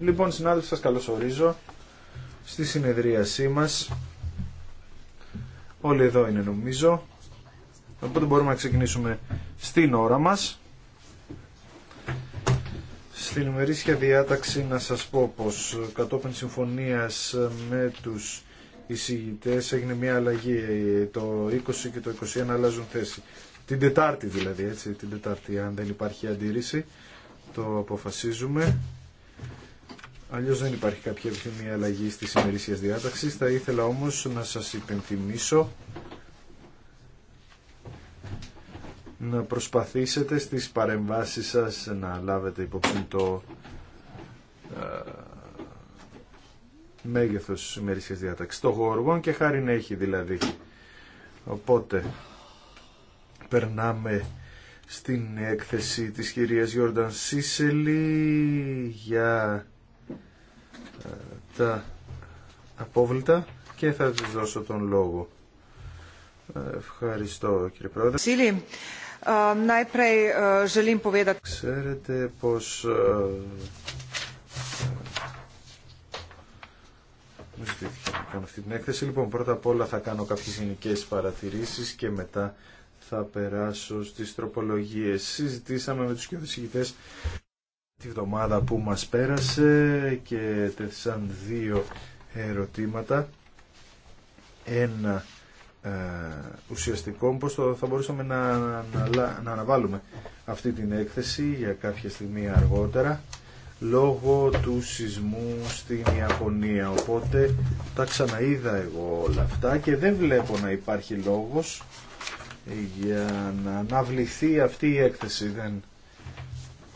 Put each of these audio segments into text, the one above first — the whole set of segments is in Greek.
Λοιπόν, συνάδελφοι, σας καλωσορίζω στη συνεδρίασή μας. Όλοι εδώ είναι νομίζω. Οπότε μπορούμε να ξεκινήσουμε στην ώρα μας. Στην ημερήσια διάταξη να σας πω πως κατόπιν συμφωνίας με τους συγητέ, έγινε μια αλλαγή. Το 20 και το 21 αλλάζουν θέση. Την Τετάρτη δηλαδή, έτσι, την Τετάρτη. Αν δεν υπάρχει αντίρρηση, το αποφασίζουμε. Αλλιώς δεν υπάρχει κάποια επιθυμία αλλαγή της ημερήσια διάταξης. Θα ήθελα όμως να σας υπενθυμίσω να προσπαθήσετε στις παρεμβάσεις σας να λάβετε υπόψη το ε, τη ημερήσια διάταξη. Το γοργόν και χάρη να έχει δηλαδή. Οπότε περνάμε στην έκθεση της κυρίας Γιόρνταν Σίσελη για ε, τα απόβλητα και θα της δώσω τον λόγο. Ε, ευχαριστώ κύριε Πρόεδρε. Σίλη, ε, Ξέρετε πως κάνω λοιπόν, αυτή την έκθεση. Λοιπόν, πρώτα απ' όλα θα κάνω κάποιες γενικέ παρατηρήσεις και μετά θα περάσω στις τροπολογίες. Συζητήσαμε με τους κοιοδησηγητές τη βδομάδα που μας πέρασε και τέθησαν δύο ερωτήματα. Ένα ε, ουσιαστικό, πώς το, θα μπορούσαμε να, να αναβάλουμε αυτή την έκθεση για κάποια στιγμή αργότερα λόγω του σεισμού στην Ιαπωνία. Οπότε τα ξαναείδα εγώ όλα αυτά και δεν βλέπω να υπάρχει λόγος για να αναβληθεί αυτή η έκθεση. Δεν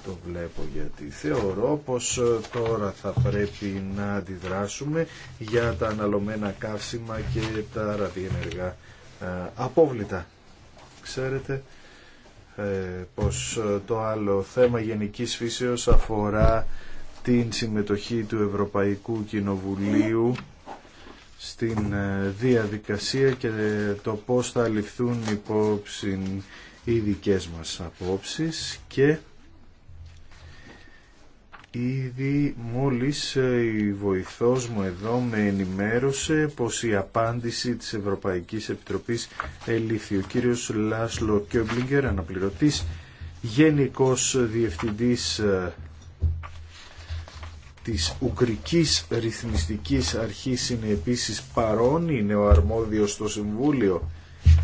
το βλέπω γιατί θεωρώ πως ε, τώρα θα πρέπει να αντιδράσουμε για τα αναλωμένα καύσιμα και τα ραδιενεργά ε, απόβλητα. Ξέρετε ε, πως ε, το άλλο θέμα γενικής φύσεως αφορά την συμμετοχή του Ευρωπαϊκού Κοινοβουλίου στην ε, διαδικασία και το πώς θα ληφθούν υπόψη οι δικές μας απόψεις και Ήδη μόλις ε, η βοηθός μου εδώ με ενημέρωσε πως η απάντηση της Ευρωπαϊκής Επιτροπής ελήφθη. Ο κύριος Λάσλο Κιόμπλιγκερ, αναπληρωτής, γενικός διευθυντής ε, της Ουγγρικής Ρυθμιστικής Αρχής είναι επίσης παρόν, είναι ο αρμόδιος στο Συμβούλιο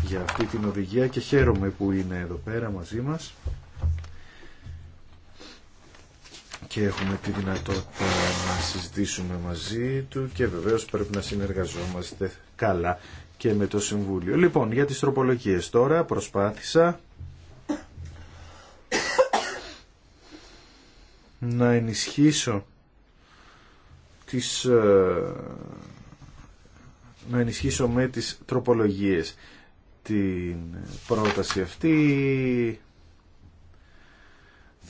για αυτή την οδηγία και χαίρομαι που είναι εδώ πέρα μαζί μας και έχουμε τη δυνατότητα να συζητήσουμε μαζί του και βεβαίως πρέπει να συνεργαζόμαστε καλά και με το Συμβούλιο. Λοιπόν, για τις τροπολογίες τώρα προσπάθησα να ενισχύσω τις, ε, να ενισχύσω με τις τροπολογίες την πρόταση αυτή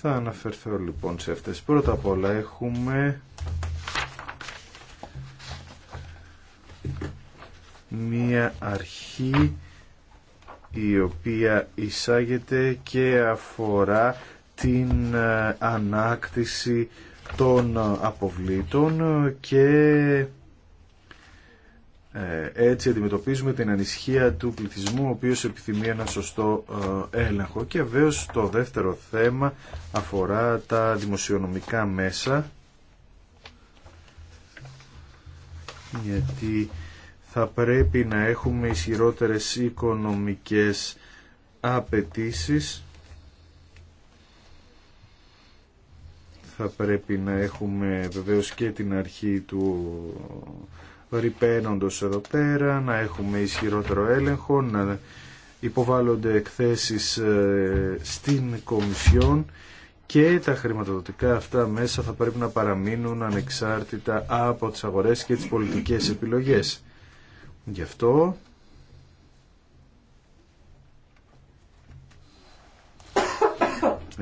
θα αναφερθώ λοιπόν σε αυτές. Πρώτα απ' όλα έχουμε μία αρχή η οποία εισάγεται και αφορά την ε, ανάκτηση των αποβλήτων και ε, έτσι αντιμετωπίζουμε την ανησυχία του πληθυσμού ο οποίος επιθυμεί ένα σωστό ε, έλεγχο και βεβαίω το δεύτερο θέμα αφορά τα δημοσιονομικά μέσα γιατί θα πρέπει να έχουμε ισχυρότερες οικονομικές απαιτήσει. θα πρέπει να έχουμε βεβαίως και την αρχή του ρηπαίνοντος εδώ πέρα, να έχουμε ισχυρότερο έλεγχο, να υποβάλλονται εκθέσεις ε, στην Κομισιόν και τα χρηματοδοτικά αυτά μέσα θα πρέπει να παραμείνουν ανεξάρτητα από τις αγορές και τις πολιτικές επιλογές. Γι' αυτό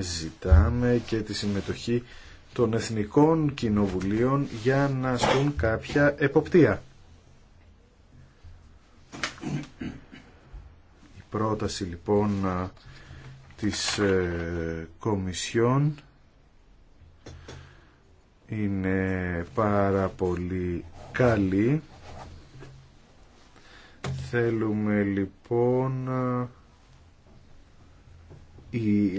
ζητάμε και τη συμμετοχή των Εθνικών Κοινοβουλίων για να ασκούν κάποια εποπτεία. Η πρόταση λοιπόν της ε, Κομισιόν είναι πάρα πολύ καλή. Θέλουμε λοιπόν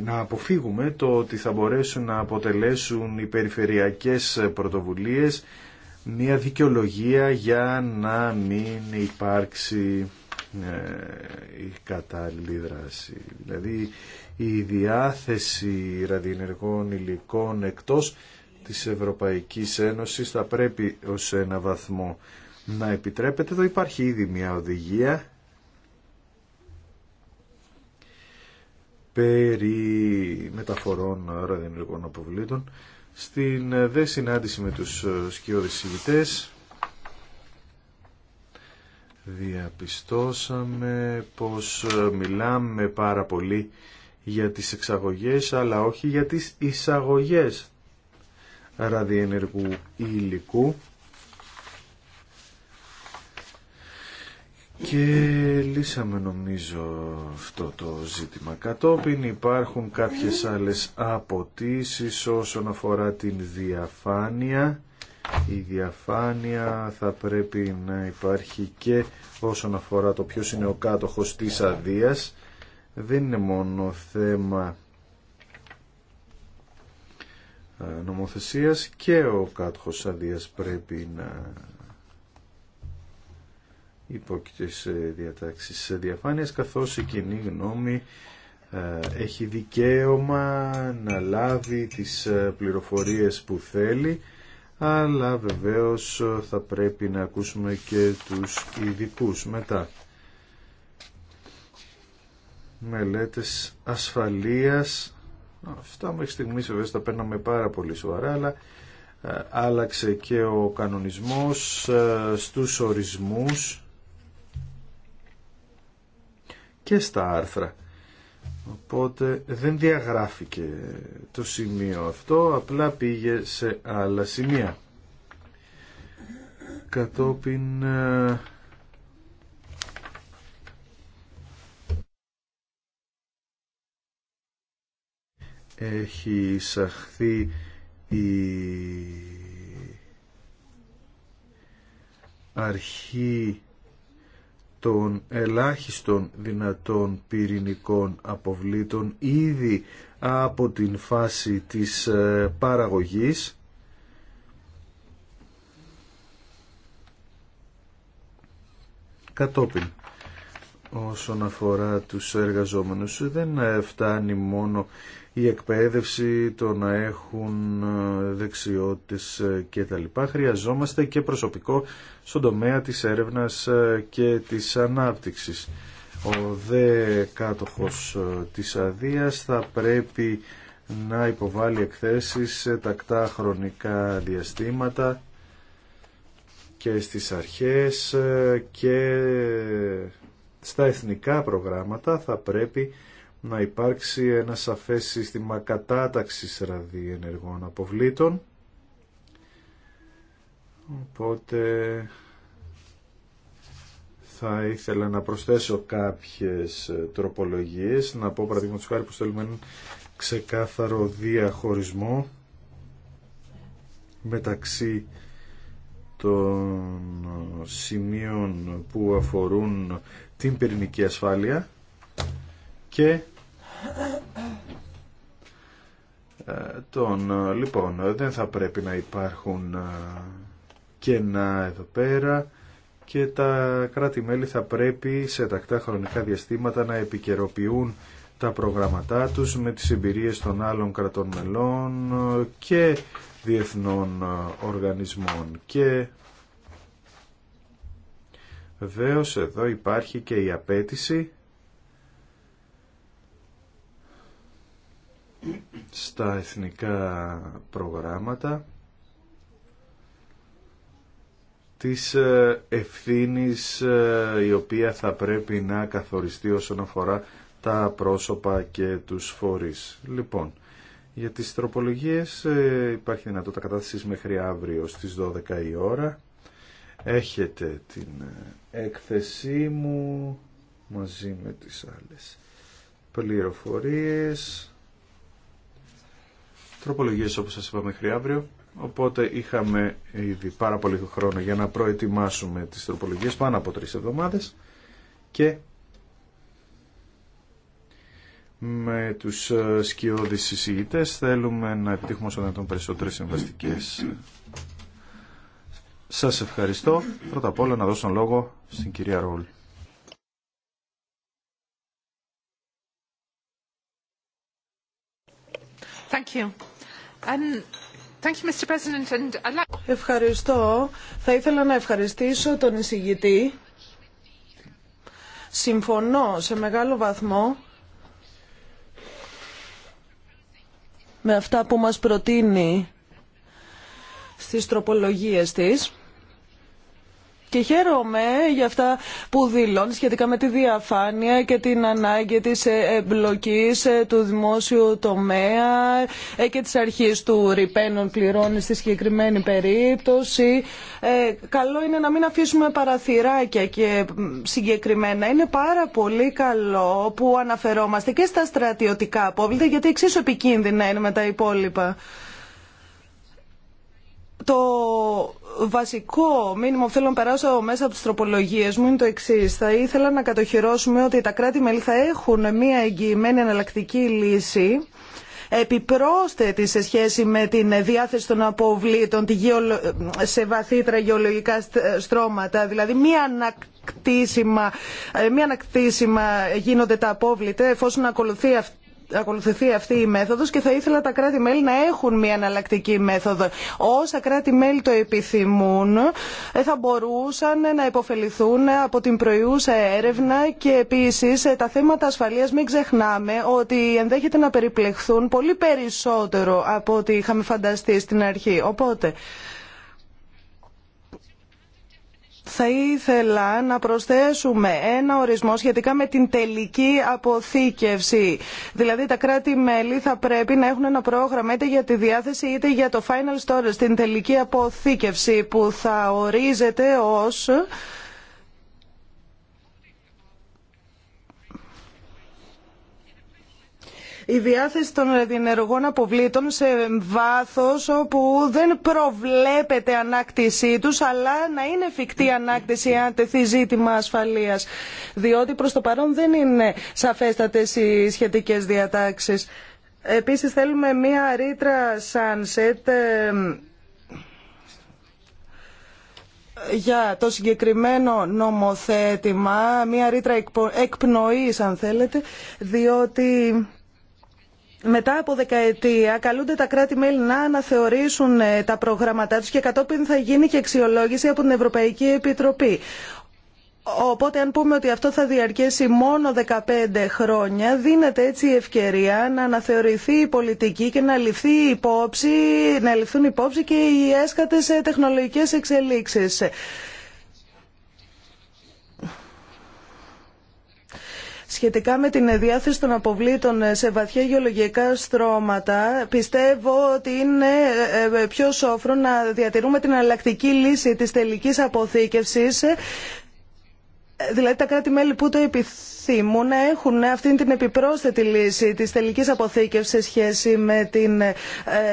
να αποφύγουμε το ότι θα μπορέσουν να αποτελέσουν οι περιφερειακές πρωτοβουλίες μια δικαιολογία για να μην υπάρξει ε, η κατάλληλη δράση. Δηλαδή η διάθεση ραδιενεργών υλικών εκτός της Ευρωπαϊκής Ένωσης θα πρέπει ως ένα βαθμό να επιτρέπεται. Εδώ υπάρχει ήδη μια οδηγία περί μεταφορών ραδιενεργών αποβλήτων. Στην ε, δε συνάντηση με τους ε, σκιώδες ηγητές διαπιστώσαμε πως ε, μιλάμε πάρα πολύ για τις εξαγωγές αλλά όχι για τις εισαγωγές ραδιενεργού υλικού Και λύσαμε νομίζω αυτό το ζήτημα. Κατόπιν υπάρχουν κάποιες άλλες αποτίσεις όσον αφορά την διαφάνεια. Η διαφάνεια θα πρέπει να υπάρχει και όσον αφορά το ποιος είναι ο κάτοχος της αδείας. Δεν είναι μόνο θέμα ε, νομοθεσίας και ο κάτοχος αδείας πρέπει να υπόκειται σε διατάξεις σε διαφάνειας καθώς η κοινή γνώμη ε, έχει δικαίωμα να λάβει τις ε, πληροφορίες που θέλει αλλά βεβαίως ε, θα πρέπει να ακούσουμε και τους ειδικού μετά. Μελέτες ασφαλείας αυτά μέχρι στιγμής βέβαια τα παίρναμε πάρα πολύ σοβαρά αλλά άλλαξε και ο κανονισμός στους ορισμούς και στα άρθρα. Οπότε δεν διαγράφηκε το σημείο αυτό, απλά πήγε σε άλλα σημεία. Κατόπιν... Ε, έχει εισαχθεί η αρχή των ελάχιστων δυνατών πυρηνικών αποβλήτων ήδη από την φάση της ε, παραγωγής κατόπιν όσον αφορά τους εργαζόμενους δεν φτάνει μόνο η εκπαίδευση, το να έχουν ε, δεξιότητες ε, κτλ. Χρειαζόμαστε και προσωπικό στον τομέα της έρευνας ε, και της ανάπτυξης. Ο δε κάτοχος της αδείας θα πρέπει να υποβάλει εκθέσεις σε τακτά χρονικά διαστήματα και στις αρχές και στα εθνικά προγράμματα θα πρέπει να υπάρξει ένα σαφές σύστημα κατάταξης ραδιενεργών αποβλήτων. Οπότε θα ήθελα να προσθέσω κάποιες ε, τροπολογίες, να πω παραδείγματος χάρη που θέλουμε έναν ξεκάθαρο διαχωρισμό μεταξύ των ε, σημείων που αφορούν την πυρηνική ασφάλεια και ε, τον, ε, λοιπόν, δεν θα πρέπει να υπάρχουν ε, κενά εδώ πέρα και τα κράτη-μέλη θα πρέπει σε τακτά χρονικά διαστήματα να επικαιροποιούν τα προγραμματά τους με τις εμπειρίες των άλλων κρατών μελών και διεθνών οργανισμών και βεβαίω εδώ υπάρχει και η απέτηση στα εθνικά προγράμματα της ε, ευθύνης ε, η οποία θα πρέπει να καθοριστεί όσον αφορά τα πρόσωπα και τους φορείς. Λοιπόν, για τις τροπολογίες ε, υπάρχει δυνατότητα κατάθεσης μέχρι αύριο στις 12 η ώρα. Έχετε την έκθεσή μου μαζί με τις άλλες πληροφορίες. Τροπολογίες όπως σας είπα μέχρι αύριο, οπότε είχαμε ήδη πάρα πολύ χρόνο για να προετοιμάσουμε τις τροπολογίες πάνω από τρεις εβδομάδες και με τους ε, σκιώδεις συζητητές θέλουμε να επιτύχουμε όσο δυνατόν περισσότερες συμβαστικές. Σας ευχαριστώ. Πρώτα απ' όλα να δώσω λόγο στην κυρία Ρόλ. Thank you. Um, Ευχαριστώ. Θα ήθελα να ευχαριστήσω τον εισηγητή. Συμφωνώ σε μεγάλο βαθμό με αυτά που μας προτείνει στις τροπολογίες της και χαίρομαι για αυτά που δηλώνει σχετικά με τη διαφάνεια και την ανάγκη της εμπλοκής ε, του δημόσιου τομέα ε, και της αρχής του ρηπαίνων πληρώνει στη συγκεκριμένη περίπτωση. Ε, καλό είναι να μην αφήσουμε παραθυράκια και συγκεκριμένα. Είναι πάρα πολύ καλό που αναφερόμαστε και στα στρατιωτικά απόβλητα γιατί εξίσου επικίνδυνα είναι με τα υπόλοιπα. Το βασικό μήνυμα που θέλω να περάσω μέσα από τι τροπολογίε μου είναι το εξή. Θα ήθελα να κατοχυρώσουμε ότι τα κράτη-μέλη θα έχουν μια εγγυημένη εναλλακτική λύση επιπρόσθετη σε σχέση με την διάθεση των αποβλήτων σε βαθύτερα γεωλογικά στρώματα. Δηλαδή μία ανακτήσιμα, ε, μία ανακτήσιμα γίνονται τα απόβλητα εφόσον ακολουθεί αυτή ακολουθηθεί αυτή η μέθοδος και θα ήθελα τα κράτη-μέλη να έχουν μια αναλλακτική μέθοδο. Όσα κράτη-μέλη το επιθυμούν ε, θα μπορούσαν να υποφεληθούν από την προϊούσα έρευνα και επίσης ε, τα θέματα ασφαλείας μην ξεχνάμε ότι ενδέχεται να περιπλεχθούν πολύ περισσότερο από ό,τι είχαμε φανταστεί στην αρχή. Οπότε θα ήθελα να προσθέσουμε ένα ορισμό σχετικά με την τελική αποθήκευση. Δηλαδή τα κράτη-μέλη θα πρέπει να έχουν ένα πρόγραμμα είτε για τη διάθεση είτε για το final storage, την τελική αποθήκευση που θα ορίζεται ως η διάθεση των ενεργών αποβλήτων σε βάθος όπου δεν προβλέπεται ανάκτησή τους αλλά να είναι εφικτή ανάκτηση αν τεθεί ζήτημα ασφαλείας διότι προς το παρόν δεν είναι σαφέστατες οι σχετικές διατάξεις. Επίσης θέλουμε μία ρήτρα sunset ε, για το συγκεκριμένο νομοθέτημα, μία ρήτρα εκπνοής αν θέλετε, διότι μετά από δεκαετία καλούνται τα κράτη-μέλη να αναθεωρήσουν ε, τα προγράμματά τους και κατόπιν θα γίνει και αξιολόγηση από την Ευρωπαϊκή Επιτροπή. Οπότε αν πούμε ότι αυτό θα διαρκέσει μόνο 15 χρόνια, δίνεται έτσι η ευκαιρία να αναθεωρηθεί η πολιτική και να, ληφθεί υπόψη, να ληφθούν υπόψη και οι έσκατες ε, τεχνολογικές εξελίξεις. σχετικά με την διάθεση των αποβλήτων σε βαθιά γεωλογικά στρώματα, πιστεύω ότι είναι ε, ε, πιο σόφρο να διατηρούμε την αλλακτική λύση της τελικής αποθήκευσης, ε, δηλαδή τα κράτη-μέλη που το επιθυμούν να έχουν αυτή την επιπρόσθετη λύση της τελικής αποθήκευσης σε σχέση με την ε,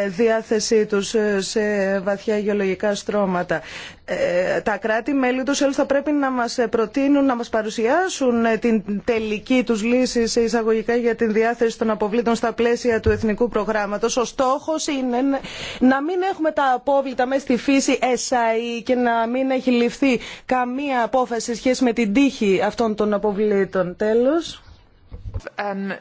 διάθεσή τους ε, σε βαθιά γεωλογικά στρώματα. Ε, τα κράτη-μέλη τους έλους θα πρέπει να μας προτείνουν, να μας παρουσιάσουν την τελική τους λύση σε εισαγωγικά για την διάθεση των αποβλήτων στα πλαίσια του εθνικού προγράμματος. Ο στόχος είναι να μην έχουμε τα απόβλητα μέσα στη φύση ΕΣΑΗ e και να μην έχει ληφθεί καμία απόφαση σε σχέση με την τύχη αυτών των αποβλήτων τέλος. Um,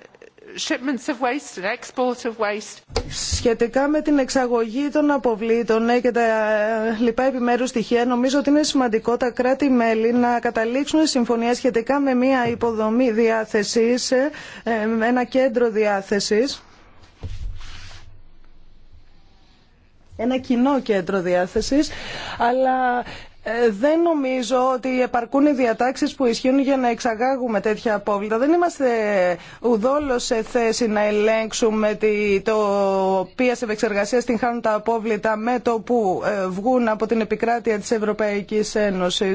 σχετικά με την εξαγωγή των αποβλήτων ναι, και τα ε, λοιπά επιμέρους στοιχεία, νομίζω ότι είναι σημαντικό τα κράτη-μέλη να καταλήξουν συμφωνία σχετικά με μια υποδομή διάθεσης, ε, ε, ένα κέντρο διάθεσης. ένα κοινό κέντρο διάθεσης, αλλά ε, δεν νομίζω ότι επαρκούν οι διατάξει που ισχύουν για να εξαγάγουμε τέτοια απόβλητα. Δεν είμαστε ουδόλω σε θέση να ελέγξουμε το ποιε ευεξεργασία την χάνουν τα απόβλητα με το που ε, βγουν από την επικράτεια τη Ευρωπαϊκή Ένωση.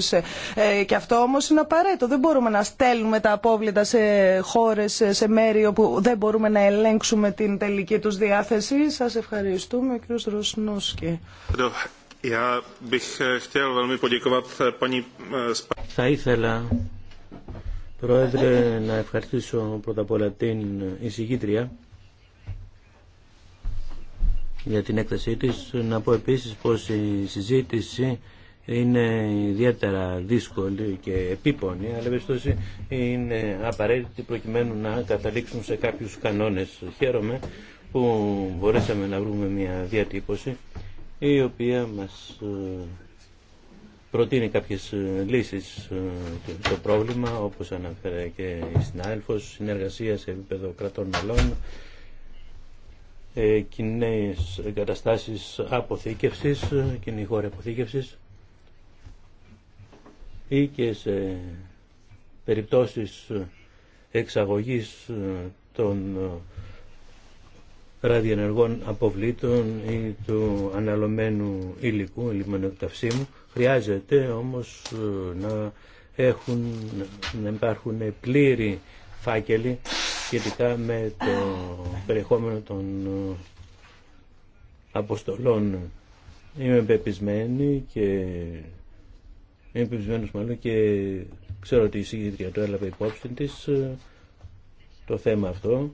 Ε, και αυτό όμω είναι απαραίτητο. Δεν μπορούμε να στέλνουμε τα απόβλητα σε χώρε, σε μέρη όπου δεν μπορούμε να ελέγξουμε την τελική του διάθεση. Σα ευχαριστούμε, κ. Θα ήθελα, Πρόεδρε, να ευχαριστήσω πρώτα απ' όλα την εισηγήτρια για την έκθεσή της. Να πω επίσης πως η συζήτηση είναι ιδιαίτερα δύσκολη και επίπονη, αλλά ευαισθητώση είναι απαραίτητη προκειμένου να καταλήξουν σε κάποιους κανόνες. Χαίρομαι που μπορέσαμε να βρούμε μια διατύπωση η οποία μας ε, προτείνει κάποιες ε, λύσεις στο ε, πρόβλημα, όπως αναφέρει και η συνάδελφος, συνεργασία σε επίπεδο κρατών μελών, κοινέ εγκαταστάσεις αποθήκευσης, κοινή χώρα αποθήκευσης ή και σε περιπτώσεις εξαγωγής των ραδιενεργών αποβλήτων ή του αναλωμένου υλικού, λιμενικού Χρειάζεται όμως ε, να, έχουν, να υπάρχουν πλήρη φάκελοι σχετικά με το περιεχόμενο των ε, αποστολών. Είμαι πεπισμένη και είμαι πεπισμένος μάλλον και ξέρω ότι η συγκεκριά του έλαβε υπόψη της ε, το θέμα αυτό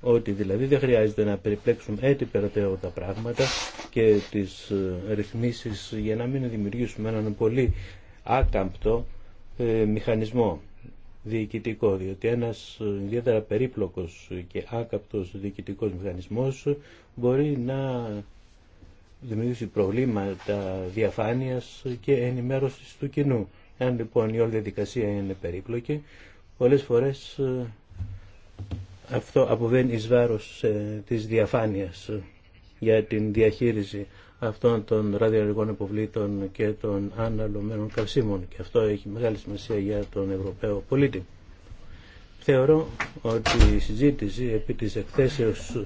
ότι δηλαδή δεν χρειάζεται να περιπλέξουμε έτσι περαιτέρω τα πράγματα και τις ε, ρυθμίσεις για να μην δημιουργήσουμε έναν πολύ άκαμπτο ε, μηχανισμό διοικητικό, διότι ένας ε, ιδιαίτερα περίπλοκος και άκαπτος διοικητικός μηχανισμός μπορεί να δημιουργήσει προβλήματα διαφάνειας και ενημέρωσης του κοινού. Αν λοιπόν η όλη διαδικασία είναι περίπλοκη, πολλές φορές αυτό αποβαίνει εις βάρος ε, της διαφάνειας για την διαχείριση αυτών των ραδιολογικών υποβλήτων και των αναλωμένων καυσίμων και αυτό έχει μεγάλη σημασία για τον Ευρωπαίο πολίτη. Θεωρώ ότι η συζήτηση επί της εκθέσεως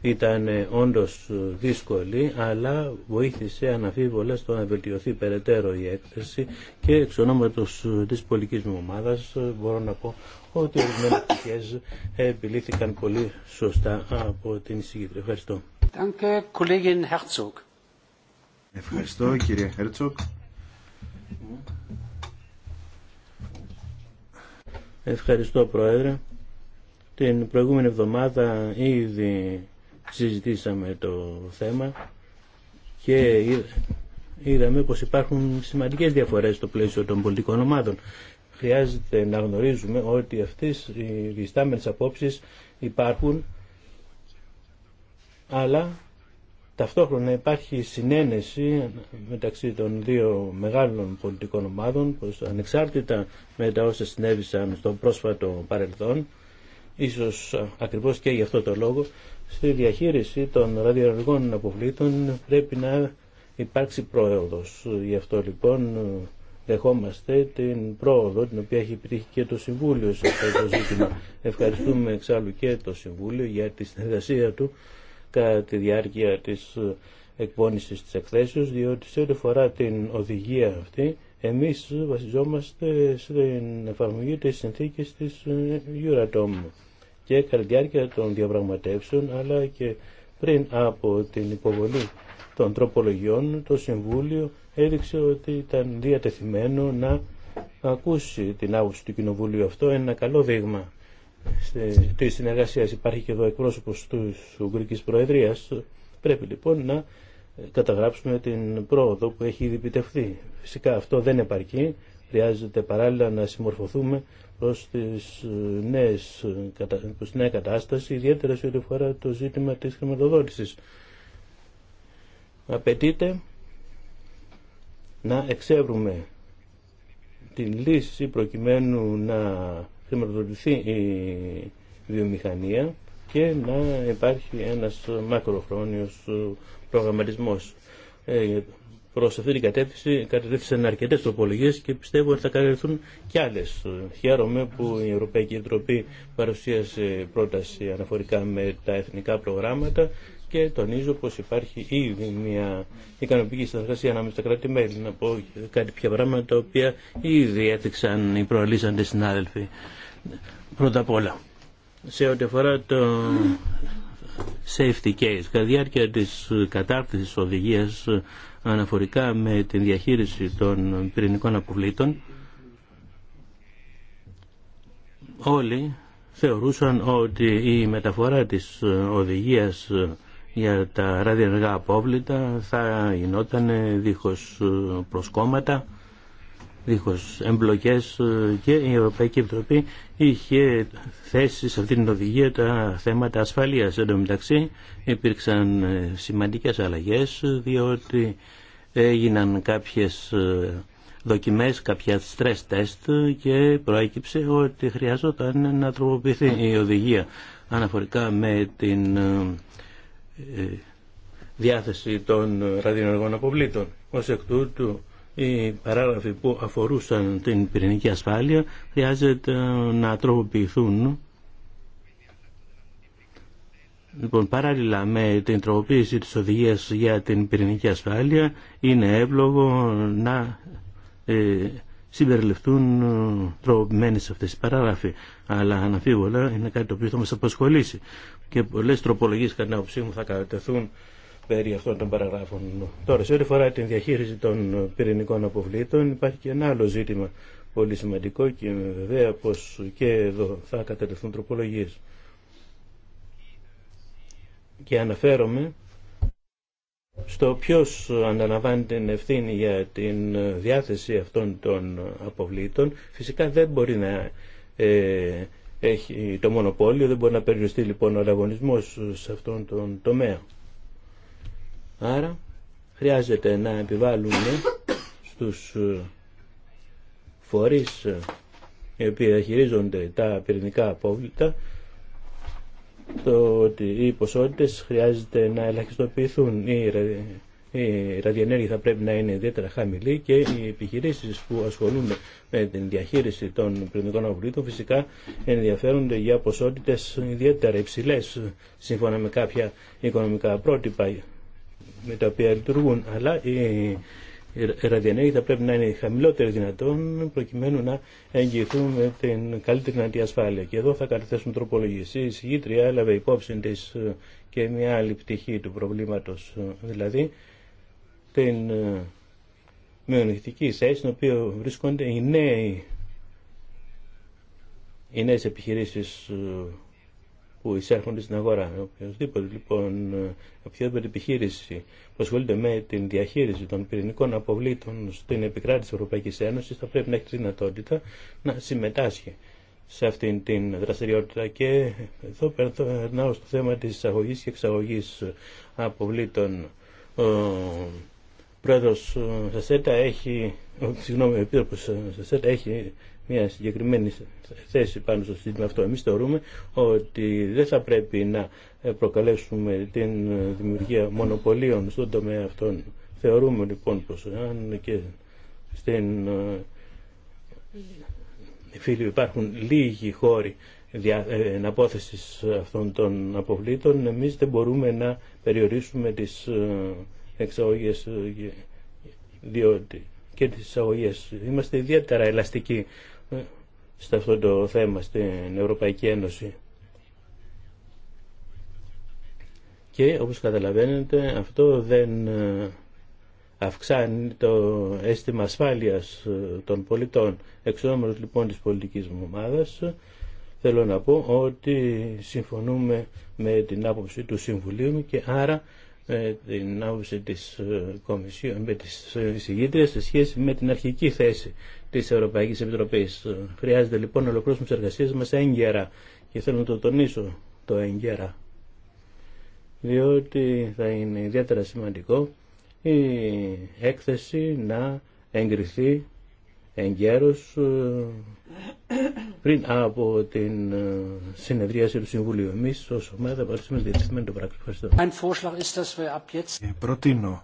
ήταν ε, όντως δύσκολη αλλά βοήθησε αναφίβολα στο να βελτιωθεί περαιτέρω η έκθεση και εξ ονόματος ε, της πολιτικής μου ομάδας μπορώ να πω ότι ορισμένε πτυχέ επιλήθηκαν πολύ σωστά από την εισηγήτρια. Ευχαριστώ. Ευχαριστώ κύριε Χέρτσοκ. Ευχαριστώ Πρόεδρε. Την προηγούμενη εβδομάδα ήδη συζητήσαμε το θέμα και είδαμε πως υπάρχουν σημαντικές διαφορές στο πλαίσιο των πολιτικών ομάδων χρειάζεται να γνωρίζουμε ότι αυτές οι διστάμενες απόψεις υπάρχουν αλλά ταυτόχρονα υπάρχει συνένεση μεταξύ των δύο μεγάλων πολιτικών ομάδων πως ανεξάρτητα με τα όσα συνέβησαν στο πρόσφατο παρελθόν ίσως ακριβώς και γι' αυτό το λόγο στη διαχείριση των ραδιοεργών αποβλήτων πρέπει να υπάρξει πρόοδος. Γι' αυτό λοιπόν δεχόμαστε την πρόοδο την οποία έχει επιτύχει και το Συμβούλιο σε αυτό το ζήτημα. Ευχαριστούμε εξάλλου και το Συμβούλιο για τη συνεργασία του κατά τη διάρκεια της ε, εκπόνησης της εκθέσεως, διότι σε ό,τι φορά την οδηγία αυτή, εμείς βασιζόμαστε στην εφαρμογή της συνθήκης της ε, Euratom και κατά τη διάρκεια των διαπραγματεύσεων, αλλά και πριν από την υποβολή των τροπολογιών, το Συμβούλιο έδειξε ότι ήταν διατεθειμένο να ακούσει την άποψη του Κοινοβουλίου. Αυτό είναι ένα καλό δείγμα τη συνεργασία. Υπάρχει και εδώ εκπρόσωπο τη Ουγγρική Προεδρία. Πρέπει λοιπόν να καταγράψουμε την πρόοδο που έχει ήδη Φυσικά αυτό δεν επαρκεί. Χρειάζεται παράλληλα να συμμορφωθούμε προ ε, τη νέα κατάσταση, ιδιαίτερα σε ό,τι αφορά το ζήτημα τη χρηματοδότηση. Απαιτείται να εξεύρουμε την λύση προκειμένου να χρηματοδοτηθεί η βιομηχανία και να υπάρχει ένας μακροχρόνιος προγραμματισμός. Ε, προς αυτή την κατεύθυνση κατεύθυνσαν αρκετές τροπολογίες και πιστεύω ότι θα καταληθούν κι άλλες. Χαίρομαι που η Ευρωπαϊκή Επιτροπή παρουσίασε πρόταση αναφορικά με τα εθνικά προγράμματα και τονίζω πως υπάρχει ήδη μια ικανοποιητική συνεργασία ανάμεσα στα κράτη-μέλη. Να πω κάτι πια πράγματα τα οποία ήδη έθιξαν οι προαλήσαντες συνάδελφοι. Πρώτα απ' όλα, σε ό,τι αφορά το safety case, κατά διάρκεια της κατάρτισης οδηγίας αναφορικά με την διαχείριση των πυρηνικών αποβλήτων, όλοι θεωρούσαν ότι η μεταφορά της οδηγίας για τα ραδιενεργά απόβλητα θα γινόταν δίχως ε, προσκόμματα, δίχως εμπλοκές ε, και η Ευρωπαϊκή Επιτροπή είχε θέσει σε αυτήν την οδηγία τα θέματα ασφαλείας. Εν τω μεταξύ υπήρξαν ε, σημαντικές αλλαγές διότι έγιναν κάποιες δοκιμές, κάποια stress test και προέκυψε ότι χρειαζόταν να τροποποιηθεί η οδηγία αναφορικά με την ε, διάθεση των ραδιενεργών αποβλήτων. Ως εκ τούτου οι παράγραφοι που αφορούσαν την πυρηνική ασφάλεια χρειάζεται να τροποποιηθούν Λοιπόν, παράλληλα με την τροποποίηση της οδηγίας για την πυρηνική ασφάλεια είναι εύλογο να ε, συμπεριληφθούν τροποποιημένες αυτές οι παράγραφοι αλλά αναφίβολα είναι κάτι το οποίο θα μας απασχολήσει και πολλέ τροπολογίε κατά την άποψή μου θα κατατεθούν περί αυτών των παραγράφων. Τώρα, σε ό,τι αφορά την διαχείριση των πυρηνικών αποβλήτων, υπάρχει και ένα άλλο ζήτημα πολύ σημαντικό και βέβαια πω και εδώ θα κατατεθούν τροπολογίε. Και αναφέρομαι στο ποιος αναλαμβάνει την ευθύνη για την διάθεση αυτών των αποβλήτων. Φυσικά δεν μπορεί να ε, έχει το μονοπόλιο, δεν μπορεί να περιοριστεί λοιπόν ο ανταγωνισμό σε αυτόν τον τομέα. Άρα χρειάζεται να επιβάλλουμε στους ε, φορείς ε, οι οποίοι χειρίζονται τα πυρηνικά απόβλητα το ότι οι ποσότητες χρειάζεται να ελαχιστοποιηθούν ε, ε, η ραδιενέργεια θα πρέπει να είναι ιδιαίτερα χαμηλή και οι επιχειρήσει που ασχολούνται με την διαχείριση των πυρηνικών αποβλήτων φυσικά ενδιαφέρονται για ποσότητε ιδιαίτερα υψηλέ σύμφωνα με κάποια οικονομικά πρότυπα με τα οποία λειτουργούν. Αλλά η ραδιενέργεια θα πρέπει να είναι χαμηλότερη δυνατόν προκειμένου να εγγυηθούν με την καλύτερη δυνατή ασφάλεια. Και εδώ θα καταθέσουμε τροπολογίες. Η συγγήτρια έλαβε υπόψη τη ε, και μια άλλη πτυχή του προβλήματο, ε, δηλαδή στην ε, μειονεκτική θέση στην οποία βρίσκονται οι νέοι οι νέες επιχειρήσεις ε, που εισέρχονται στην αγορά. οποιοςδήποτε λοιπόν, ε, οποιαδήποτε επιχείρηση που ασχολείται με την διαχείριση των πυρηνικών αποβλήτων στην επικράτηση της Ευρωπαϊκής Ένωσης θα πρέπει να έχει τη δυνατότητα να συμμετάσχει σε αυτήν την δραστηριότητα και εδώ περνάω στο θέμα της εισαγωγής και εξαγωγής αποβλήτων πρόεδρος ε, Σασέτα έχει, συγγνώμη, ο επίτροπος ε, Σασέτα έχει μια συγκεκριμένη θέση πάνω στο σύστημα αυτό. Εμείς θεωρούμε ότι δεν θα πρέπει να ε, προκαλέσουμε την δημιουργία μονοπωλίων στον τομέα αυτών. Θεωρούμε λοιπόν πως αν και στην φίλοι υπάρχουν λίγοι χώροι εναπόθεσης αυτών των αποβλήτων, εμείς δεν μπορούμε να περιορίσουμε τις Εξαγωγέ ε, διότι και τι εισαγωγέ. Είμαστε ιδιαίτερα ελαστικοί ε, σε αυτό το θέμα στην Ευρωπαϊκή Ένωση. Και όπως καταλαβαίνετε αυτό δεν ε, αυξάνει το αίσθημα ασφάλειας των πολιτών. Εξόμενος λοιπόν της πολιτικής μου ομάδας θέλω να πω ότι συμφωνούμε με την άποψη του Συμβουλίου και άρα με την άποψη της ε, Κομισιόν, με τις ε, σε σχέση με την αρχική θέση της Ευρωπαϊκής Επιτροπής. Ε, χρειάζεται λοιπόν να ολοκληρώσουμε τις εργασίες μας έγκαιρα και θέλω να το τονίσω το έγκαιρα διότι θα είναι ιδιαίτερα σημαντικό η έκθεση να εγκριθεί εγκαίρως πριν από την ε, συνεδρίαση του Συμβουλίου. Εμεί ω ομάδα παρουσιάσουμε διατηρημένη το πράξη. Ευχαριστώ. Ε, προτείνω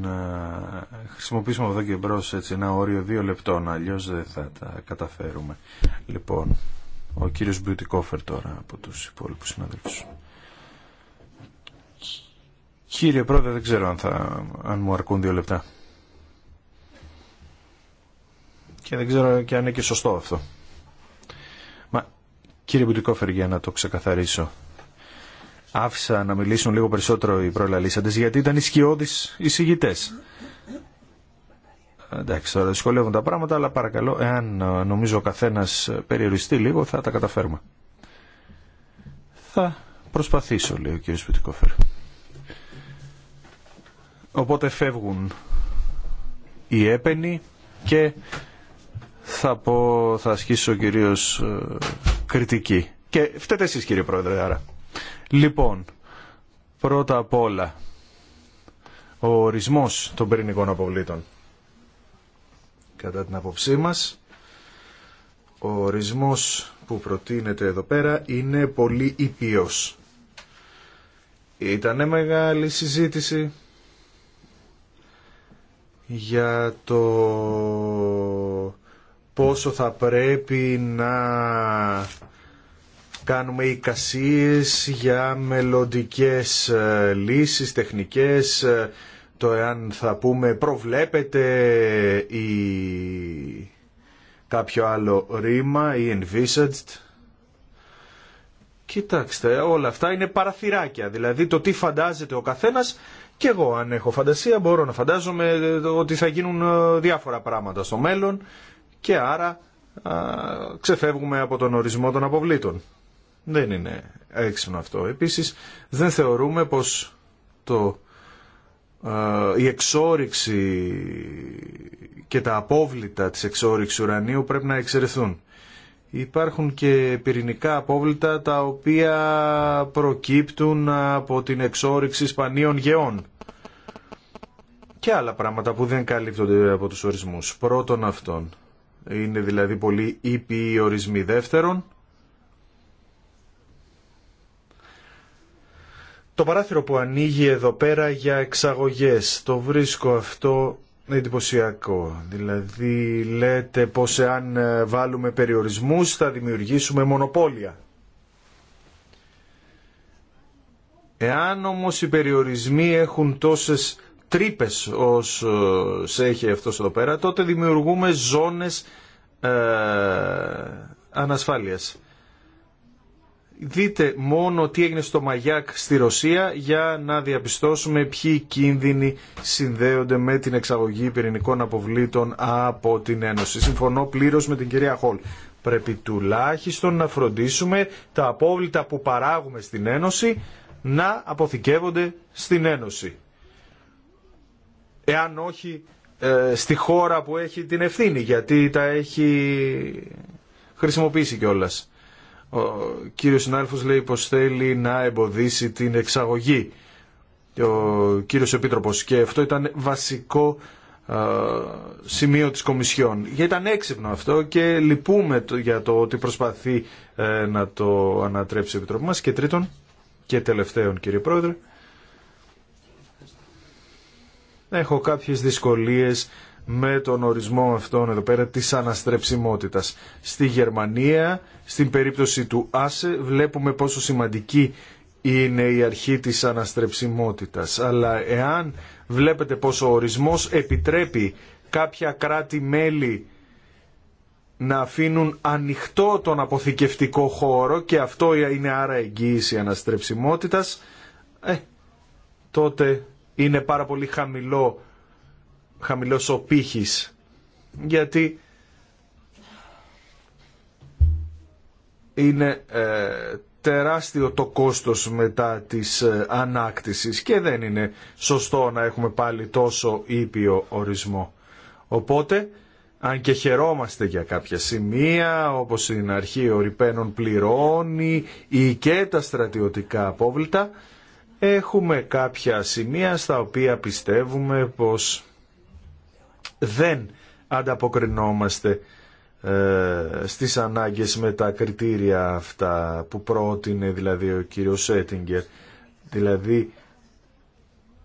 να χρησιμοποιήσουμε από εδώ και μπρο ένα όριο δύο λεπτών, αλλιώ δεν θα τα καταφέρουμε. Λοιπόν, ο κύριο Μπιουτικόφερ τώρα από του υπόλοιπου συναδέλφου. Κύριε Πρόεδρε, δεν ξέρω αν μου αρκούν δύο λεπτά. Και δεν ξέρω και αν είναι και σωστό αυτό. Μα κύριε Μπουτικόφερ για να το ξεκαθαρίσω. Άφησα να μιλήσουν λίγο περισσότερο οι προλαλήσαντες γιατί ήταν οι ισχυώδεις εισηγητές. Εντάξει, τώρα δυσκολεύουν τα πράγματα, αλλά παρακαλώ, εάν νομίζω ο καθένας περιοριστεί λίγο, θα τα καταφέρουμε. Θα προσπαθήσω, λέει ο κ. Σπιτικόφερ. Οπότε φεύγουν οι έπαινοι και θα πω, θα ασκήσω κυρίως ε, κριτική. Και φταίτε εσείς κύριε Πρόεδρε άρα. Λοιπόν, πρώτα απ' όλα, ο ορισμός των πυρηνικών αποβλήτων. Κατά την απόψή μας, ο ορισμός που προτείνεται εδώ πέρα είναι πολύ ήπιος. Ήτανε μεγάλη συζήτηση για το πόσο θα πρέπει να κάνουμε εικασίες για μελλοντικές ε, λύσεις, τεχνικές, ε, το εάν θα πούμε προβλέπετε ή κάποιο άλλο ρήμα ή envisaged. Κοιτάξτε, όλα αυτά είναι παραθυράκια, δηλαδή το τι φαντάζεται ο καθένας και εγώ αν έχω φαντασία μπορώ να φαντάζομαι ε, ότι θα γίνουν διάφορα πράγματα στο μέλλον και άρα α, ξεφεύγουμε από τον ορισμό των αποβλήτων. Δεν είναι έξυπνο αυτό. Επίσης δεν θεωρούμε πως το, η εξόριξη και τα απόβλητα της εξόριξης ουρανίου πρέπει να εξαιρεθούν. Υπάρχουν και πυρηνικά απόβλητα τα οποία προκύπτουν από την εξόριξη σπανίων γεών και άλλα πράγματα που δεν καλύπτονται από τους ορισμούς. Πρώτον αυτών. Είναι δηλαδή πολύ ήπιοι ορισμοί δεύτερον. Το παράθυρο που ανοίγει εδώ πέρα για εξαγωγές, το βρίσκω αυτό εντυπωσιακό. Δηλαδή λέτε πως εάν ε, βάλουμε περιορισμούς θα δημιουργήσουμε μονοπόλια. Εάν όμως οι περιορισμοί έχουν τόσες τρύπε ε, σε έχει αυτό εδώ πέρα, τότε δημιουργούμε ζώνες ε, ανασφάλειας. Δείτε μόνο τι έγινε στο Μαγιάκ στη Ρωσία για να διαπιστώσουμε ποιοι κίνδυνοι συνδέονται με την εξαγωγή πυρηνικών αποβλήτων από την Ένωση. Συμφωνώ πλήρω με την κυρία Χολ. Πρέπει τουλάχιστον να φροντίσουμε τα απόβλητα που παράγουμε στην Ένωση να αποθηκεύονται στην Ένωση εάν όχι ε, στη χώρα που έχει την ευθύνη, γιατί τα έχει χρησιμοποιήσει κιόλα. Ο κύριος συνάδελφος λέει πως θέλει να εμποδίσει την εξαγωγή. Ο κύριος Επίτροπος και αυτό ήταν βασικό ε, σημείο της Κομισιόν. Γιατί ήταν έξυπνο αυτό και λυπούμε για το ότι προσπαθεί ε, να το ανατρέψει η Επιτροπή μας. Και τρίτον και τελευταίον κύριε Πρόεδρε, έχω κάποιες δυσκολίες με τον ορισμό αυτόν εδώ πέρα της αναστρεψιμότητας. Στη Γερμανία, στην περίπτωση του ΆΣΕ, βλέπουμε πόσο σημαντική είναι η αρχή της αναστρεψιμότητας. Αλλά εάν βλέπετε πόσο ο ορισμός επιτρέπει κάποια κράτη-μέλη να αφήνουν ανοιχτό τον αποθηκευτικό χώρο και αυτό είναι άρα εγγύηση αναστρεψιμότητας, ε, τότε είναι πάρα πολύ χαμηλό, χαμηλός ο πύχης, γιατί είναι ε, τεράστιο το κόστος μετά της ε, ανάκτησης και δεν είναι σωστό να έχουμε πάλι τόσο ήπιο ορισμό. Οπότε, αν και χαιρόμαστε για κάποια σημεία, όπως στην αρχή ο πληρώνει ή και τα στρατιωτικά απόβλητα, έχουμε κάποια σημεία στα οποία πιστεύουμε πως δεν ανταποκρινόμαστε ε, στις ανάγκες με τα κριτήρια αυτά που πρότεινε δηλαδή ο κύριος Σέτιγκερ δηλαδή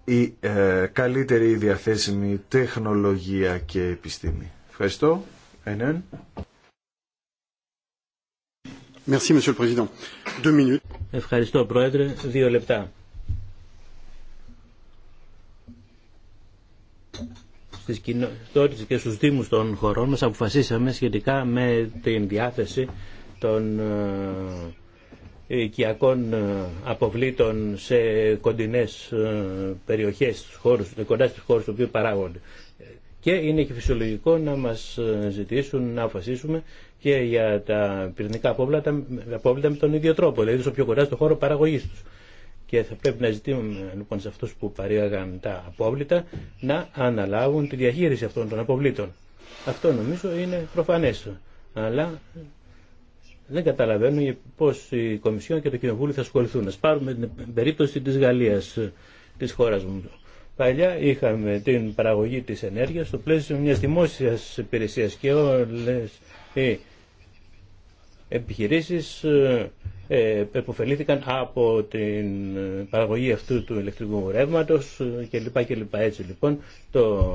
η ε, καλύτερη διαθέσιμη τεχνολογία και επιστήμη. Ευχαριστώ. Ενέν. Ευχαριστώ Πρόεδρε. Δύο λεπτά. στις κοινότητες και στους δήμους των χωρών μας αποφασίσαμε σχετικά με την διάθεση των ε, οικιακών ε, αποβλήτων σε κοντινές ε, περιοχές, χώρους, κοντά στις χώρες του οποίου παράγονται. Και είναι και φυσιολογικό να μας ζητήσουν να αποφασίσουμε και για τα πυρηνικά απόβλητα, απόβλητα με τον ίδιο τρόπο, δηλαδή στο πιο κοντά στο χώρο παραγωγής τους. Και θα πρέπει να ζητήσουμε λοιπόν σε αυτούς που παρήγαγαν τα απόβλητα να αναλάβουν τη διαχείριση αυτών των αποβλήτων. Αυτό νομίζω είναι προφανές. Αλλά δεν καταλαβαίνω πώς η Κομισιόν και το Κοινοβούλιο θα ασχοληθούν. Να πάρουμε την περίπτωση της Γαλλίας, της χώρας μου. Παλιά είχαμε την παραγωγή της ενέργειας στο πλαίσιο μιας δημόσιας υπηρεσίας και όλες οι επιχειρήσεις ε, ε, επωφελήθηκαν από την παραγωγή αυτού του ηλεκτρικού ρεύματο κλπ. κλπ. Έτσι λοιπόν το,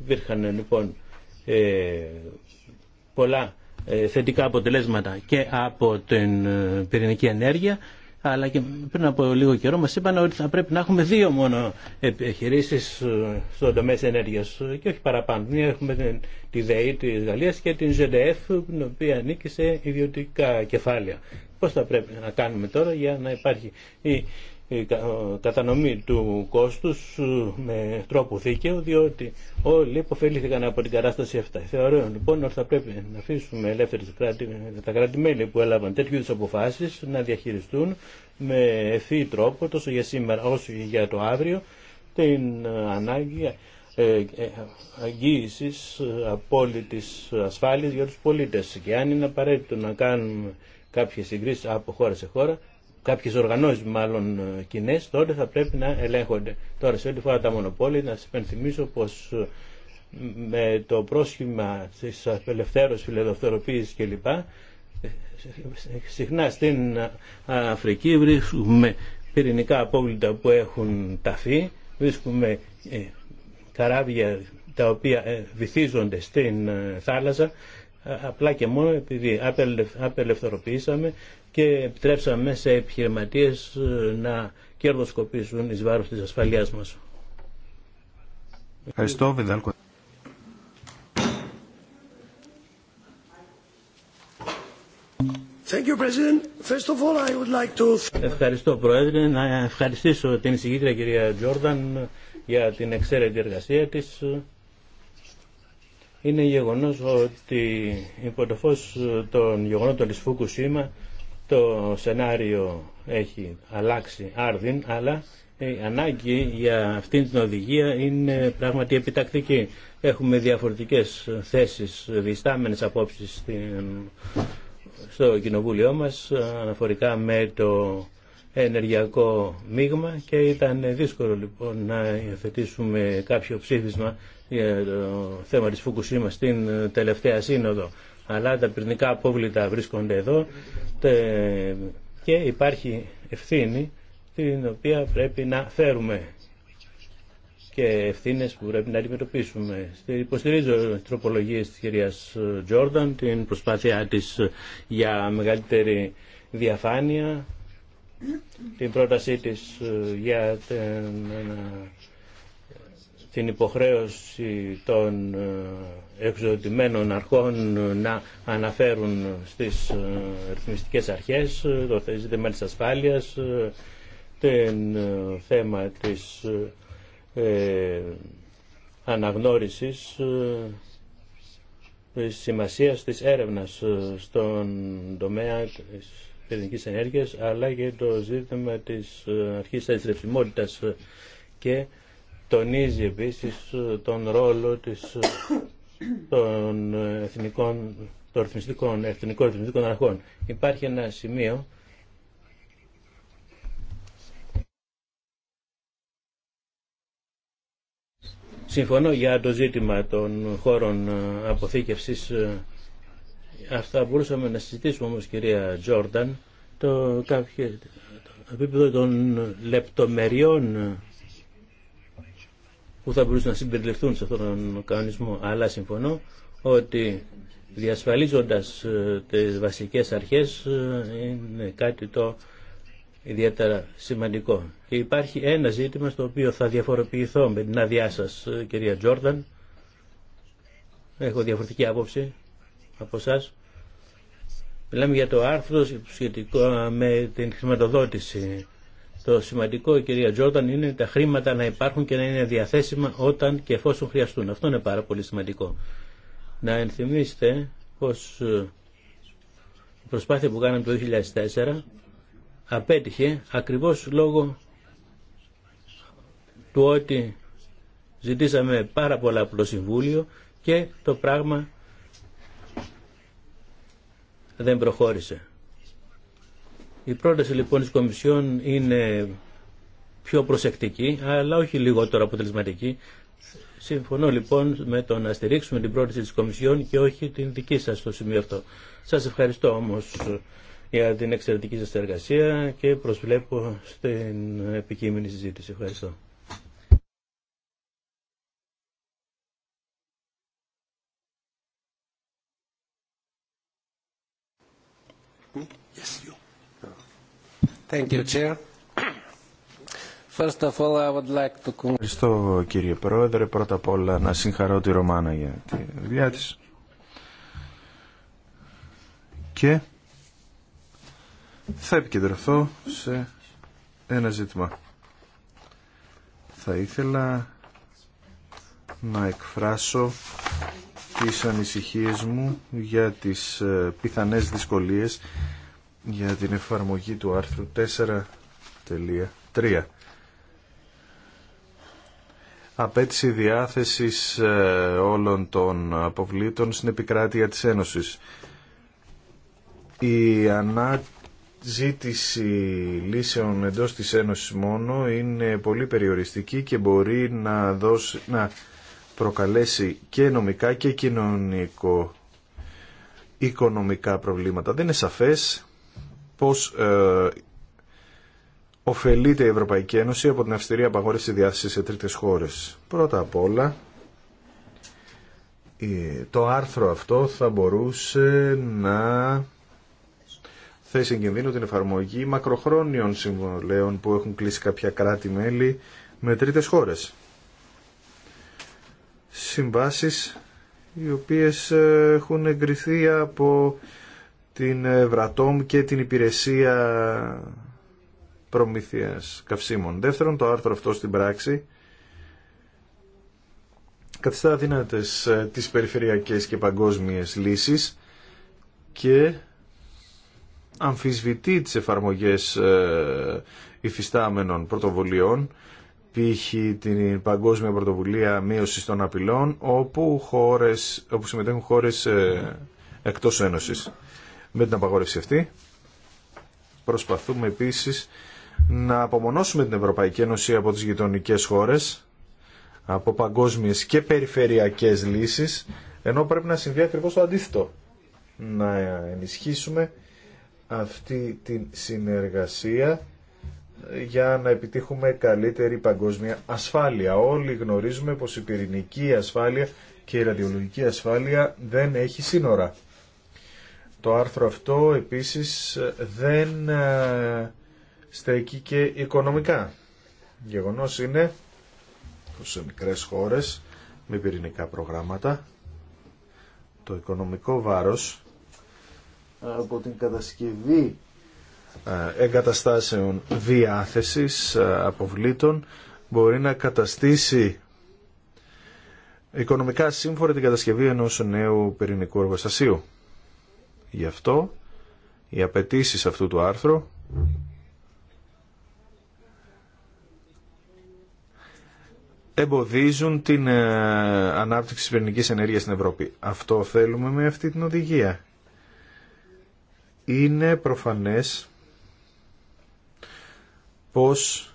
υπήρχαν λοιπόν ε, πολλά ε, θετικά αποτελέσματα και από την πυρηνική ενέργεια αλλά και πριν από λίγο καιρό μας είπαν ότι θα πρέπει να έχουμε δύο μόνο επιχειρήσεις ε, στον τομέα της ενέργειας και όχι παραπάνω. Μία έχουμε τη ΔΕΗ της Γαλλίας και την ΖΕΝΤΕΕΦ την οποία ανήκει σε ιδιωτικά κεφάλαια. Πώς θα πρέπει να κάνουμε τώρα για να υπάρχει η η κατανομή του κόστους ε, με τρόπο δίκαιο, διότι όλοι υποφελήθηκαν από την κατάσταση αυτά. Θεωρώ λοιπόν ότι θα πρέπει να αφήσουμε ελεύθερη τα κράτη-μέλη που έλαβαν τέτοιου είδου αποφάσεις να διαχειριστούν με ευθύ τρόπο τόσο για σήμερα όσο και για το αύριο την ε, ανάγκη ε, ε αγγίησης απόλυτης ασφάλειας για τους πολίτες και αν είναι απαραίτητο να κάνουμε κάποιες συγκρίσεις από χώρα σε χώρα Κάποιε οργανώσεις μάλλον ε, κοινέ, τότε θα πρέπει να ελέγχονται. Τώρα σε ό,τι φορά τα μονοπόλια να σα υπενθυμίσω πως ε, με το πρόσχημα τη απελευθέρωση φιλελευθερωποίηση κλπ. Ε, συχνά στην Αφρική βρίσκουμε πυρηνικά απόβλητα που έχουν ταφεί, βρίσκουμε καράβια τα οποία βυθίζονται στην θάλασσα απλά και μόνο επειδή απελευθερωποιήσαμε και επιτρέψαμε σε επιχειρηματίες ε, να κερδοσκοπήσουν εις βάρος της ασφαλείας μας. Ευχαριστώ, Βιδάλκο. Ευχαριστώ, Πρόεδρε. Να ευχαριστήσω την εισηγήτρια κυρία Τζόρνταν για την εξαίρετη εργασία της. Είναι γεγονός ότι υπό το φως των γεγονότων της Φουκουσίμα το σενάριο έχει αλλάξει άρδιν, αλλά η ανάγκη για αυτήν την οδηγία είναι πράγματι επιτακτική. Έχουμε διαφορετικές θέσεις, διστάμενες απόψεις στην, στο κοινοβούλιο μας αναφορικά με το ενεργειακό μείγμα και ήταν δύσκολο λοιπόν να υιοθετήσουμε κάποιο ψήφισμα για το θέμα της Φουκουσίμα στην τελευταία σύνοδο αλλά τα πυρνικά απόβλητα βρίσκονται εδώ και υπάρχει ευθύνη την οποία πρέπει να φέρουμε και ευθύνε που πρέπει να αντιμετωπίσουμε. Υποστηρίζω τι τροπολογίε τη κυρία Τζόρνταν, την προσπάθειά τη για μεγαλύτερη διαφάνεια, την πρότασή τη ε, για την, ε, την υποχρέωση των ε, εξοδοτημένων αρχών να αναφέρουν στις ε, ρυθμιστικές αρχές ε, το ζήτημα της ασφάλειας, ε, το θέμα της αναγνώρισης της σημασίας της έρευνας στον τομέα της ελληνικής ενέργειας αλλά και το ζήτημα της αρχής της ρευσιμότητας και τονίζει επίσης τον ρόλο της των εθνικών, των ρυθμιστικών, εθνικών ρυθμιστικών αρχών. Υπάρχει ένα σημείο Συμφωνώ για το ζήτημα των χώρων ε, αποθήκευσης. Ε, αυτά μπορούσαμε να συζητήσουμε όμως κυρία Τζόρνταν το, κάποιο, επίπεδο των λεπτομεριών ε, που θα μπορούσαν να συμπεριληφθούν σε αυτόν τον κανονισμό. Αλλά συμφωνώ ότι διασφαλίζοντας ε, τις βασικές αρχές ε, είναι κάτι το ιδιαίτερα σημαντικό. Και υπάρχει ένα ζήτημα στο οποίο θα διαφοροποιηθώ με την άδειά σας ε, κυρία Τζόρνταν. Έχω διαφορετική άποψη από εσά. Μιλάμε για το άρθρο σχετικό με την χρηματοδότηση το σημαντικό, κυρία Τζόρταν, είναι τα χρήματα να υπάρχουν και να είναι διαθέσιμα όταν και εφόσον χρειαστούν. Αυτό είναι πάρα πολύ σημαντικό. Να ενθυμίστε πως ε, η προσπάθεια που κάναμε το 2004 απέτυχε ακριβώς λόγω του ότι ζητήσαμε πάρα πολλά από το Συμβούλιο και το πράγμα δεν προχώρησε. Η πρόταση λοιπόν της Κομισιόν είναι πιο προσεκτική, αλλά όχι λιγότερο αποτελεσματική. Συμφωνώ λοιπόν με το να στηρίξουμε την πρόταση της Κομισιόν και όχι την δική σας στο σημείο αυτό. Σας ευχαριστώ όμως για την εξαιρετική σας εργασία και προσβλέπω στην επικείμενη συζήτηση. Ευχαριστώ. Yes, Ευχαριστώ κύριε Πρόεδρε. Πρώτα απ' όλα να συγχαρώ τη Ρωμάνα για τη δουλειά της. Και θα επικεντρωθώ σε ένα ζήτημα. Θα ήθελα να εκφράσω τις ανησυχίες μου για τις ε, πιθανές δυσκολίες για την εφαρμογή του άρθρου 4.3 απέτηση διάθεσης ε, όλων των αποβλήτων στην επικράτεια της Ένωσης. Η αναζήτηση λύσεων εντός της Ένωσης μόνο είναι πολύ περιοριστική και μπορεί να, δώσει, να προκαλέσει και νομικά και κοινωνικό οικονομικά προβλήματα. Δεν είναι σαφές πώς ε, ωφελείται η Ευρωπαϊκή Ένωση από την αυστηρή απαγόρευση διάθεσης σε τρίτες χώρες. Πρώτα απ' όλα, το άρθρο αυτό θα μπορούσε να θέσει την εφαρμογή μακροχρόνιων συμβολέων που έχουν κλείσει κάποια κράτη-μέλη με τρίτες χώρες. Συμβάσεις οι οποίες έχουν εγκριθεί από την Ευρατόμ και την υπηρεσία προμήθειας καυσίμων. Δεύτερον, το άρθρο αυτό στην πράξη καθιστά δυνατές ε, τις περιφερειακές και παγκόσμιες λύσεις και αμφισβητεί τις εφαρμογές ε, υφιστάμενων πρωτοβουλειών π.χ. την Παγκόσμια Πρωτοβουλία Μείωση των Απειλών, όπου, χώρες, όπου συμμετέχουν χώρες ε, εκτός Ένωσης με την απαγόρευση αυτή. Προσπαθούμε επίσης να απομονώσουμε την Ευρωπαϊκή Ένωση από τις γειτονικέ χώρες, από παγκόσμιες και περιφερειακές λύσεις, ενώ πρέπει να συμβεί ακριβώ το αντίθετο. Να ενισχύσουμε αυτή τη συνεργασία για να επιτύχουμε καλύτερη παγκόσμια ασφάλεια. Όλοι γνωρίζουμε πως η πυρηνική ασφάλεια και η ραδιολογική ασφάλεια δεν έχει σύνορα. Το άρθρο αυτό επίσης δεν ε, στέκει και οικονομικά. Γεγονός είναι πως σε μικρές χώρες με πυρηνικά προγράμματα το οικονομικό βάρος ε, από την κατασκευή ε, εγκαταστάσεων διάθεσης αποβλήτων μπορεί να καταστήσει οικονομικά σύμφωνα την κατασκευή ενός νέου πυρηνικού εργοστασίου. Γι' αυτό οι απαιτήσει αυτού του άρθρου εμποδίζουν την ε, ανάπτυξη της πυρηνικής ενέργειας στην Ευρώπη. Αυτό θέλουμε με αυτή την οδηγία. Είναι προφανές πως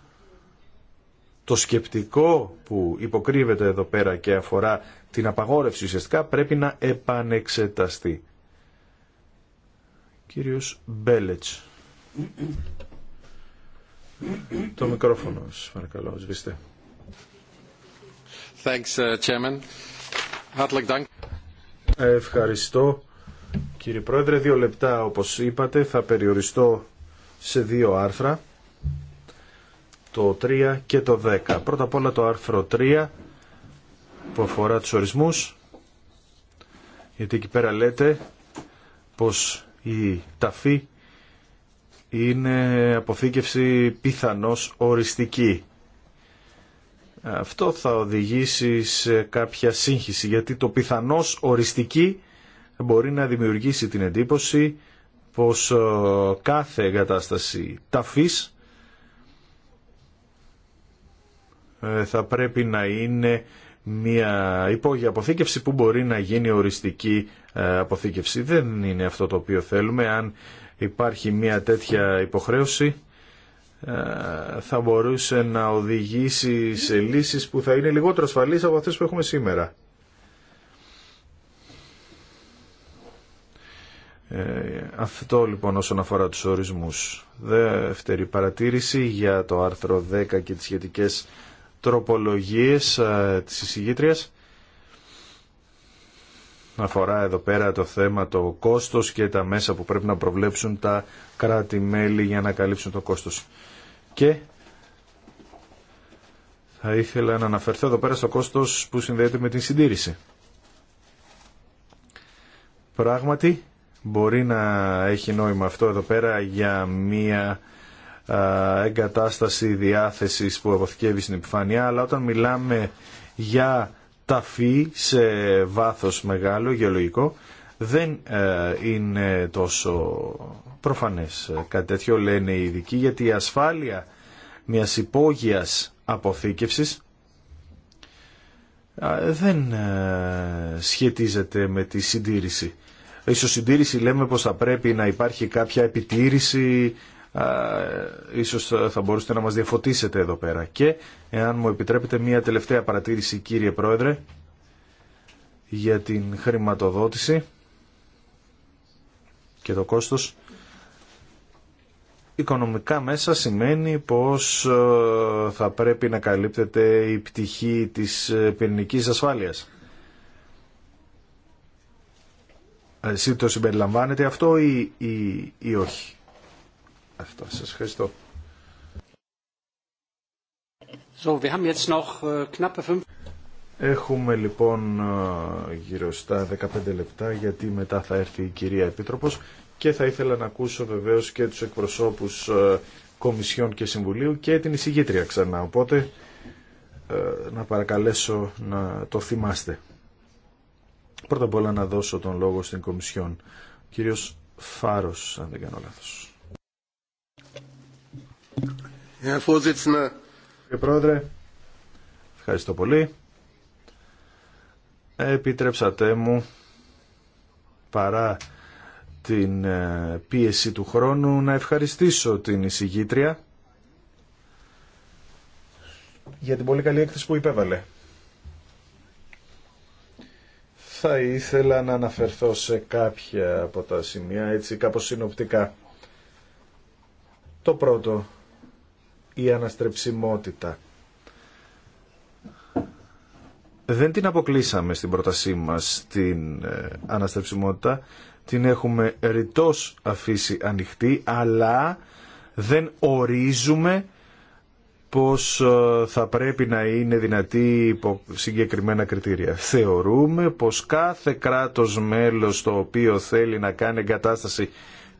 το σκεπτικό που υποκρύβεται εδώ πέρα και αφορά την απαγόρευση ουσιαστικά πρέπει να επανεξεταστεί. Κύριος Μπέλετς. Το μικρόφωνο σας παρακαλώ, σβήστε. Thanks, uh, Chairman. Ευχαριστώ. Κύριε Πρόεδρε, δύο λεπτά όπως είπατε θα περιοριστώ σε δύο άρθρα, το 3 και το 10. Πρώτα απ' όλα το άρθρο 3 που αφορά τους ορισμούς, γιατί εκεί πέρα λέτε πως η ταφή είναι αποθήκευση πιθανώς οριστική. Αυτό θα οδηγήσει σε κάποια σύγχυση, γιατί το πιθανώς οριστική μπορεί να δημιουργήσει την εντύπωση πως ε, κάθε εγκατάσταση ταφής ε, θα πρέπει να είναι μια υπόγεια αποθήκευση που μπορεί να γίνει οριστική ε, αποθήκευση. Δεν είναι αυτό το οποίο θέλουμε. Αν υπάρχει μια τέτοια υποχρέωση ε, θα μπορούσε να οδηγήσει σε λύσεις που θα είναι λιγότερο ασφαλείς από αυτές που έχουμε σήμερα. Ε, αυτό λοιπόν όσον αφορά τους ορισμούς. Δεύτερη παρατήρηση για το άρθρο 10 και τις σχετικές τροπολογίες της εισηγήτριας αφορά εδώ πέρα το θέμα το κόστος και τα μέσα που πρέπει να προβλέψουν τα κράτη-μέλη για να καλύψουν το κόστος. Και θα ήθελα να αναφερθώ εδώ πέρα στο κόστος που συνδέεται με την συντήρηση. Πράγματι μπορεί να έχει νόημα αυτό εδώ πέρα για μία εγκατάσταση διάθεσης που αποθηκεύει στην επιφάνεια αλλά όταν μιλάμε για ταφή σε βάθος μεγάλο, γεωλογικό, δεν ε, είναι τόσο προφανές. Ε, κάτι τέτοιο λένε οι ειδικοί, γιατί η ασφάλεια μιας υπόγειας αποθήκευσης ε, δεν σχετίζεται με τη συντήρηση. Ίσως συντήρηση λέμε πως θα πρέπει να υπάρχει κάποια επιτήρηση ίσως θα μπορούσατε να μας διαφωτίσετε εδώ πέρα. Και, εάν μου επιτρέπετε, μία τελευταία παρατήρηση, κύριε Πρόεδρε, για την χρηματοδότηση και το κόστος. Οικονομικά μέσα σημαίνει πως ε, θα πρέπει να καλύπτεται η πτυχή της ε, πυρηνικής ασφάλειας. Ε, Εσύ το συμπεριλαμβάνετε αυτό ή, ή, ή όχι. Αυτά. Σας ευχαριστώ. Äh, Έχουμε λοιπόν ε, γύρω στα 15 λεπτά γιατί μετά θα έρθει η κυρία Επίτροπος και θα ήθελα να ακούσω βεβαίως και τους εκπροσώπους ε, Κομισιόν και Συμβουλίου και την εισηγήτρια ξανά. Οπότε ε, να παρακαλέσω να το θυμάστε. Πρώτα απ' όλα να δώσω τον λόγο στην Κομισιόν. Κύριος Φάρος, αν δεν κάνω λάθος. Κύριε Πρόεδρε, ευχαριστώ πολύ. Επιτρέψατε μου παρά την ε, πίεση του χρόνου να ευχαριστήσω την εισηγήτρια για την πολύ καλή έκθεση που υπέβαλε. Θα ήθελα να αναφερθώ σε κάποια από τα σημεία έτσι κάπως συνοπτικά. Το πρώτο η αναστρεψιμότητα. Δεν την αποκλείσαμε στην πρότασή μας την ε, αναστρεψιμότητα, την έχουμε ρητός αφήσει ανοιχτή, αλλά δεν ορίζουμε πως ε, θα πρέπει να είναι δυνατή υπό συγκεκριμένα κριτήρια. Θεωρούμε πως κάθε κράτος μέλος το οποίο θέλει να κάνει εγκατάσταση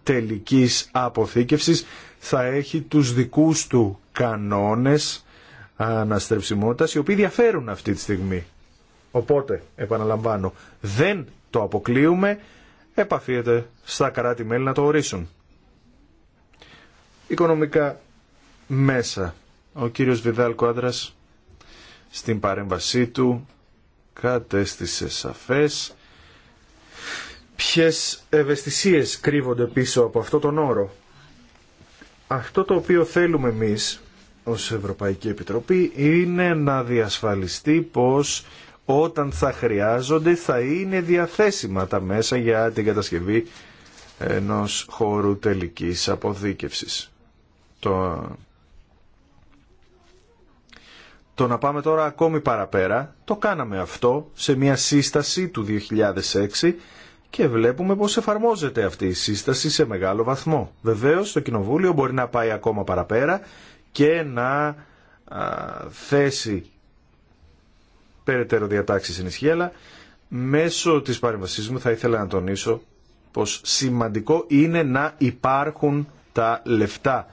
τελικής αποθήκευσης θα έχει τους δικούς του κανόνες αναστρεψιμότητας οι οποίοι διαφέρουν αυτή τη στιγμή. Οπότε, επαναλαμβάνω, δεν το αποκλείουμε, επαφίεται στα κράτη-μέλη να το ορίσουν. Οικονομικά μέσα. Ο κύριος Βιδάλ Κουάντρας στην παρέμβασή του κατέστησε σαφές ποιες ευαισθησίες κρύβονται πίσω από αυτό τον όρο. Αυτό το οποίο θέλουμε εμείς ως Ευρωπαϊκή Επιτροπή είναι να διασφαλιστεί πως όταν θα χρειάζονται θα είναι διαθέσιμα τα μέσα για την κατασκευή ενός χώρου τελικής αποδίκευσης. Το... να πάμε τώρα ακόμη παραπέρα, το κάναμε αυτό σε μια σύσταση του 2006 και βλέπουμε πως εφαρμόζεται αυτή η σύσταση σε μεγάλο βαθμό. Βεβαίως το Κοινοβούλιο μπορεί να πάει ακόμα παραπέρα και να θέσει περαιτέρω διατάξει στην ισχύ, μέσω της παρεμβασή μου θα ήθελα να τονίσω πως σημαντικό είναι να υπάρχουν τα λεφτά.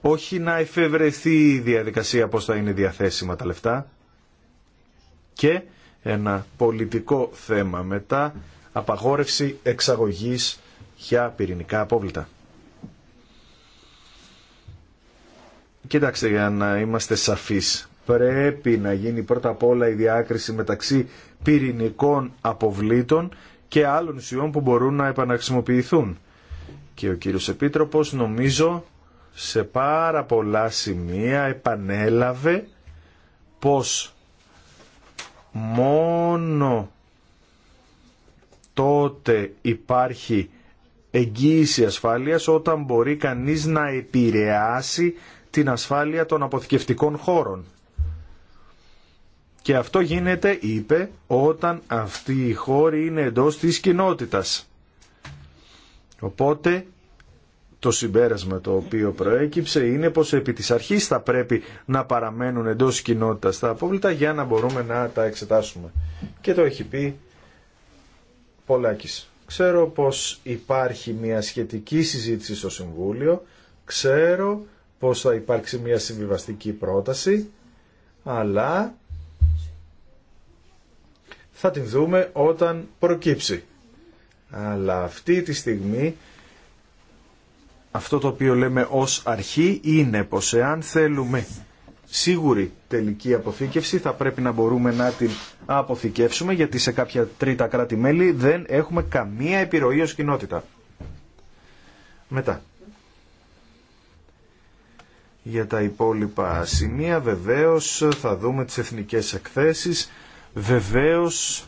Όχι να εφευρεθεί η διαδικασία πως θα είναι διαθέσιμα τα λεφτά. Και ένα πολιτικό θέμα μετά, απαγόρευση εξαγωγής για πυρηνικά απόβλητα. Κοιτάξτε, για να είμαστε σαφείς, πρέπει να γίνει πρώτα απ' όλα η διάκριση μεταξύ πυρηνικών αποβλήτων και άλλων ουσιών που μπορούν να επαναχρησιμοποιηθούν. Και ο κύριος Επίτροπος νομίζω σε πάρα πολλά σημεία επανέλαβε πως μόνο τότε υπάρχει εγγύηση ασφάλειας όταν μπορεί κανείς να επηρεάσει την ασφάλεια των αποθηκευτικών χώρων. Και αυτό γίνεται, είπε, όταν αυτοί οι χώροι είναι εντός της κοινότητας. Οπότε το συμπέρασμα το οποίο προέκυψε είναι πως επί της αρχής θα πρέπει να παραμένουν εντός κοινότητας τα απόβλητα για να μπορούμε να τα εξετάσουμε. Και το έχει πει Πολάκης. Ξέρω πως υπάρχει μια σχετική συζήτηση στο Συμβούλιο, ξέρω πως θα υπάρξει μια συμβιβαστική πρόταση, αλλά θα την δούμε όταν προκύψει. Αλλά αυτή τη στιγμή αυτό το οποίο λέμε ως αρχή είναι πως εάν θέλουμε σίγουρη τελική αποθήκευση θα πρέπει να μπορούμε να την αποθηκεύσουμε γιατί σε κάποια τρίτα κράτη-μέλη δεν έχουμε καμία επιρροή ως κοινότητα. Μετά. Για τα υπόλοιπα σημεία βεβαίως θα δούμε τις εθνικές εκθέσεις. Βεβαίως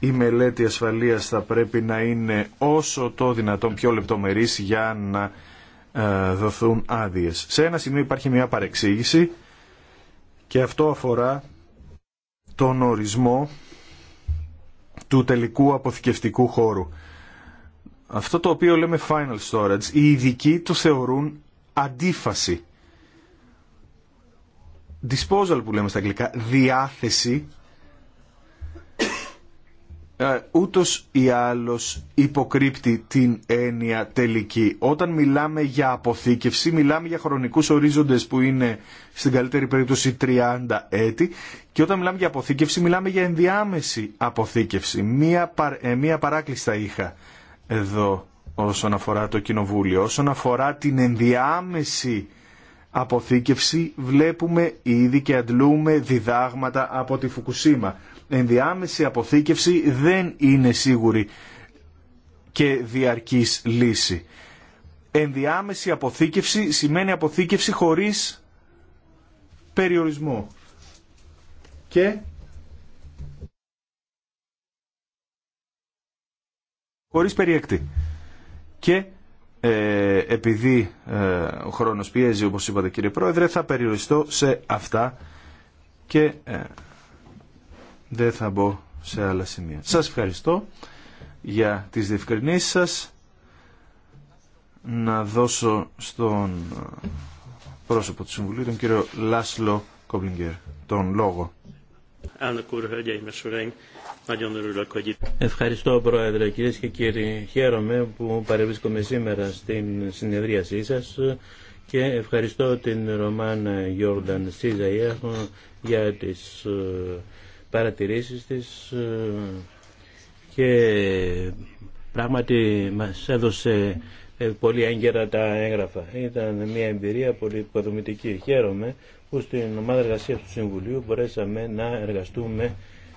η μελέτη ασφαλείας θα πρέπει να είναι όσο το δυνατόν πιο λεπτομερής για να ε, δοθούν άδειες. Σε ένα σημείο υπάρχει μια παρεξήγηση και αυτό αφορά τον ορισμό του τελικού αποθηκευτικού χώρου. Αυτό το οποίο λέμε final storage, οι ειδικοί το θεωρούν αντίφαση. Disposal που λέμε στα αγγλικά, διάθεση, ε, ούτως ή άλλως υποκρύπτει την έννοια τελική. Όταν μιλάμε για αποθήκευση, μιλάμε για χρονικούς ορίζοντες που είναι στην καλύτερη περίπτωση 30 έτη και όταν μιλάμε για αποθήκευση μιλάμε για ενδιάμεση αποθήκευση. Μία, παρ... Ε, μία παράκληση θα είχα εδώ όσον αφορά το Κοινοβούλιο. Όσον αφορά την ενδιάμεση αποθήκευση βλέπουμε ήδη και αντλούμε διδάγματα από τη Φουκουσίμα. Ενδιάμεση αποθήκευση δεν είναι σίγουρη και διαρκής λύση. Ενδιάμεση αποθήκευση σημαίνει αποθήκευση χωρίς περιορισμό. Και χωρίς περιέκτη και ε, επειδή ε, ο χρόνος πιέζει όπως είπατε κύριε Πρόεδρε θα περιοριστώ σε αυτά και ε, δεν θα μπω σε άλλα σημεία. Σας ευχαριστώ για τις διευκρινήσεις σας να δώσω στον ε, πρόσωπο του Συμβουλίου, τον κύριο Λάσλο Κομπλιγκέρ, τον λόγο. Ευχαριστώ Πρόεδρε κυρίε και κύριοι. Χαίρομαι που παρευρίσκομαι σήμερα στην συνεδρίασή σας και ευχαριστώ την Ρωμάνα Γιόρνταν Σίζα για τις ε, παρατηρήσεις της ε, και πράγματι μας έδωσε ε, πολύ έγκαιρα τα έγγραφα. Ήταν μια εμπειρία πολύ υποδομητική. Χαίρομαι που στην ομάδα εργασία του Συμβουλίου μπορέσαμε να εργαστούμε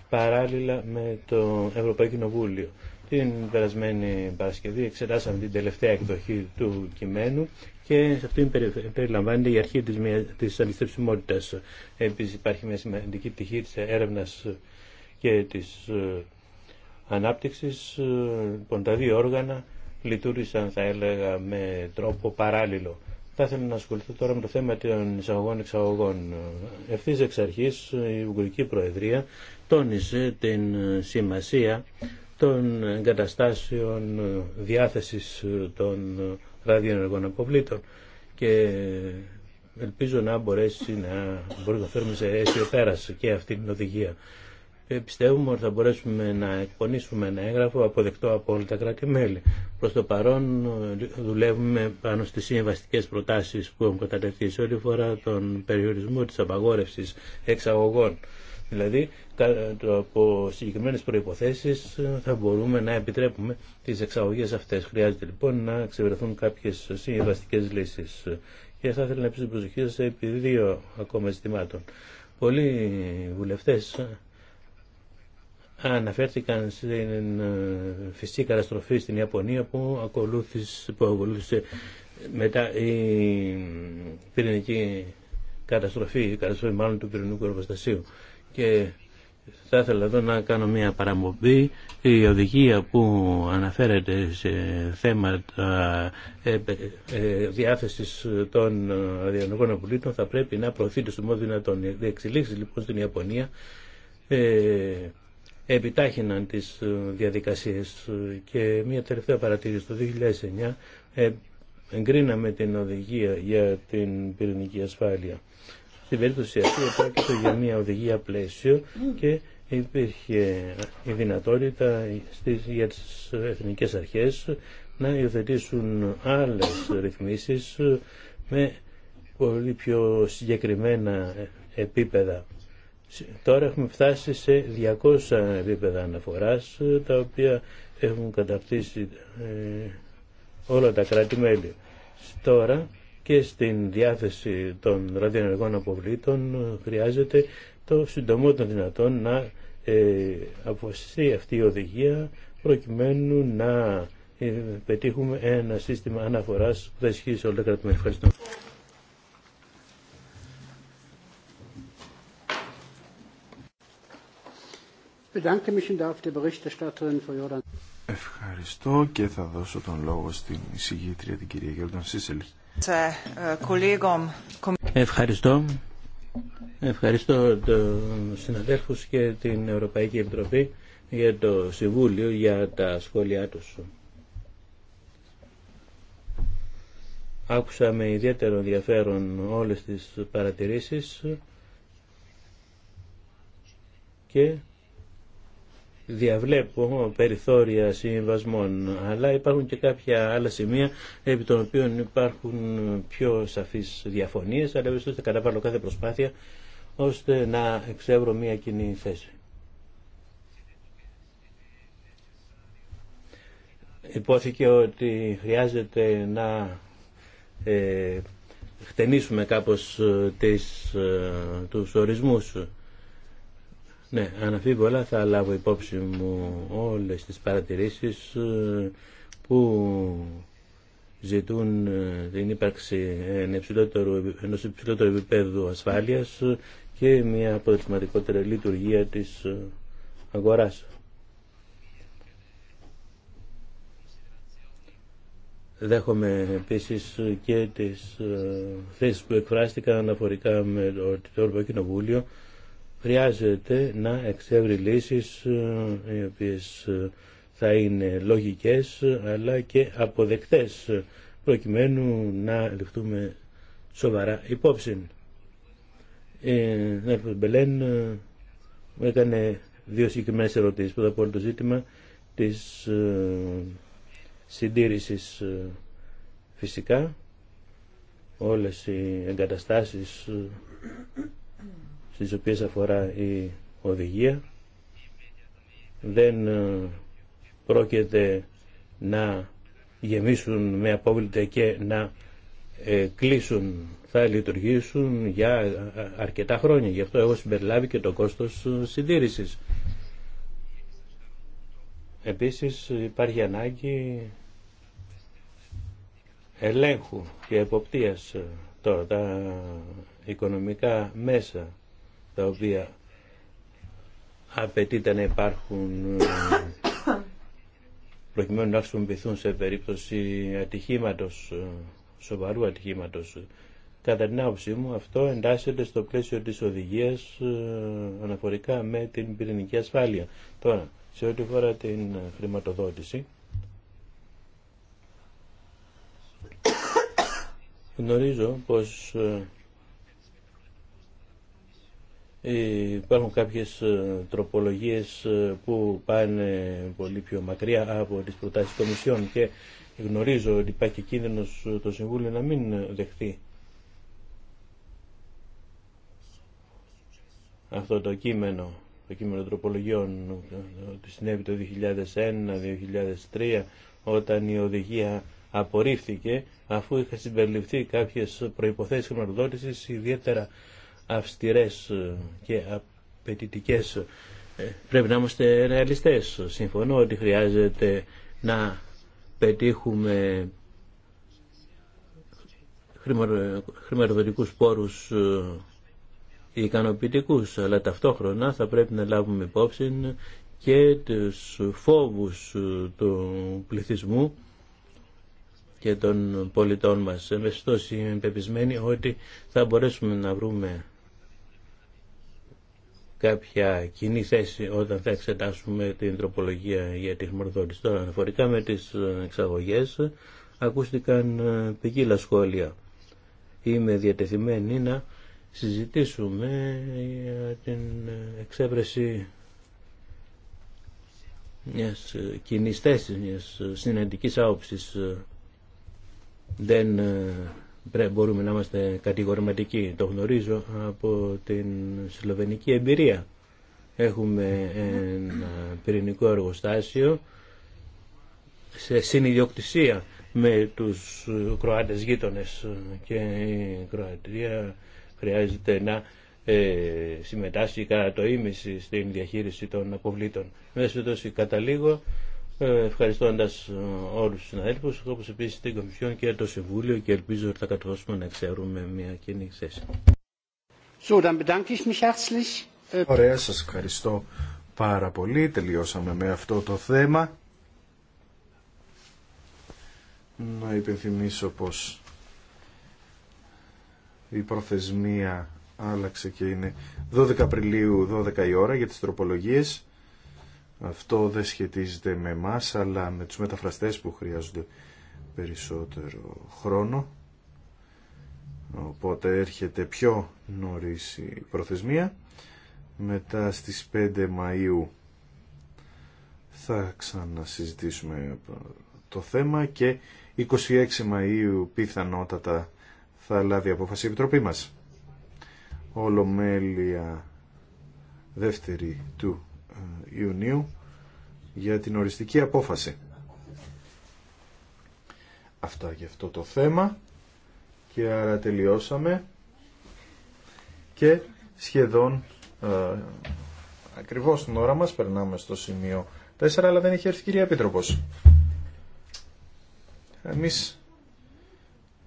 παράλληλα με το Ευρωπαϊκό Κοινοβούλιο. Την περασμένη Παρασκευή εξετάσαμε την τελευταία εκδοχή του κειμένου και σε αυτήν περιλαμβάνεται η αρχή της, της Επίση Επίσης υπάρχει μια σημαντική πτυχή της έρευνας και της ε, ανάπτυξης. Ε, λοιπόν, τα δύο όργανα λειτουργήσαν θα έλεγα με τρόπο παράλληλο. Θα ήθελα να ασχοληθώ τώρα με το θέμα των εισαγωγών-εξαγωγών. Ευθύ εξ αρχή η Ουγγρική Προεδρία τόνισε την σημασία των εγκαταστάσεων διάθεσης των ραδιοενεργών αποβλήτων και ελπίζω να μπορέσει να μπορεί να φέρουμε σε αίσιο πέρας και αυτή την οδηγία. Ε, πιστεύουμε ότι θα μπορέσουμε να εκπονήσουμε ένα έγγραφο αποδεκτό από όλα τα κράτη-μέλη. Προ το παρόν ε, δουλεύουμε πάνω στι συμβαστικέ προτάσει που έχουν κατατεθεί σε όλη φορά τον περιορισμό τη απαγόρευση εξαγωγών. Δηλαδή, ε, από συγκεκριμένε προποθέσει θα μπορούμε να επιτρέπουμε τι εξαγωγέ αυτέ. Χρειάζεται λοιπόν να ξεβρεθούν κάποιε συμβαστικέ λύσει. Και θα ήθελα να επιστήσω την προσοχή σα επί δύο ακόμα ζητημάτων. Πολλοί βουλευτέ αναφέρθηκαν στην ε, φυσική καταστροφή στην Ιαπωνία που ακολούθησε, που ακολούθησε μετά η πυρηνική καταστροφή, η καταστροφή μάλλον του πυρηνικού εργοστασίου. Και θα ήθελα εδώ να κάνω μια παραμπομπή. Η οδηγία που αναφέρεται σε θέματα ε, ε, διάθεσης των αδιανογών απολύτων θα πρέπει να προωθείται στο μόνο δυνατόν. Οι λοιπόν στην Ιαπωνία επιτάχυναν τις ε, διαδικασίες. Ε, και μια τελευταία παρατήρηση το 2009 ε, εγκρίναμε την οδηγία για την πυρηνική ασφάλεια. Στην περίπτωση αυτή επρόκειτο για μια οδηγία πλαίσιο και υπήρχε η δυνατότητα για τις εθνικές αρχές να υιοθετήσουν άλλες ρυθμίσεις με πολύ πιο συγκεκριμένα επίπεδα Τώρα έχουμε φτάσει σε 200 επίπεδα αναφοράς, τα οποία έχουν ε, όλα τα κράτη-μέλη. Τώρα και στην διάθεση των ραδιοενεργών αποβλήτων ε, χρειάζεται το συντομότερο δυνατόν να ε, αυτή η οδηγία προκειμένου να ε, πετύχουμε ένα σύστημα αναφοράς που θα ισχύσει όλα τα κράτη-μέλη. Ευχαριστώ και θα δώσω τον λόγο στην εισηγήτρια την κυρία Γιώργαν Σίσελ. Ε, Ευχαριστώ. Ευχαριστώ του συναδέλφους και την Ευρωπαϊκή Επιτροπή για το Συμβούλιο για τα σχόλιά του. Άκουσα με ιδιαίτερο ενδιαφέρον όλες τις παρατηρήσεις και διαβλέπω περιθώρια συμβασμών, αλλά υπάρχουν και κάποια άλλα σημεία επί των οποίων υπάρχουν πιο σαφείς διαφωνίες, αλλά βέβαια θα καταβάλω κάθε προσπάθεια ώστε να εξεύρω μια κοινή θέση. Υπόθηκε ότι χρειάζεται να ε, χτενίσουμε κάπως ε, τις, ε, τους ορισμούς ναι, αναφίβολα θα λάβω υπόψη μου όλες τις παρατηρήσεις ε, που ζητούν ε, την ύπαρξη ενός υψηλότερου επίπεδου ασφάλειας και μια αποτελεσματικότερη λειτουργία της ε, αγοράς. Δέχομαι επίσης και τις θέσεις που εκφράστηκαν αναφορικά με το Ευρωπαϊκό Κοινοβούλιο χρειάζεται να εξεύρει λύσεις ε, οι οποίε ε, θα είναι λογικές αλλά και αποδεκτές προκειμένου να ληφθούμε σοβαρά υπόψη. Ε, Μπελέν ε, μου έκανε δύο συγκεκριμένες ερωτήσεις. Πρώτα απ' όλα το ζήτημα της συντήρησης φυσικά όλες οι εγκαταστάσεις στις οποίες αφορά η οδηγία δεν ε, πρόκειται να γεμίσουν με απόβλητα και να ε, κλείσουν, θα λειτουργήσουν για ε, αρκετά χρόνια. Γι' αυτό έχω συμπεριλάβει και το κόστος συντήρησης. Επίσης υπάρχει ανάγκη ελέγχου και εποπτείας τώρα τα οικονομικά μέσα τα οποία απαιτείται να υπάρχουν ε, προκειμένου να χρησιμοποιηθούν σε περίπτωση ατυχήματος, ε, σοβαρού ατυχήματος. Κατά την άποψή μου αυτό εντάσσεται στο πλαίσιο της οδηγίας ε, αναφορικά με την πυρηνική ασφάλεια. Τώρα, σε ό,τι φορά την χρηματοδότηση, γνωρίζω πως ε, υπάρχουν κάποιες ε, τροπολογίες ε, που πάνε πολύ πιο μακριά από τις προτάσεις Κομισιών και γνωρίζω ότι υπάρχει κίνδυνος το Συμβούλιο να μην δεχθεί αυτό το κείμενο, το κείμενο τροπολογιών ότι συνέβη το 2001-2003 όταν η οδηγία απορρίφθηκε αφού είχα συμπεριληφθεί κάποιες προϋποθέσεις χρηματοδότησης ιδιαίτερα αυστηρές ε, και απαιτητικέ ε, Πρέπει να είμαστε ρεαλιστές. Συμφωνώ ότι χρειάζεται να πετύχουμε χρηματοδοτικούς πόρους ε, ικανοποιητικούς, αλλά ταυτόχρονα θα πρέπει να λάβουμε υπόψη και τους φόβους του πληθυσμού και των πολιτών μας. Εμείς τόσο πεπισμένοι ότι θα μπορέσουμε να βρούμε κάποια κοινή θέση όταν θα εξετάσουμε την τροπολογία για τη χρηματοδότηση. Τώρα, αναφορικά με τις ε, εξαγωγές, ακούστηκαν ε, ποικίλα σχόλια. Είμαι διατεθειμένη να συζητήσουμε για ε, την εξέβρεση μιας κοινή θέσης, μιας συνεντικής άποψης. Δεν μπορούμε να είμαστε κατηγορηματικοί. Το γνωρίζω από την σλοβενική εμπειρία. Έχουμε ένα πυρηνικό εργοστάσιο σε συνειδιοκτησία με τους Κροάτες γείτονες και η Κροατία χρειάζεται να ε, συμμετάσχει κατά το ίμιση στην διαχείριση των αποβλήτων. Μέσω τόσο καταλήγω ε, ευχαριστώντα ε, όλους του συναδέλφους, όπως επίσης την Κομισιόν και το Συμβούλιο και ελπίζω ότι θα κατορθώσουμε να ξέρουμε μια κοινή θέση. Ωραία, σα ευχαριστώ πάρα πολύ. Τελειώσαμε με αυτό το θέμα. Να υπενθυμίσω πως η προθεσμία άλλαξε και είναι 12 Απριλίου 12 η ώρα για τις τροπολογίες. Αυτό δεν σχετίζεται με εμά, αλλά με τους μεταφραστές που χρειάζονται περισσότερο χρόνο. Οπότε έρχεται πιο νωρίς η προθεσμία. Μετά στις 5 Μαΐου θα ξανασυζητήσουμε το θέμα και 26 Μαΐου πιθανότατα θα λάβει απόφαση η Επιτροπή μας. Ολομέλεια δεύτερη του Ιουνίου για την οριστική απόφαση. Αυτά για αυτό το θέμα και άρα τελειώσαμε και σχεδόν ε, ακριβώς την ώρα μας περνάμε στο σημείο 4 αλλά δεν έχει έρθει κυρία Επίτροπος. Εμείς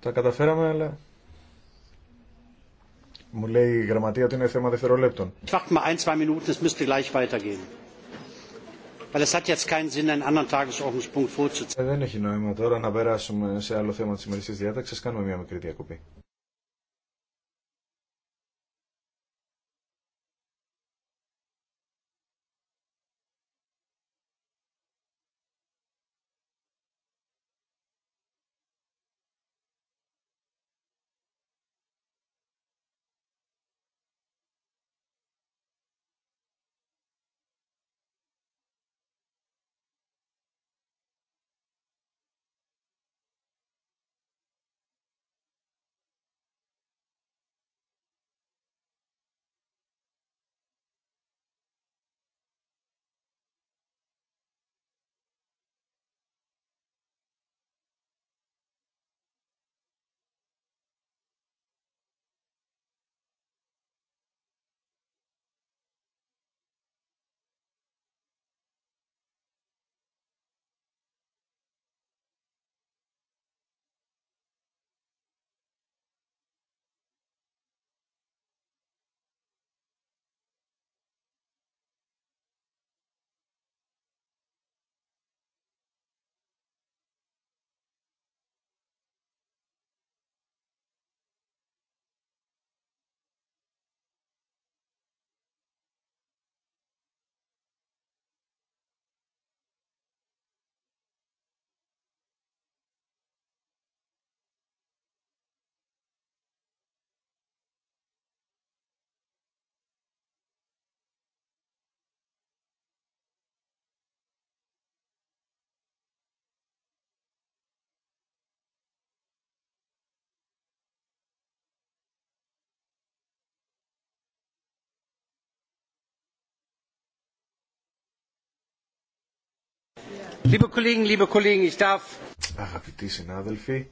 τα καταφέραμε αλλά μου λέει η γραμματεία ότι είναι θέμα δευτερολέπτων. Δεν έχει νόημα τώρα να περάσουμε σε άλλο θέμα τη ημερησίας διάταξη, Κάνουμε μια μικρή διακοπή. Αγαπητοί συνάδελφοι,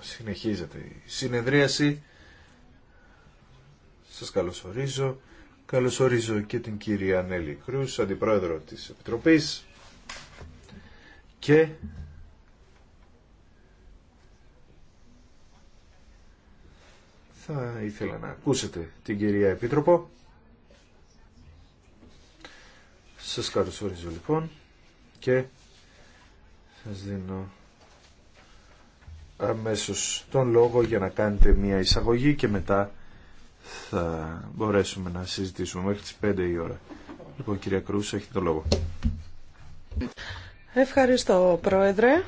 συνεχίζεται η συνεδρίαση. Σας καλωσορίζω. Καλωσορίζω και την κυρία Νέλη Κρούς, αντιπρόεδρο της Επιτροπής και θα ήθελα να ακούσετε την κυρία Επίτροπο. Σας καλωσορίζω λοιπόν και σας δίνω αμέσως τον λόγο για να κάνετε μια εισαγωγή και μετά θα μπορέσουμε να συζητήσουμε μέχρι τις 5 η ώρα. Λοιπόν, κυρία Κρούς, έχετε το λόγο. Ευχαριστώ, Πρόεδρε.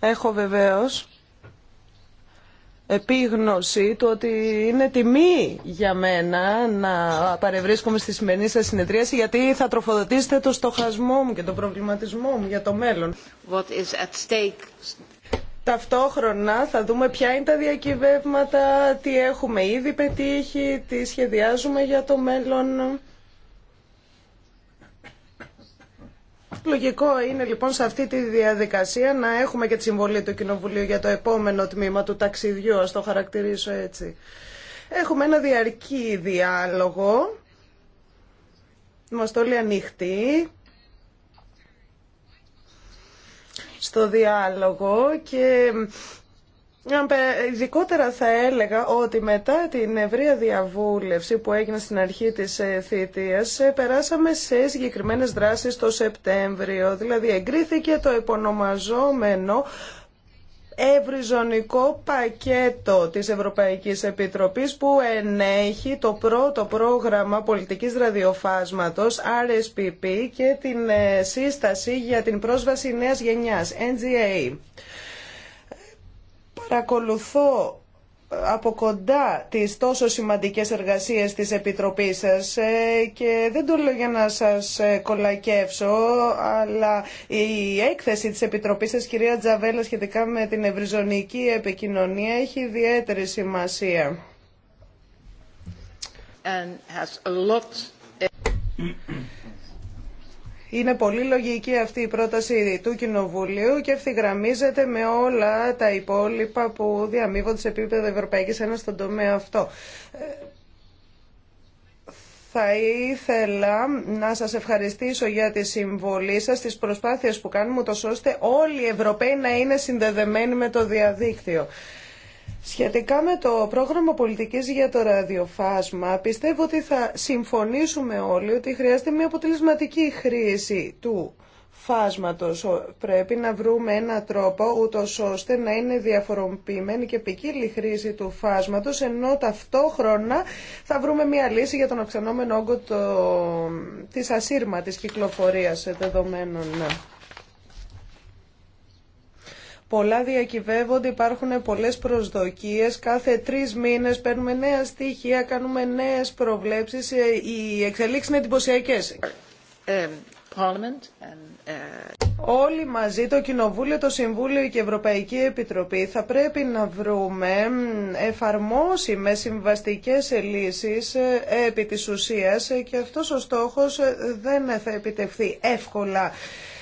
Έχω βεβαίως επίγνωση του ότι είναι τιμή για μένα να παρευρίσκομαι στη σημερινή σας συνεδρίαση γιατί θα τροφοδοτήσετε το στοχασμό μου και το προβληματισμό μου για το μέλλον. What is at stake. Ταυτόχρονα θα δούμε ποια είναι τα διακυβεύματα, τι έχουμε ήδη πετύχει, τι σχεδιάζουμε για το μέλλον. Λογικό είναι λοιπόν σε αυτή τη διαδικασία να έχουμε και τη συμβολή του Κοινοβουλίου για το επόμενο τμήμα του ταξιδιού, ας το χαρακτηρίσω έτσι. Έχουμε ένα διαρκή διάλογο, είμαστε όλοι ανοιχτοί στο διάλογο και Ειδικότερα θα έλεγα ότι μετά την ευρεία διαβούλευση που έγινε στην αρχή της ε, θητείας ε, περάσαμε σε συγκεκριμένες δράσεις το Σεπτέμβριο, δηλαδή εγκρίθηκε το επωνομαζόμενο ευρυζωνικό πακέτο της Ευρωπαϊκής Επιτροπής που ενέχει το πρώτο πρόγραμμα πολιτικής ραδιοφάσματος RSPP και την ε, σύσταση για την πρόσβαση νέας γενιάς, NGA. Παρακολουθώ ε, από κοντά τις τόσο σημαντικές εργασίες της Επιτροπής σας ε, και δεν το λέω για να σας ε, κολακεύσω αλλά η έκθεση της Επιτροπής σας κυρία Τζαβέλα σχετικά με την ευρυζωνική επικοινωνία έχει ιδιαίτερη σημασία. Είναι πολύ λογική αυτή η πρόταση του Κοινοβουλίου και ευθυγραμμίζεται με όλα τα υπόλοιπα που διαμείβονται σε επίπεδο Ευρωπαϊκής Ένωσης στον τομέα αυτό. Θα ήθελα να σας ευχαριστήσω για τη συμβολή σας, τις προσπάθειες που κάνουμε, ώστε όλοι οι Ευρωπαίοι να είναι συνδεδεμένοι με το διαδίκτυο. Σχετικά με το πρόγραμμα πολιτικής για το ραδιοφάσμα, πιστεύω ότι θα συμφωνήσουμε όλοι ότι χρειάζεται μια αποτελεσματική χρήση του φάσματος. Πρέπει να βρούμε ένα τρόπο ούτω ώστε να είναι διαφοροποιημένη και ποικίλη χρήση του φάσματος, ενώ ταυτόχρονα θα βρούμε μια λύση για τον αυξανόμενο όγκο το... της ασύρματης κυκλοφορίας δεδομένων. Πολλά διακυβεύονται, υπάρχουν πολλές προσδοκίες. Κάθε τρεις μήνες παίρνουμε νέα στοιχεία, κάνουμε νέες προβλέψεις. Ε, οι εξελίξεις είναι εντυπωσιακέ. Ε, ε, Όλοι μαζί, το Κοινοβούλιο, το Συμβούλιο και η Ευρωπαϊκή Επιτροπή θα πρέπει να βρούμε εφαρμόσιμες συμβαστικές λύσεις επί της ουσίας και αυτός ο στόχος δεν θα επιτευχθεί εύκολα.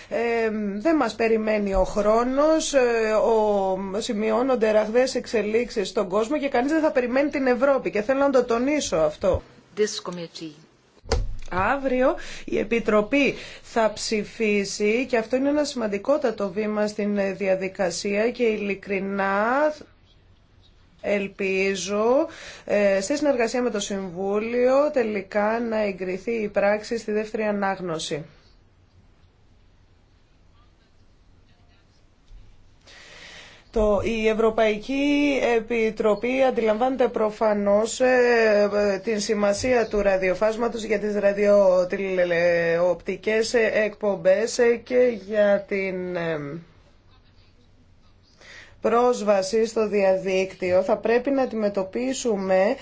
Ε, δεν μας περιμένει ο χρόνος, ε, ο, σημειώνονται ραγδαίες εξελίξεις στον κόσμο και κανείς δεν θα περιμένει την Ευρώπη και θέλω να το τονίσω αυτό. Αύριο η Επιτροπή θα ψηφίσει και αυτό είναι ένα σημαντικότατο βήμα στην διαδικασία και ειλικρινά ελπίζω ε, στη συνεργασία με το Συμβούλιο τελικά να εγκριθεί η πράξη στη δεύτερη ανάγνωση. Το, η Ευρωπαϊκή Επιτροπή αντιλαμβάνεται προφανώς ε, την σημασία του ραδιοφάσματος για τις ραδιοτηλεοπτικές εκπομπές ε, και για την ε, πρόσβαση στο διαδίκτυο θα πρέπει να αντιμετωπίσουμε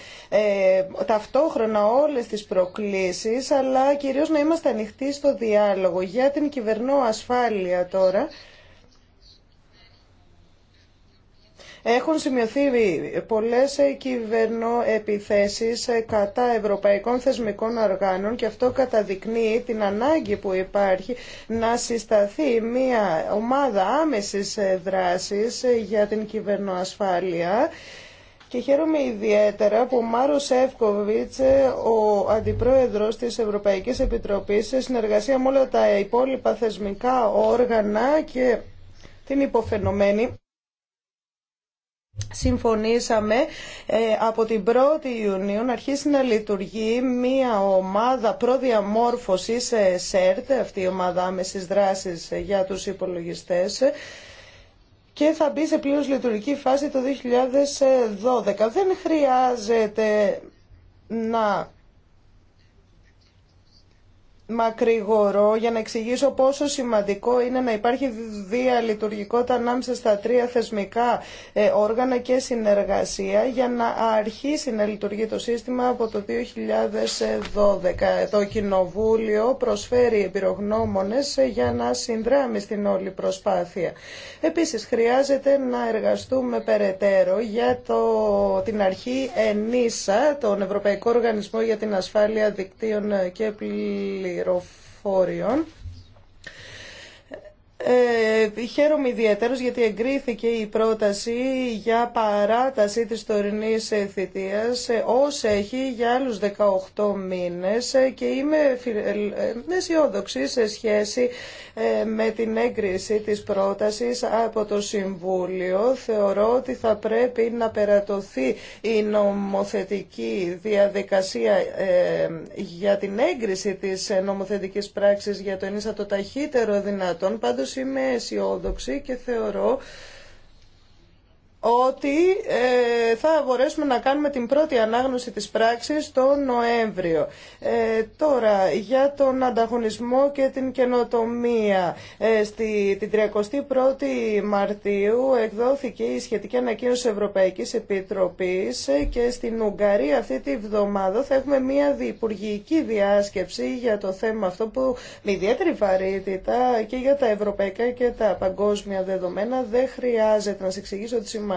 ταυτόχρονα όλες τις προκλήσεις αλλά κυρίως να είμαστε ανοιχτοί στο διάλογο για την κυβερνό ασφάλεια τώρα Έχουν σημειωθεί πολλές ε, κυβερνοεπιθέσεις ε, κατά ευρωπαϊκών θεσμικών οργάνων και αυτό καταδεικνύει την ανάγκη που υπάρχει να συσταθεί μια ομάδα άμεσης ε, δράσης για την κυβερνοασφάλεια και χαίρομαι ιδιαίτερα που ο Μάρο Σεύκοβιτς, ο αντιπρόεδρος της Ευρωπαϊκής Επιτροπής, σε συνεργασία με όλα τα υπόλοιπα θεσμικά όργανα και την υποφαινομένη, συμφωνήσαμε ε, από την 1η Ιουνίου να αρχίσει να λειτουργεί μια ομάδα προδιαμόρφωσης ε, ΣΕΡΤ, αυτή η ομάδα μια ομαδα σε σερτ αυτη δράσης ε, για τους υπολογιστές, και θα μπει σε πλήρως λειτουργική φάση το 2012. Δεν χρειάζεται να μακρηγορώ για να εξηγήσω πόσο σημαντικό είναι να υπάρχει διαλειτουργικότητα ανάμεσα στα τρία θεσμικά ε, όργανα και συνεργασία για να αρχίσει να λειτουργεί το σύστημα από το 2012. Το Κοινοβούλιο προσφέρει επιρογνώμονες ε, για να συνδράμει στην όλη προσπάθεια. Επίσης, χρειάζεται να εργαστούμε περαιτέρω για το, την αρχή ΕΝΙΣΑ, τον Ευρωπαϊκό Οργανισμό για την Ασφάλεια Δικτύων ε, και Πλήρων πληροφόριων ε, χαίρομαι ιδιαίτερος γιατί εγκρίθηκε η πρόταση για παράταση της τωρινής θητείας ε, ως έχει για άλλους 18 μήνες ε, και είμαι ε, αισιόδοξη σε σχέση με την έγκριση της πρότασης από το Συμβούλιο. Θεωρώ ότι θα πρέπει να περατωθεί η νομοθετική διαδικασία για την έγκριση της νομοθετικής πράξης για το ΕΝΙΣΑ το ταχύτερο δυνατόν. Πάντως είμαι αισιόδοξη και θεωρώ ότι ε, θα μπορέσουμε να κάνουμε την πρώτη ανάγνωση της πράξης το Νοέμβριο. Ε, τώρα, για τον ανταγωνισμό και την καινοτομία. Ε, στη, 31η Μαρτίου εκδόθηκε η σχετική ανακοίνωση Ευρωπαϊκής Επιτροπής και στην Ουγγαρία αυτή τη βδομάδα θα έχουμε μια διπουργική διάσκεψη για το θέμα αυτό που με ιδιαίτερη βαρύτητα και για τα ευρωπαϊκά και τα παγκόσμια δεδομένα δεν χρειάζεται να σε εξηγήσω τη σημασία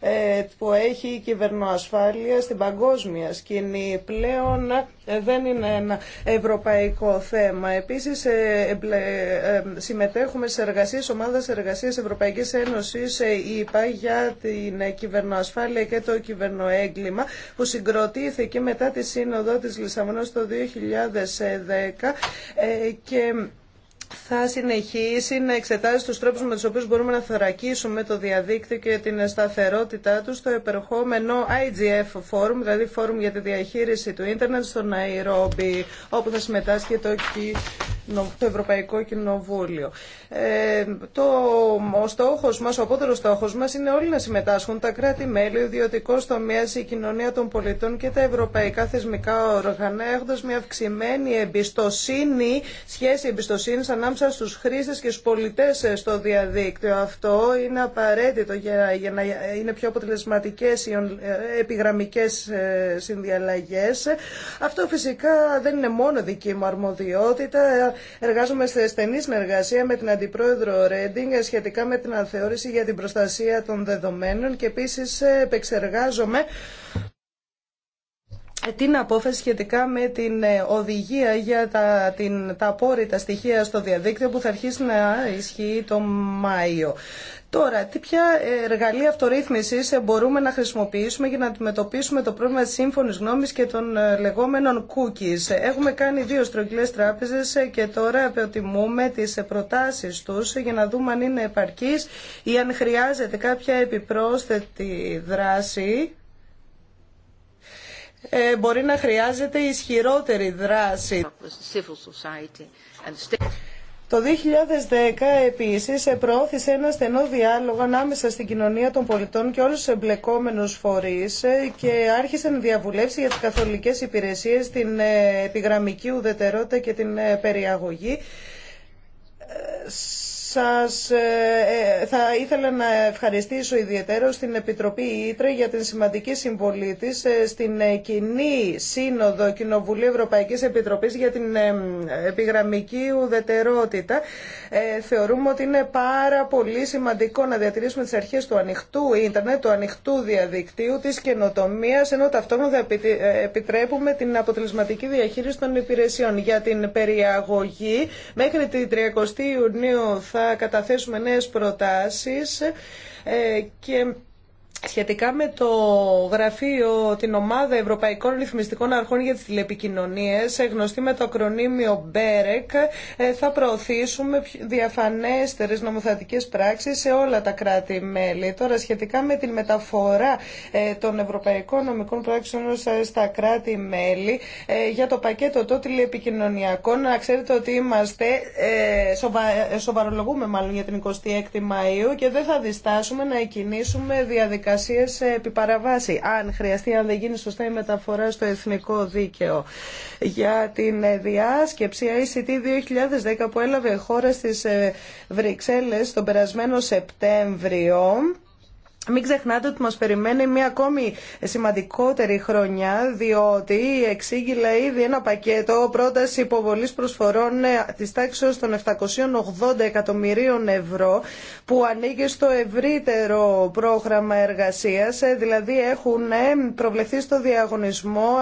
ε, που έχει η κυβερνοασφάλεια στην παγκόσμια σκηνή. Πλέον ε, δεν είναι ένα ευρωπαϊκό θέμα. Επίσης ε, συμμετέχουμε σε εργασίες, ομάδας εργασίες Ευρωπαϊκής Ένωσης ΕΙΠΑ για την κυβερνοασφάλεια και το κυβερνοέγκλημα που συγκροτήθηκε μετά τη Σύνοδο της Λισαμονός το 2010 και θα συνεχίσει να εξετάζει τους τρόπους με τους οποίους μπορούμε να θωρακίσουμε το διαδίκτυο και την σταθερότητά του στο επερχόμενο IGF Forum, δηλαδή Forum για τη διαχείριση του ίντερνετ στο Ναϊρόμπι, όπου θα συμμετάσχει το το Ευρωπαϊκό Κοινοβούλιο. Ε, το, ο στόχο μα, ο απότερο στόχο μα είναι όλοι να συμμετάσχουν, τα κράτη-μέλη, ο ιδιωτικό τομέα, η κοινωνία των πολιτών και τα ευρωπαϊκά θεσμικά όργανα, έχοντα μια αυξημένη εμπιστοσύνη, σχέση εμπιστοσύνη ανάμεσα στου χρήστες και στους πολιτέ ε, στο διαδίκτυο. Αυτό είναι απαραίτητο για, για να είναι πιο αποτελεσματικέ οι ε, επιγραμμικέ ε, συνδιαλλαγέ. Αυτό φυσικά δεν είναι μόνο δική μου αρμοδιότητα, Εργάζομαι σε στενή συνεργασία με την Αντιπρόεδρο Ρέντινγκ σχετικά με την ανθεώρηση για την προστασία των δεδομένων και επίσης επεξεργάζομαι την απόφαση σχετικά με την ε, οδηγία για τα, την, τα απόρριτα στοιχεία στο διαδίκτυο που θα αρχίσει να ισχύει το Μάιο. Τώρα, τι ποια εργαλεία αυτορύθμισης μπορούμε να χρησιμοποιήσουμε για να αντιμετωπίσουμε το πρόβλημα τη σύμφωνη γνώμη και των ε, λεγόμενων cookies. Έχουμε κάνει δύο στρογγυλές τράπεζες και τώρα επιοτιμούμε τι προτάσεις του για να δούμε αν είναι επαρκή ή αν χρειάζεται κάποια επιπρόσθετη δράση. Ε, μπορεί να χρειάζεται ισχυρότερη δράση. Το 2010 επίσης προώθησε ένα στενό διάλογο ανάμεσα στην κοινωνία των πολιτών και όλους τους εμπλεκόμενους φορείς ε, και να διαβουλεύσει για τις καθολικές υπηρεσίες, την ε, επιγραμμική ουδετερότητα και την ε, περιαγωγή σας ε, ε, θα ήθελα να ευχαριστήσω ιδιαίτερο στην Επιτροπή Ήτρε για την σημαντική συμβολή της ε, στην ε, κοινή σύνοδο Κοινοβουλίου Ευρωπαϊκής Επιτροπής για την επιγραμμική ουδετερότητα. Θεωρούμε ότι είναι πάρα πολύ σημαντικό να διατηρήσουμε τις αρχές του ανοιχτού ίντερνετ, του ανοιχτού διαδικτύου, της καινοτομίας, ενώ ταυτόχρονα θα επιτρέπουμε την αποτελεσματική διαχείριση των υπηρεσιών για την περιαγωγή. Μέχρι την 30 Ιουνίου θα καταθέσουμε νέες προτάσεις ε, και Σχετικά με το γραφείο, την ομάδα Ευρωπαϊκών Ρυθμιστικών Αρχών για τις Τηλεπικοινωνίες, ε, γνωστή με το ακρονίμιο BEREC, ε, θα προωθήσουμε διαφανέστερες νομοθετικές πράξεις σε όλα τα κράτη-μέλη. Τώρα, σχετικά με την μεταφορά ε, των ευρωπαϊκών νομικών πράξεων στα κράτη-μέλη, για το πακέτο το τηλεπικοινωνιακό να ξέρετε ότι είμαστε, σοβαρολογούμε μάλλον για την 26η Μαΐου και δεν θα διστάσουμε να εκκινήσουμε διαδικασία διαδικασίε αν χρειαστεί, αν δεν γίνει σωστά η μεταφορά στο εθνικό δίκαιο. Για την ε, διάσκεψη ICT 2010 που έλαβε χώρα στι ε, Βρυξέλλες τον περασμένο Σεπτέμβριο, μην ξεχνάτε ότι μας περιμένει μια ακόμη σημαντικότερη χρονιά, διότι εξήγηλα ήδη ένα πακέτο πρόταση υποβολής προσφορών ε, της τάξης των 780 εκατομμυρίων ευρώ, που ανήκει στο ευρύτερο πρόγραμμα εργασίας, ε, δηλαδή έχουν ε, προβλεφθεί στο διαγωνισμό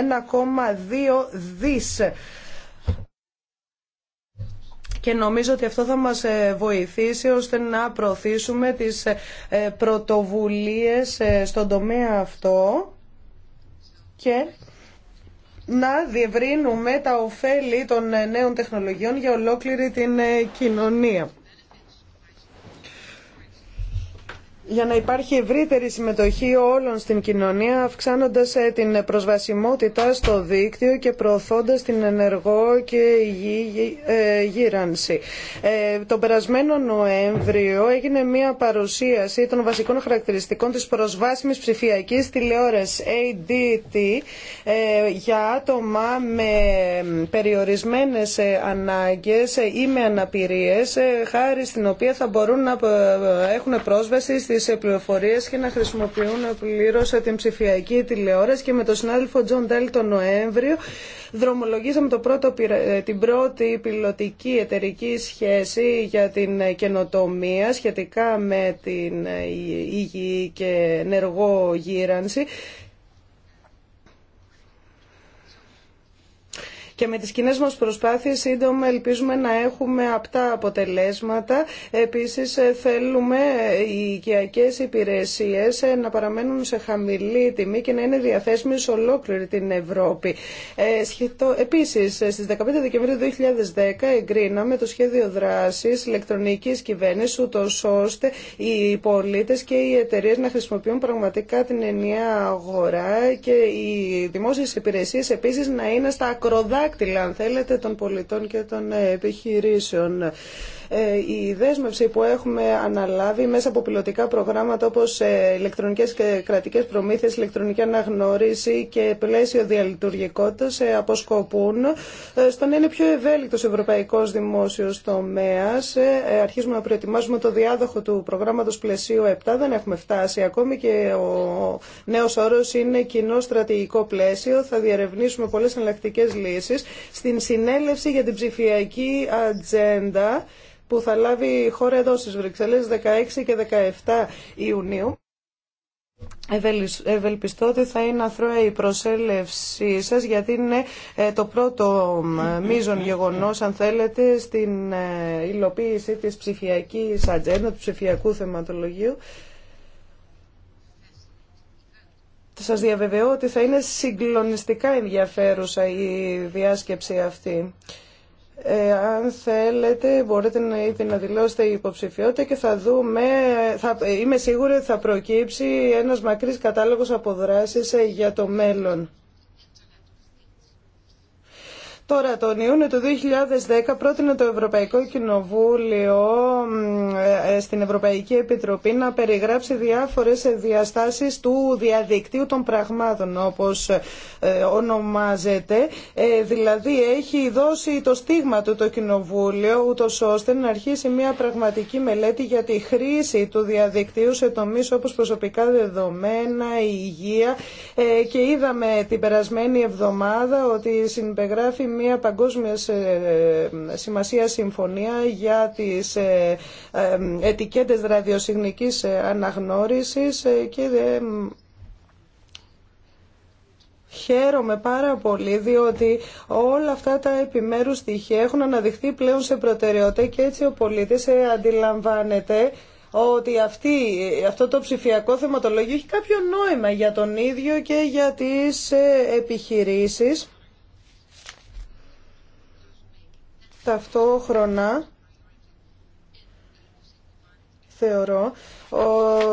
1,2 δις και νομίζω ότι αυτό θα μας ε, βοηθήσει ώστε να προωθήσουμε τις ε, ε, πρωτοβουλίες στον τομέα αυτό και να διευρύνουμε τα ωφέλη των νέων τεχνολογιών για ολόκληρη την κοινωνία. για να υπάρχει ευρύτερη συμμετοχή όλων στην κοινωνία, αυξάνοντας ε, την προσβασιμότητα στο δίκτυο και προωθώντας την ενεργό και υγιή ε, γύρανση. Ε, τον περασμένο Νοέμβριο έγινε μία παρουσίαση των βασικών χαρακτηριστικών της προσβάσιμης ψηφιακής τηλεόρασης ADT για άτομα με περιορισμένες ανάγκες ή με αναπηρίες, χάρη στην οποία θα μπορούν να έχουν πρόσβαση στις σε πληροφορίε και να χρησιμοποιούν πλήρως την ψηφιακή τηλεόραση και με τον συνάδελφο Τζον Ντέλ τον Νοέμβριο δρομολογήσαμε το πρώτο, ε, την πρώτη πιλωτική εταιρική σχέση για την καινοτομία σχετικά με την ε, υγιή και ενεργό γύρανση Και με τις κοινέ μας προσπάθειες σύντομα ελπίζουμε να έχουμε απτά αποτελέσματα. Επίσης ε, θέλουμε οι οικιακές υπηρεσίες ε, να παραμένουν σε χαμηλή τιμή και να είναι διαθέσιμες σε ολόκληρη την Ευρώπη. Ε, επίσης, στις 15 Δεκεμβρίου 2010 εγκρίναμε το σχέδιο δράσης ηλεκτρονικής κυβέρνησης, ούτως ώστε οι πολίτες και οι εταιρείες να χρησιμοποιούν πραγματικά την ενιαία αγορά και οι δημόσιες υπηρεσίες επίσης να είναι στα ακροδά δάκτυλα αν θέλετε, των πολιτών και των ε, επιχειρήσεων. Ε, η δέσμευση που έχουμε αναλάβει μέσα από πιλωτικά προγράμματα όπως ε, ηλεκτρονικές και κρατικές προμήθειες, ηλεκτρονική αναγνώριση και πλαίσιο διαλειτουργικότητας ε, αποσκοπούν στο να είναι πιο ευέλικτος ευρωπαϊκός δημόσιος τομέας. Αρχίζουμε να προετοιμάζουμε το διάδοχο του προγράμματος πλαισίου 7, δεν έχουμε φτάσει ακόμη και ο νέος όρος είναι κοινό στρατηγικό πλαίσιο. Θα διαρευνήσουμε πολλές εναλλακτικέ λύσεις στην συνέλευση για την ψηφιακή ατζέντα που θα λάβει η χώρα εδώ στις Βρυξέλλες 16 και 17 Ιουνίου. Ευελπιστώ ότι θα είναι αθρώα η προσέλευσή σας γιατί είναι ε, το πρώτο μείζον γεγονός αν θέλετε στην ε, υλοποίηση της ψηφιακής ατζέντα, του ψηφιακού θεματολογίου. Σας διαβεβαιώ ότι θα είναι συγκλονιστικά ενδιαφέρουσα η διάσκεψη αυτή. Ε, αν θέλετε μπορείτε να, ήδη να δηλώσετε υποψηφιότητα και θα δούμε, θα, είμαι σίγουρη ότι θα προκύψει ένας μακρύς κατάλογος αποδράσεις ε, για το μέλλον. Τώρα, τον Ιούνιο του 2010 πρότεινε το Ευρωπαϊκό Κοινοβούλιο ε, στην Ευρωπαϊκή Επιτροπή να περιγράψει διάφορες διαστάσεις του διαδικτύου των πραγμάτων, όπως ε, ονομάζεται. Ε, δηλαδή, έχει δώσει το στίγμα του το Κοινοβούλιο, ούτως ώστε να αρχίσει μια πραγματική μελέτη για τη χρήση του διαδικτύου σε τομείς όπως προσωπικά δεδομένα, υγεία και είδαμε την περασμένη εβδομάδα ότι συμπεγράφει μια παγκόσμια ε, ε, σημασία συμφωνία για τις ε, ετικέτες ραδιοσυγνικής αναγνώρισης και Χαίρομαι πάρα πολύ διότι όλα αυτά τα επιμέρους στοιχεία έχουν αναδειχθεί πλέον σε προτεραιότητα και έτσι ο πολίτης αντιλαμβάνεται ότι αυτή, αυτό το ψηφιακό θεματολόγιο έχει κάποιο νόημα για τον ίδιο και για τις επιχειρήσεις. Ταυτόχρονα θεωρώ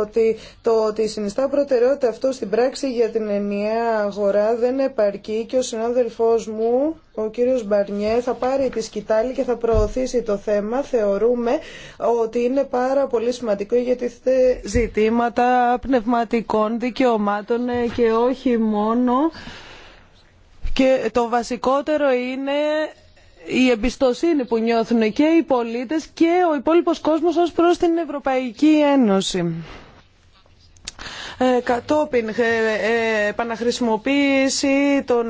ότι το ότι συνιστά προτεραιότητα αυτό στην πράξη για την ενιαία αγορά δεν επαρκεί και ο συνάδελφός μου, ο κύριος Μπαρνιέ, θα πάρει τη σκητάλη και θα προωθήσει το θέμα. Θεωρούμε ότι είναι πάρα πολύ σημαντικό γιατί ζητήματα πνευματικών δικαιωμάτων ε, και όχι μόνο. Και το βασικότερο είναι η εμπιστοσύνη που νιώθουν και οι πολίτες και ο υπόλοιπος κόσμος ως προς την Ευρωπαϊκή Ένωση. Ε, κατόπιν ε, ε, επαναχρησιμοποίηση των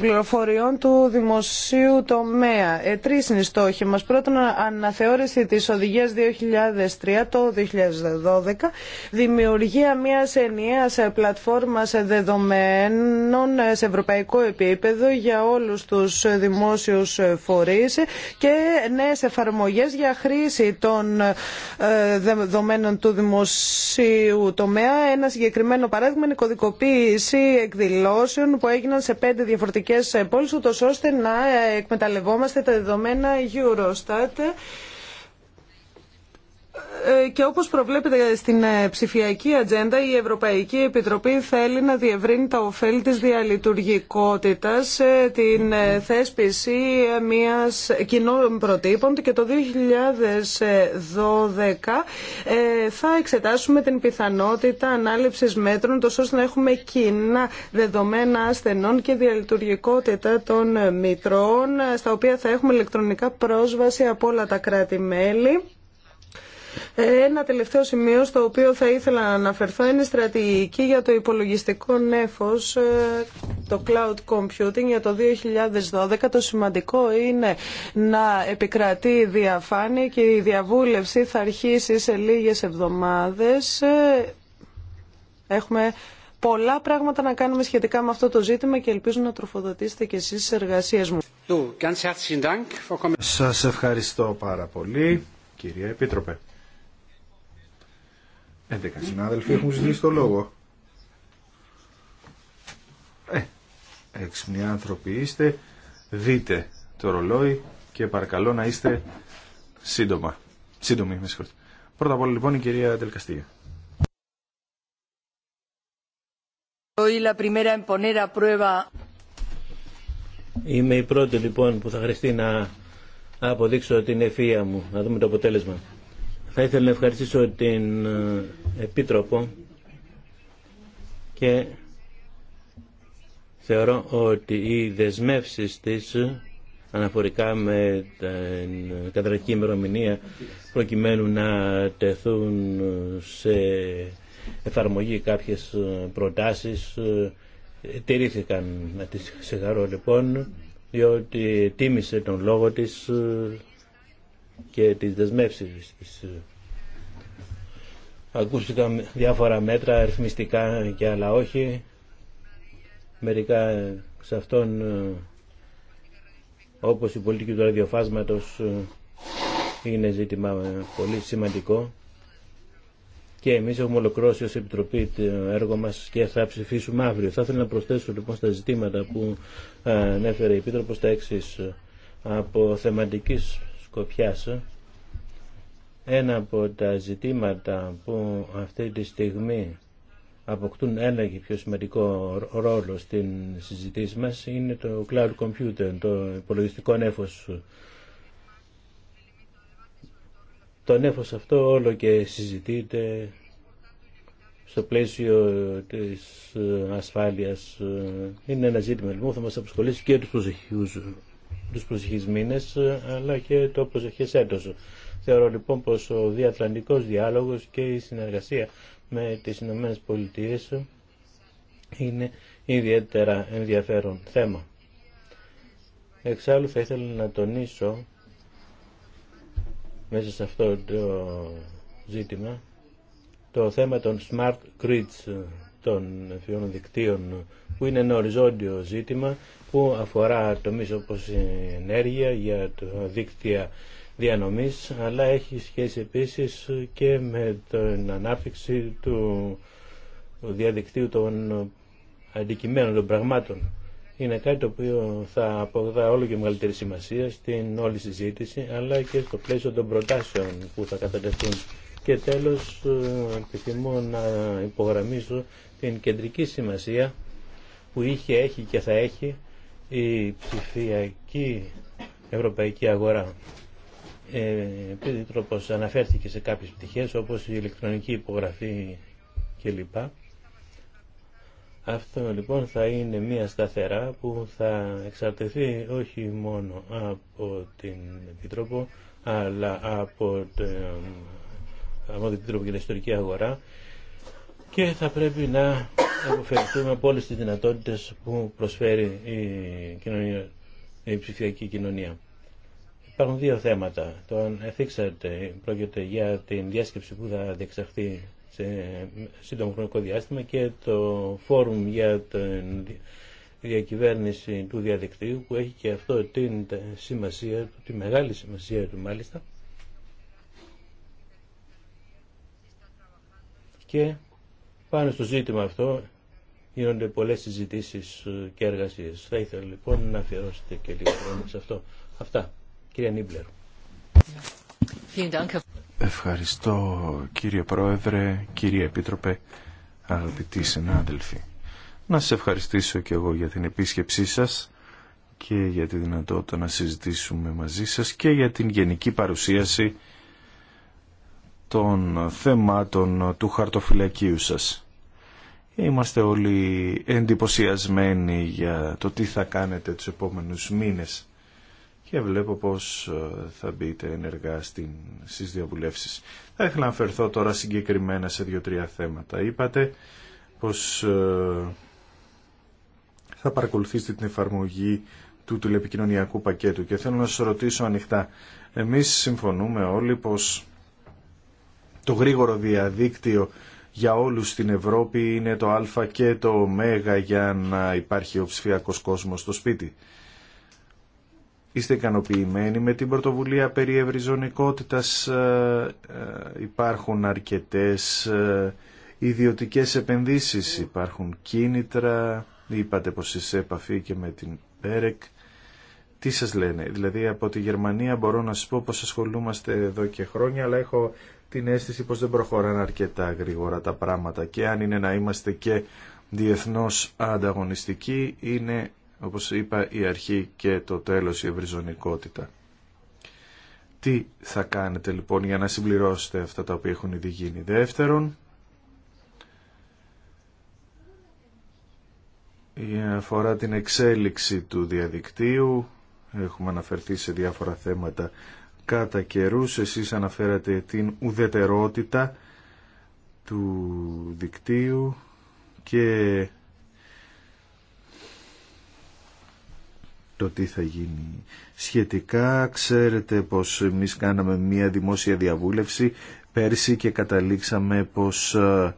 πληροφοριών του δημοσίου τομέα. Τρει είναι οι στόχοι μα. Πρώτον, αναθεώρηση της οδηγία 2003 το 2012, δημιουργία μιας ενιαίας πλατφόρμας δεδομένων σε ευρωπαϊκό επίπεδο για όλους τους δημόσιους φορείς και νέες εφαρμογές για χρήση των δεδομένων του δημοσίου τομέα, ένα συγκεκριμένο παράδειγμα είναι κωδικοποίηση εκδηλώσεων που έγιναν σε πέντε διαφορετικές πόλεις, ούτως ώστε να εκμεταλλευόμαστε τα δεδομένα Eurostat ε, και όπως προβλέπεται στην ε, ψηφιακή ατζέντα, η Ευρωπαϊκή Επιτροπή θέλει να διευρύνει τα ωφέλη της διαλειτουργικότητας, ε, την θέσπιση μιας κοινών προτύπων και το 2012 θα εξετάσουμε την πιθανότητα ανάληψης μέτρων, τόσο ώστε να έχουμε κοινά δεδομένα ασθενών και διαλειτουργικότητα των μητρών, στα οποία θα έχουμε ηλεκτρονικά πρόσβαση από όλα τα κράτη-μέλη. Ένα τελευταίο σημείο στο οποίο θα ήθελα να αναφερθώ είναι η στρατηγική για το υπολογιστικό νέφος, ε, το cloud computing για το 2012. Το σημαντικό είναι να επικρατεί η διαφάνεια και η διαβούλευση θα αρχίσει σε λίγες εβδομάδες. Ε, έχουμε πολλά πράγματα να κάνουμε σχετικά με αυτό το ζήτημα και ελπίζω να τροφοδοτήσετε και εσείς τις εργασίες μου. Σας ευχαριστώ πάρα πολύ, κυρία Επίτροπε. 11 συνάδελφοι έχουν ζητήσει το λόγο. Ε, έξυπνοι άνθρωποι είστε, δείτε το ρολόι και παρακαλώ να είστε σύντομα. Σύντομοι, με συγχωρείτε. Πρώτα απ' όλα λοιπόν η κυρία Τελκαστία. Είμαι η πρώτη λοιπόν που θα χρειαστεί να αποδείξω την ευφία μου, να δούμε το αποτέλεσμα. Θα ήθελα να ευχαριστήσω την ε, Επίτροπο και θεωρώ ότι οι δεσμεύσει της αναφορικά με την καταρχική ημερομηνία προκειμένου να τεθούν σε εφαρμογή κάποιες προτάσεις ε, τηρήθηκαν. Να τις συγχαρώ λοιπόν διότι τίμησε τον λόγο της ε, και τις δεσμεύσεις της. Ε, ακούστηκαν διάφορα μέτρα, αριθμιστικά και άλλα όχι. Μερικά ε, σε αυτόν, ε, όπως η πολιτική του ραδιοφάσματος, είναι ζήτημα πολύ σημαντικό. Και εμείς έχουμε ολοκληρώσει ως Επιτροπή το έργο μας και θα ψηφίσουμε αύριο. Θα ήθελα να προσθέσω λοιπόν στα ζητήματα που ανέφερε η Επίτροπος τα Από θεματικής ένα από τα ζητήματα που αυτή τη στιγμή αποκτούν ένα και πιο σημαντικό ρόλο στην συζητήση μας είναι το cloud computer, το υπολογιστικό νέφος. Το νέφος αυτό όλο και συζητείται στο πλαίσιο της ε, ασφάλειας. Ε, είναι ένα ζήτημα λοιπόν που θα μας απασχολήσει και τους προσεχιούς του προσεχεί μήνε, ε, αλλά και το προσεχέ έτος. Θεωρώ λοιπόν πως ο διατλαντικό διάλογος και η συνεργασία με τι ΗΠΑ είναι ιδιαίτερα ενδιαφέρον θέμα. Εξάλλου θα ήθελα να τονίσω μέσα σε αυτό το ζήτημα το θέμα των smart grids των εφιών δικτύων που είναι ένα οριζόντιο ζήτημα που αφορά τομείς όπως η ενέργεια για το δίκτυα διανομής αλλά έχει σχέση επίσης και με την ανάπτυξη του διαδικτύου των αντικειμένων των πραγμάτων. Είναι κάτι το οποίο θα αποδά όλο και μεγαλύτερη σημασία στην όλη συζήτηση αλλά και στο πλαίσιο των προτάσεων που θα κατατεθούν. Και τέλος επιθυμώ να υπογραμμίσω την κεντρική σημασία που είχε, έχει και θα έχει η ψηφιακή ευρωπαϊκή αγορά. Ε, τρόπος αναφέρθηκε σε κάποιες πτυχές όπως η ηλεκτρονική υπογραφή κλπ. Αυτό λοιπόν θα είναι μια σταθερά που θα εξαρτηθεί όχι μόνο από την Επίτροπο αλλά από, το, ε, από την Επίτροπο και την ιστορική αγορά και θα πρέπει να αποφερθούμε από όλες τις δυνατότητες που προσφέρει η, κοινωνία, η ψηφιακή κοινωνία. Υπάρχουν δύο θέματα. Το εθίξατε πρόκειται για την διάσκεψη που θα διεξαχθεί σε σύντομο χρονικό διάστημα και το φόρουμ για την διακυβέρνηση του διαδικτύου που έχει και αυτό την σημασία του, τη μεγάλη σημασία του μάλιστα. Και πάνω στο ζήτημα αυτό γίνονται πολλές συζητήσει ε, και εργασίες. Θα ήθελα λοιπόν να αφιερώσετε και λίγο χρόνο σε αυτό. Αυτά. Κυρία Νίμπλερ. Ευχαριστώ κύριε Πρόεδρε, κύριε Επίτροπε, αγαπητοί συνάδελφοι. Να σας ευχαριστήσω και εγώ για την επίσκεψή σας και για τη δυνατότητα να συζητήσουμε μαζί σας και για την γενική παρουσίαση των θεμάτων του χαρτοφυλακίου σας. Είμαστε όλοι εντυπωσιασμένοι για το τι θα κάνετε τους επόμενους μήνες και βλέπω πως ε, θα μπείτε ενεργά στην, στις διαβουλεύσεις. Θα ήθελα να αφαιρθώ τώρα συγκεκριμένα σε δύο-τρία θέματα. Είπατε πως ε, θα παρακολουθήσετε την εφαρμογή του τηλεπικοινωνιακού πακέτου και θέλω να σας ρωτήσω ανοιχτά. Εμείς συμφωνούμε όλοι πως το γρήγορο διαδίκτυο για όλους στην Ευρώπη είναι το α και το ω για να υπάρχει ο ψηφιακός κόσμος στο σπίτι. Είστε ικανοποιημένοι με την πρωτοβουλία περί ευρυζωνικότητας. Ε, ε, υπάρχουν αρκετές ε, ιδιωτικές επενδύσεις, υπάρχουν κίνητρα. Είπατε πως είσαι επαφή και με την ΠΕΡΕΚ. Τι σας λένε, δηλαδή από τη Γερμανία μπορώ να σας πω πως ασχολούμαστε εδώ και χρόνια, αλλά έχω την αίσθηση πως δεν προχωράνε αρκετά γρήγορα τα πράγματα και αν είναι να είμαστε και διεθνώς ανταγωνιστικοί είναι όπως είπα η αρχή και το τέλος η ευρυζωνικότητα. Τι θα κάνετε λοιπόν για να συμπληρώσετε αυτά τα οποία έχουν ήδη γίνει. Δεύτερον, αφορά την εξέλιξη του διαδικτύου, έχουμε αναφερθεί σε διάφορα θέματα κατά καιρού. Εσείς αναφέρατε την ουδετερότητα του δικτύου και το τι θα γίνει σχετικά. Ξέρετε πως εμείς κάναμε μία δημόσια διαβούλευση πέρσι και καταλήξαμε πως ε,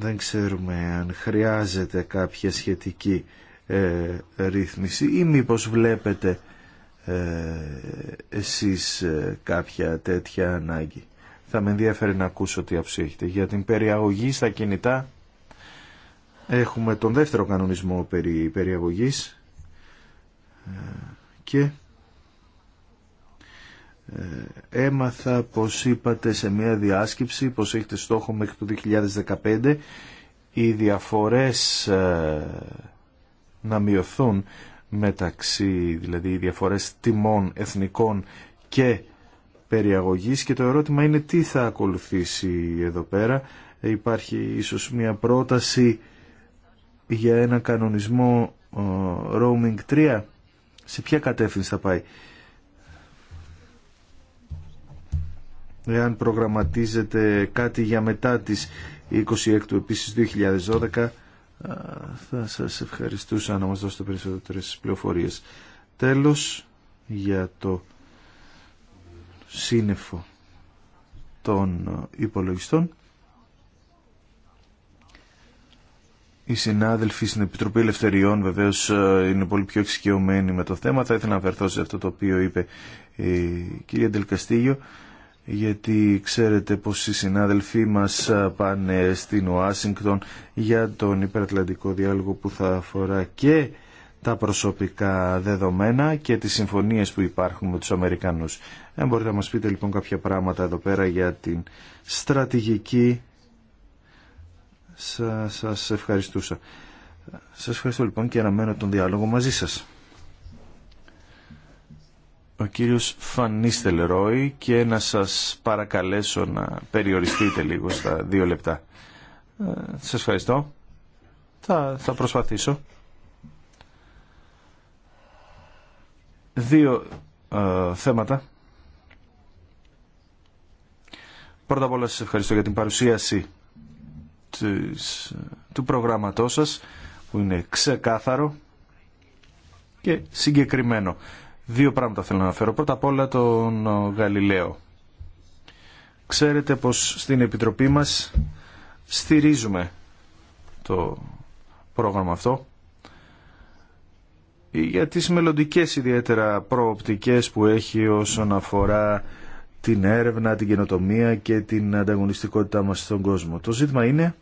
δεν ξέρουμε αν χρειάζεται κάποια σχετική ε, ρύθμιση ή μήπως βλέπετε ε, εσείς ε, κάποια τέτοια ανάγκη. Θα με ενδιαφέρει να ακούσω τι άποψη Για την περιαγωγή στα κινητά έχουμε τον δεύτερο κανονισμό περί περιαγωγής ε, και έμαθα πως είπατε σε μια διάσκεψη πως έχετε στόχο μέχρι το 2015 οι διαφορές να μειωθούν μεταξύ, δηλαδή οι διαφορές τιμών εθνικών και περιαγωγής και το ερώτημα είναι τι θα ακολουθήσει εδώ πέρα. Υπάρχει ίσως μια πρόταση για ένα κανονισμό ε, roaming 3. Σε ποια κατεύθυνση θα πάει. Εάν προγραμματίζεται κάτι για μετά τις 26 του 2012 θα σας ευχαριστούσα να μας δώσετε περισσότερες πληροφορίες. Τέλος, για το σύννεφο των υπολογιστών. Οι συνάδελφοι στην Επιτροπή Ελευθεριών βεβαίως είναι πολύ πιο εξοικειωμένοι με το θέμα. Θα ήθελα να βερθώ σε αυτό το οποίο είπε η κυρία Ντελκαστήγιο γιατί ξέρετε πως οι συνάδελφοί μας πάνε στην Ουάσιγκτον για τον υπερατλαντικό διάλογο που θα αφορά και τα προσωπικά δεδομένα και τις συμφωνίες που υπάρχουν με τους Αμερικανούς. Ε μπορείτε να μας πείτε λοιπόν κάποια πράγματα εδώ πέρα για την στρατηγική σας, ευχαριστούσα. Σας ευχαριστώ λοιπόν και αναμένω τον διάλογο μαζί σας ο κύριος Φανίστελ και να σας παρακαλέσω να περιοριστείτε λίγο στα δύο λεπτά. Ε, σας ευχαριστώ. Θα, θα προσπαθήσω. Δύο ε, θέματα. Πρώτα απ' όλα σας ευχαριστώ για την παρουσίαση ε, του προγράμματός σας που είναι ξεκάθαρο και συγκεκριμένο. Δύο πράγματα θέλω να αναφέρω. Πρώτα απ' όλα τον ε, Γαλιλαίο. Ξέρετε πως στην Επιτροπή μας στηρίζουμε το πρόγραμμα αυτό για τις μελλοντικέ ιδιαίτερα προοπτικές που έχει όσον αφορά την έρευνα, την καινοτομία και την ανταγωνιστικότητά μας στον κόσμο. Το ζήτημα είναι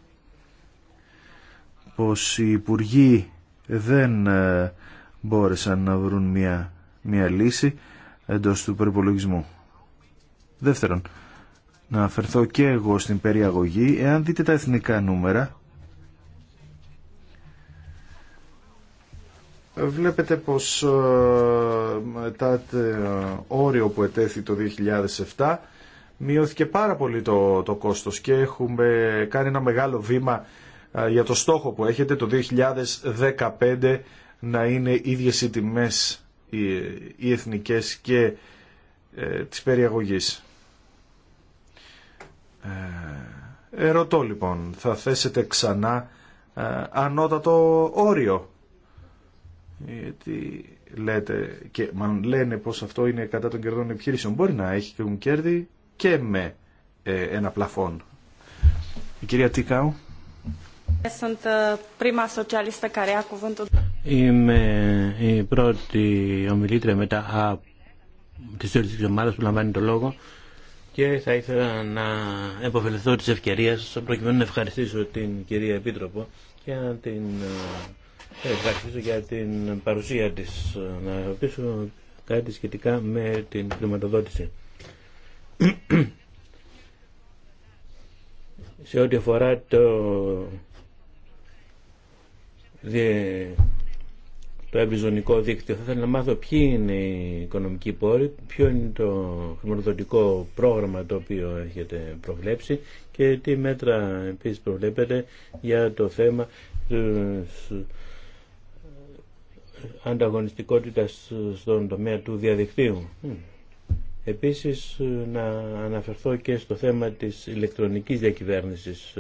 πως οι υπουργοί δεν ε, μπόρεσαν να βρουν μια μια λύση εντός του προπολογισμού. Δεύτερον, να αφαιρθώ και εγώ στην περιαγωγή, εάν δείτε τα εθνικά νούμερα, Βλέπετε πως μετά το ε, όριο που ετέθη το 2007 μειώθηκε πάρα πολύ το, το κόστος και έχουμε κάνει ένα μεγάλο βήμα ε, για το στόχο που έχετε το 2015 να είναι ίδιες οι τιμές οι εθνικές και ε, της περιαγωγής. Ε, ερωτώ λοιπόν, θα θέσετε ξανά ε, ανώτατο όριο. Γιατί λέτε και μάλλον λένε πως αυτό είναι κατά των κερδών επιχειρήσεων. Μπορεί να έχει και κέρδη και με ε, ένα πλαφόν. Η κυρία Τίκαου. Είμαι η πρώτη ομιλήτρια μετά από τη όλε τι που λαμβάνει το λόγο και θα ήθελα να επωφεληθώ τη ευκαιρία προκειμένου να ευχαριστήσω την κυρία Επίτροπο και να την ε, ευχαριστήσω για την παρουσία της. Να ρωτήσω κάτι σχετικά με την χρηματοδότηση. Σε ό,τι αφορά το το εμπιζωνικό δίκτυο. Θα ήθελα να μάθω ποιοι είναι οι οικονομικοί πόροι, ποιο είναι το χρηματοδοτικό πρόγραμμα το οποίο έχετε προβλέψει και τι μέτρα επίσης προβλέπετε για το θέμα της ανταγωνιστικότητας στον τομέα του διαδικτύου. Επίσης να αναφερθώ και στο θέμα της ηλεκτρονικής διακυβέρνησης.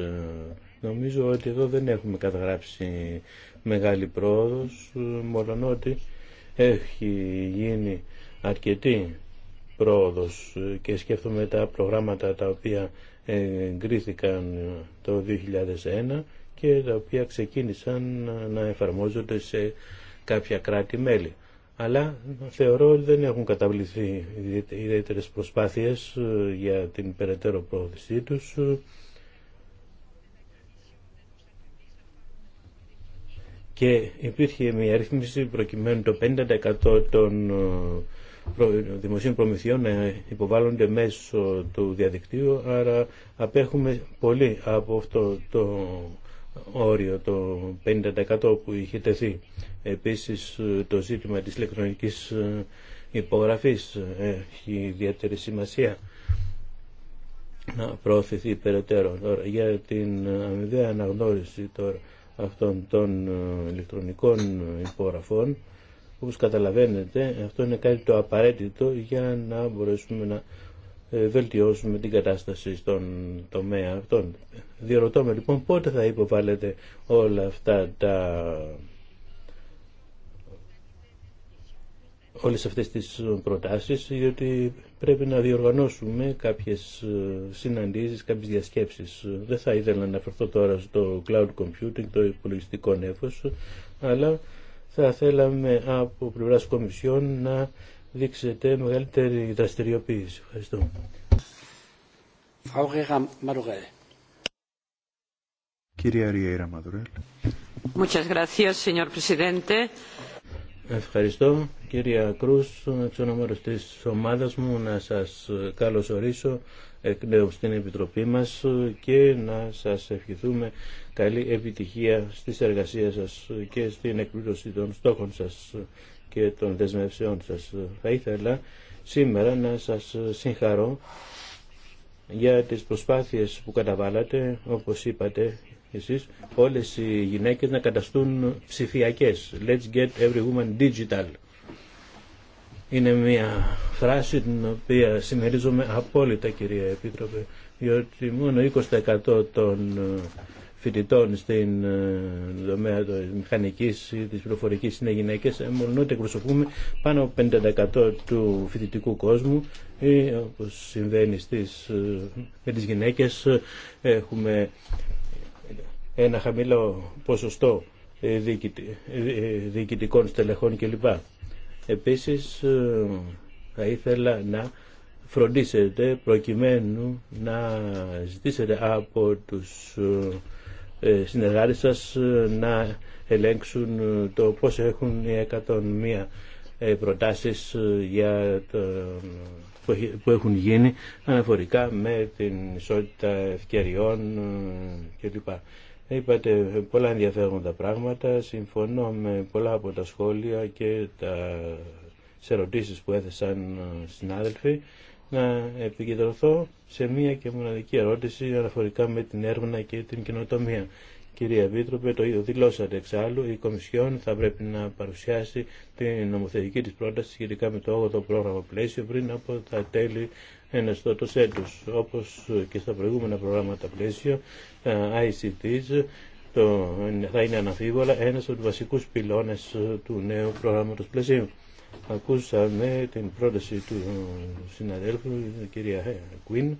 Νομίζω ότι εδώ δεν έχουμε καταγράψει μεγάλη πρόοδος, μόλον ότι έχει γίνει αρκετή πρόοδος και σκέφτομαι τα προγράμματα τα οποία εγκρίθηκαν το 2001 και τα οποία ξεκίνησαν να εφαρμόζονται σε κάποια κράτη-μέλη. Αλλά θεωρώ ότι δεν έχουν καταβληθεί ιδιαίτερες προσπάθειες ε, για την περαιτέρω πρόοδησή τους και υπήρχε μια ρύθμιση προκειμένου το 50% των ε, δημοσίων προμηθειών να υποβάλλονται μέσω του διαδικτύου, άρα απέχουμε πολύ από αυτό το όριο το 50% που είχε τεθεί. Επίσης ε, το ζήτημα της ηλεκτρονικής ε, υπογραφής έχει ιδιαίτερη σημασία να προωθηθεί περαιτέρω. για την αμοιβαία αναγνώριση τώρα αυτών των ε, ηλεκτρονικών υπογραφών. Όπως καταλαβαίνετε, αυτό είναι κάτι το απαραίτητο για να μπορέσουμε να ε, βελτιώσουμε την κατάσταση στον τομέα αυτών. Διερωτώμε λοιπόν πότε θα υποβάλλετε όλα αυτά τα όλες αυτές τις προτάσεις γιατί πρέπει να διοργανώσουμε κάποιες ε, συναντήσεις, κάποιες διασκέψεις. Ε, δεν θα ήθελα να αναφερθώ τώρα στο cloud computing, το υπολογιστικό νέφος, αλλά θα θέλαμε από πλευρά Κομισιόν να δείξετε μεγαλύτερη δραστηριοποίηση. Ευχαριστώ. Κυρία Ριέρα Μαδουρέλ. Muchas gracias, señor presidente. Ευχαριστώ κύριε Κρούς, εξ ονομέρους της ομάδας μου να σας καλωσορίσω εκ νέου στην Επιτροπή μας και να σας ευχηθούμε καλή επιτυχία στις εργασίες σας και στην εκπλήρωση των στόχων σας και των δεσμευσεών σας. Θα ήθελα σήμερα να σας συγχαρώ για τις προσπάθειες που καταβάλατε, όπως είπατε, εσείς όλες οι γυναίκες να καταστούν ψηφιακές. Let's get every woman digital. Είναι μια φράση την οποία συμμερίζομαι απόλυτα κυρία Επίτροπε, διότι μόνο 20% των ε, φοιτητών στην ε, δομέα τη μηχανική ή τη πληροφορική είναι γυναίκε, ε, μόνο ότι εκπροσωπούμε πάνω από 50% του φοιτητικού κόσμου ή όπω συμβαίνει στις, με τι γυναίκε, έχουμε ένα χαμηλό ποσοστό ε, ε, διοικητικών στελεχών κλπ. Επίσης ε, θα ήθελα να φροντίσετε προκειμένου να ζητήσετε από τους συνεργάτες σας να ελέγξουν το πώς έχουν οι 101 προτάσεις για που έχουν γίνει αναφορικά με την ισότητα ευκαιριών κλπ. Είπατε πολλά ενδιαφέροντα πράγματα. Συμφωνώ με πολλά από τα σχόλια και τα ερωτήσει που έθεσαν ε, συνάδελφοι να επικεντρωθώ σε μία και μοναδική ερώτηση αναφορικά με την έρευνα και την κοινοτομία. Κυρία Βίτροπε, το ίδιο δηλώσατε εξάλλου, η Κομισιόν θα πρέπει να παρουσιάσει την νομοθετική της πρόταση σχετικά με το 8ο πρόγραμμα πλαίσιο πριν από τα τέλη ενεστώτος έτους. Όπως και στα προηγούμενα προγράμματα πλαίσιο, ε, ICTs, το, θα είναι αναφίβολα ένας από τους βασικούς πυλώνες του νέου προγράμματος πλαισίου. Ακούσαμε την πρόταση του συναδέλφου, κυρία Κουίν,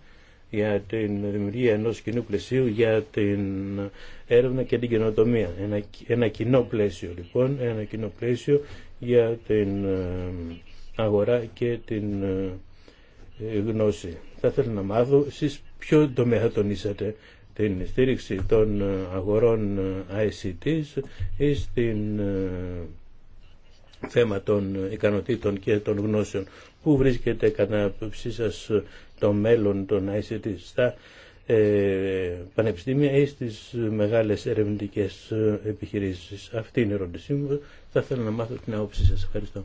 για την δημιουργία ενός κοινού πλαισίου για την έρευνα και την καινοτομία. Ένα, ένα κοινό πλαίσιο λοιπόν, ένα κοινό πλαίσιο για την ε, αγορά και την ε, γνώση. Θα ήθελα να μάθω εσείς ποιο τομέα τονίσατε την στήριξη των ε, αγορών ε, ICT ή στην ε, θέμα των ικανοτήτων και των γνώσεων. Πού βρίσκεται κατά άποψή σας το μέλλον των ICT στα ε, πανεπιστήμια ή στις μεγάλες ερευνητικές επιχειρήσεις. Αυτή είναι η ερώτησή μου. Θα ήθελα να μάθω την άποψή σας. Ευχαριστώ.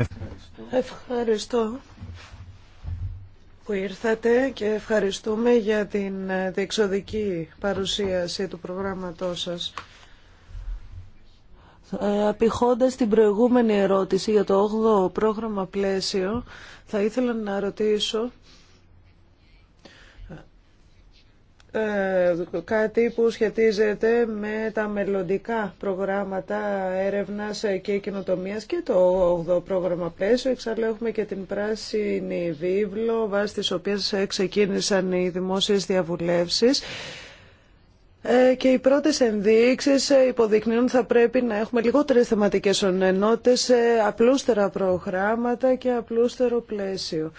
Ευχαριστώ. Ευχαριστώ που ήρθατε και ευχαριστούμε για την διεξοδική παρουσίαση του προγράμματός σας. Απηχώντας την προηγούμενη ερώτηση για το 8ο πρόγραμμα πλαίσιο, θα ήθελα να ρωτήσω Ε, κάτι που σχετίζεται με τα μελλοντικά προγράμματα έρευνας και κοινοτομίας και το 8ο πρόγραμμα πλαίσιο. Εξάλλου έχουμε και την πράσινη βίβλο βάσει της οποίας ξεκίνησαν οι δημόσιες διαβουλεύσεις ε, και οι πρώτες ενδείξεις ε, υποδεικνύουν θα πρέπει να έχουμε λιγότερες θεματικές ονενότητες, απλούστερα προγράμματα και απλούστερο πλαίσιο.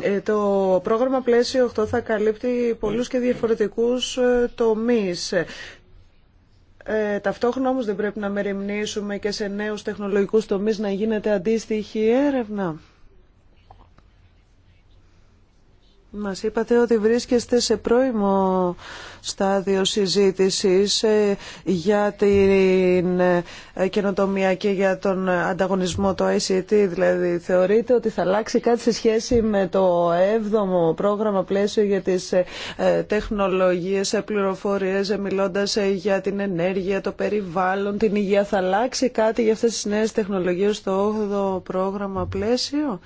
Ε, το πρόγραμμα πλαίσιο 8 θα καλύπτει πολλούς και διαφορετικούς ε, τομείς. Ε, ταυτόχρονα όμως δεν πρέπει να μεριμνήσουμε και σε νέους τεχνολογικούς τομείς να γίνεται αντίστοιχη έρευνα. Μας είπατε ότι βρίσκεστε σε πρώιμο στάδιο συζήτησης ε, για την ε, καινοτομία και για τον ανταγωνισμό το ICT. Δηλαδή, θεωρείτε ότι θα αλλάξει κάτι σε σχέση με το 7ο πρόγραμμα πλαίσιο για τις ε, τεχνολογίες, πληροφορίες, μιλώντας για την ενέργεια, το περιβάλλον, την υγεία. Θα αλλάξει κάτι για αυτές τις νέες τεχνολογίες στο 8ο πρόγραμμα πλαίσιο.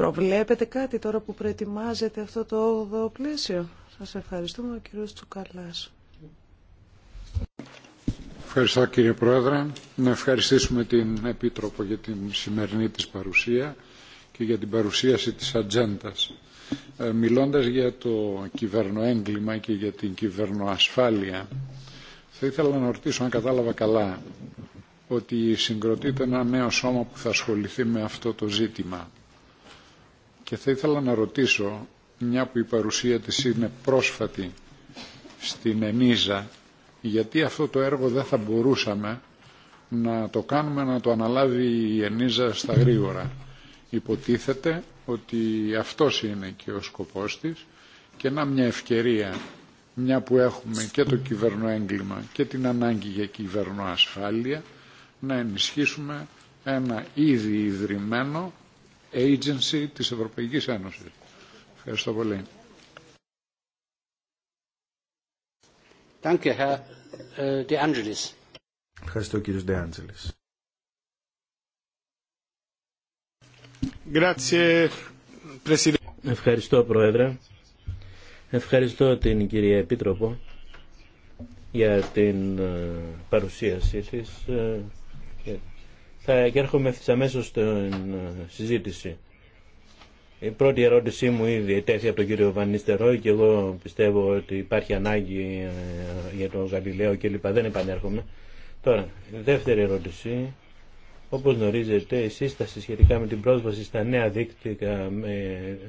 Προβλέπετε κάτι τώρα που προετοιμάζετε αυτό το 8ο πλαίσιο. Σας ευχαριστούμε κύριος Τσουκαλάς. Ευχαριστώ κύριε Πρόεδρε. Να ευχαριστήσουμε την Επίτροπο για την σημερινή της παρουσία και για την παρουσίαση της ατζέντα. Ε, μιλώντας για το κυβερνοέγκλημα και για την κυβερνοασφάλεια, θα ήθελα να ρωτήσω αν κατάλαβα καλά ότι συγκροτείται ένα νέο σώμα που θα ασχοληθεί με αυτό το ζήτημα. Και θα ήθελα να ρωτήσω, μια που η παρουσία της είναι πρόσφατη στην Ενίζα, γιατί αυτό το έργο δεν θα μπορούσαμε να το κάνουμε να το αναλάβει η Ενίζα στα γρήγορα. Υποτίθεται ότι αυτός είναι και ο σκοπός της και να μια ευκαιρία, μια που έχουμε και το κυβερνοέγκλημα και την ανάγκη για κυβερνοασφάλεια, να ενισχύσουμε ένα ήδη ιδρυμένο agency της Ευρωπαϊκής Ένωσης. Ευχαριστώ πολύ. Äh, Ευχαριστώ κύριος De Angelis. Ευχαριστώ Πρόεδρε. Ευχαριστώ την κυρία Επίτροπο για την ε, παρουσίασή της ε, θα, ε, και έρχομαι στην ε, συζήτηση. Η πρώτη ερώτησή μου ήδη τέθη από τον κύριο Βανίστερο και εγώ πιστεύω ότι υπάρχει ανάγκη ε, για τον Γαλιλαίο λοιπά. Δεν επανέρχομαι. Τώρα, δεύτερη ερώτηση. Όπως γνωρίζετε, η σύσταση σχετικά με την πρόσβαση στα νέα δίκτυα με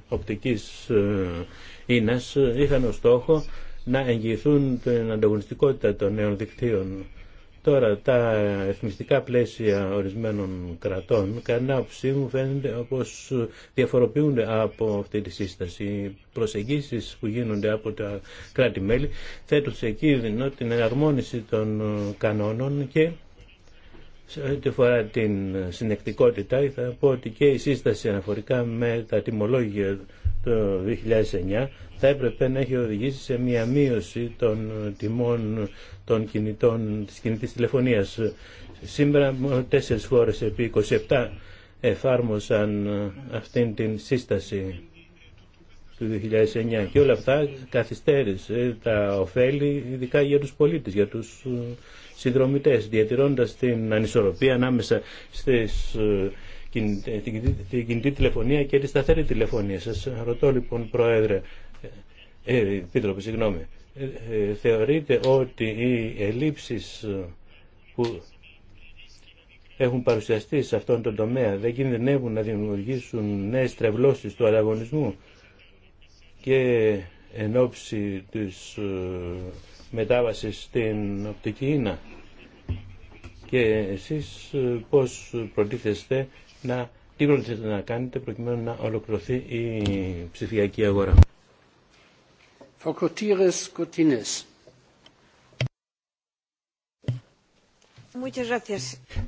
οπτικής ίνας είχαν ως στόχο να εγγυηθούν την ανταγωνιστικότητα των νέων δικτύων Τώρα, τα εθνιστικά πλαίσια ορισμένων κρατών, κανένα άποψή μου φαίνεται όπως διαφοροποιούνται από αυτή τη σύσταση. Οι προσεγγίσεις που γίνονται από τα κράτη-μέλη θέτουν σε κίνδυνο την εναρμόνιση των κανόνων και σε ό,τι φορά την συνεκτικότητα, θα πω ότι και η σύσταση αναφορικά με τα τιμολόγια το 2009 θα έπρεπε να έχει οδηγήσει σε μια μείωση των τιμών των κινητών, της κινητής τηλεφωνίας. Σήμερα τέσσερις φορές επί 27 εφάρμοσαν αυτήν την σύσταση του 2009 και όλα αυτά καθυστέρησε τα ωφέλη ειδικά για τους πολίτες, για τους Συνδρομητέ, διατηρώντας την ανισορροπία ανάμεσα στις ε, ε, την κινητή τηλεφωνία και τη σταθερή τηλεφωνία. Σα ρωτώ λοιπόν, Πρόεδρε, ε, ε Επίτροπε, συγγνώμη, θεωρείτε ότι οι ελλείψεις που έχουν παρουσιαστεί σε αυτόν τον τομέα δεν κινδυνεύουν να δημιουργήσουν νέε τρευλώσει του ανταγωνισμού και εν ώψη της ε, μετάβασης στην οπτική ίνα. Και εσείς ε, πώς προτίθεστε να, τι προτίθεστε να κάνετε προκειμένου να ολοκληρωθεί η ψηφιακή αγορά.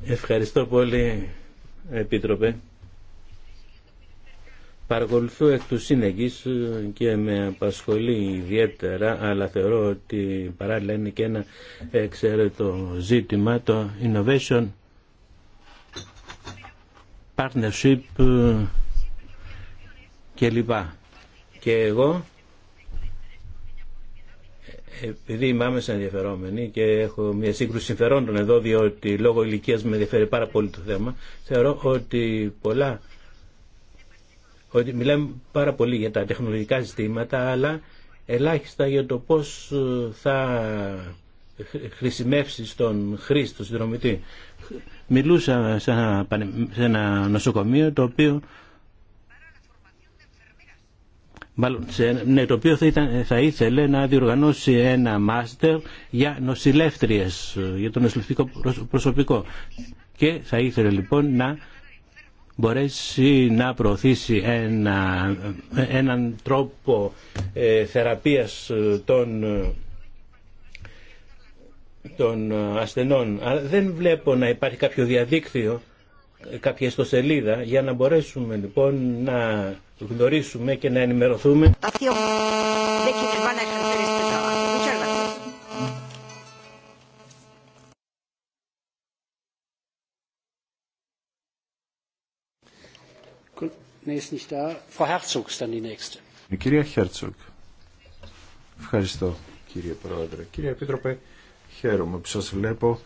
Ευχαριστώ πολύ, Επίτροπε. Παρακολουθώ εκ του ε, και με απασχολεί ιδιαίτερα, αλλά θεωρώ ότι παράλληλα είναι και ένα εξαιρετό ζήτημα, το Innovation Partnership ε, κλπ. Και εγώ, επειδή είμαι άμεσα ενδιαφερόμενη και έχω μια σύγκρουση συμφερόντων εδώ, διότι λόγω ηλικίας με ενδιαφέρει πάρα πολύ το θέμα, θεωρώ ότι πολλά ότι μιλάμε πάρα πολύ για τα τεχνολογικά ζητήματα, αλλά ελάχιστα για το πώς ε, θα χρησιμεύσει στον χρήστη, στον συνδρομητή. Μιλούσα σε ένα, ένα νοσοκομείο το οποίο ναι, το οποίο θα, θα ήθελε να διοργανώσει ένα μάστερ για νοσηλεύτριες, ε, για το νοσηλευτικό προσωπικό. Και θα ήθελε λοιπόν να μπορέσει να προωθήσει ένα, έναν τρόπο ε, θεραπείας ε, των των ασθενών. Αλλά δεν βλέπω να υπάρχει κάποιο διαδίκτυο, κάποια ιστοσελίδα, για να μπορέσουμε λοιπόν να γνωρίσουμε και να ενημερωθούμε. Η κυρία Χέρτσοκ. Ευχαριστώ κύριε Πρόεδρε. Κύριε Επίτροπε, χαίρομαι που σας βλέπω.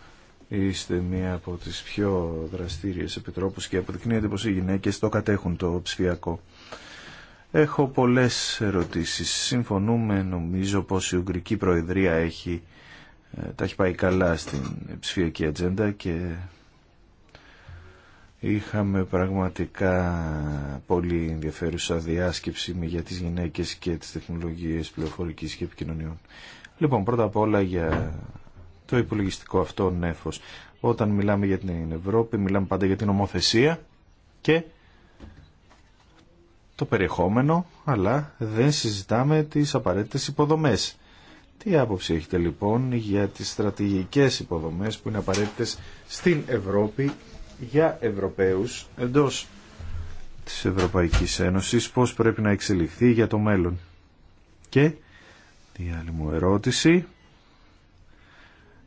Είστε μία από τις πιο δραστήριες επιτρόπους και αποδεικνύεται πως οι γυναίκες το κατέχουν το ψηφιακό. Έχω πολλές ερωτήσεις. Συμφωνούμε νομίζω πως η Ουγγρική Προεδρία έχει, ε, τα έχει πάει καλά στην ψηφιακή ατζέντα και Είχαμε πραγματικά πολύ ενδιαφέρουσα διάσκεψη για τις γυναίκες και τις τεχνολογίες πληροφορικής και επικοινωνιών. Λοιπόν, πρώτα απ' όλα για το υπολογιστικό αυτό νέφος. Όταν μιλάμε για την Ευρώπη, μιλάμε πάντα για την ομοθεσία και το περιεχόμενο, αλλά δεν συζητάμε τις απαραίτητες υποδομές. Τι άποψη έχετε λοιπόν για τις στρατηγικές υποδομές που είναι απαραίτητες στην Ευρώπη για Ευρωπαίους εντός της Ευρωπαϊκής Ένωσης πώς πρέπει να εξελιχθεί για το μέλλον. Και η άλλη μου ερώτηση,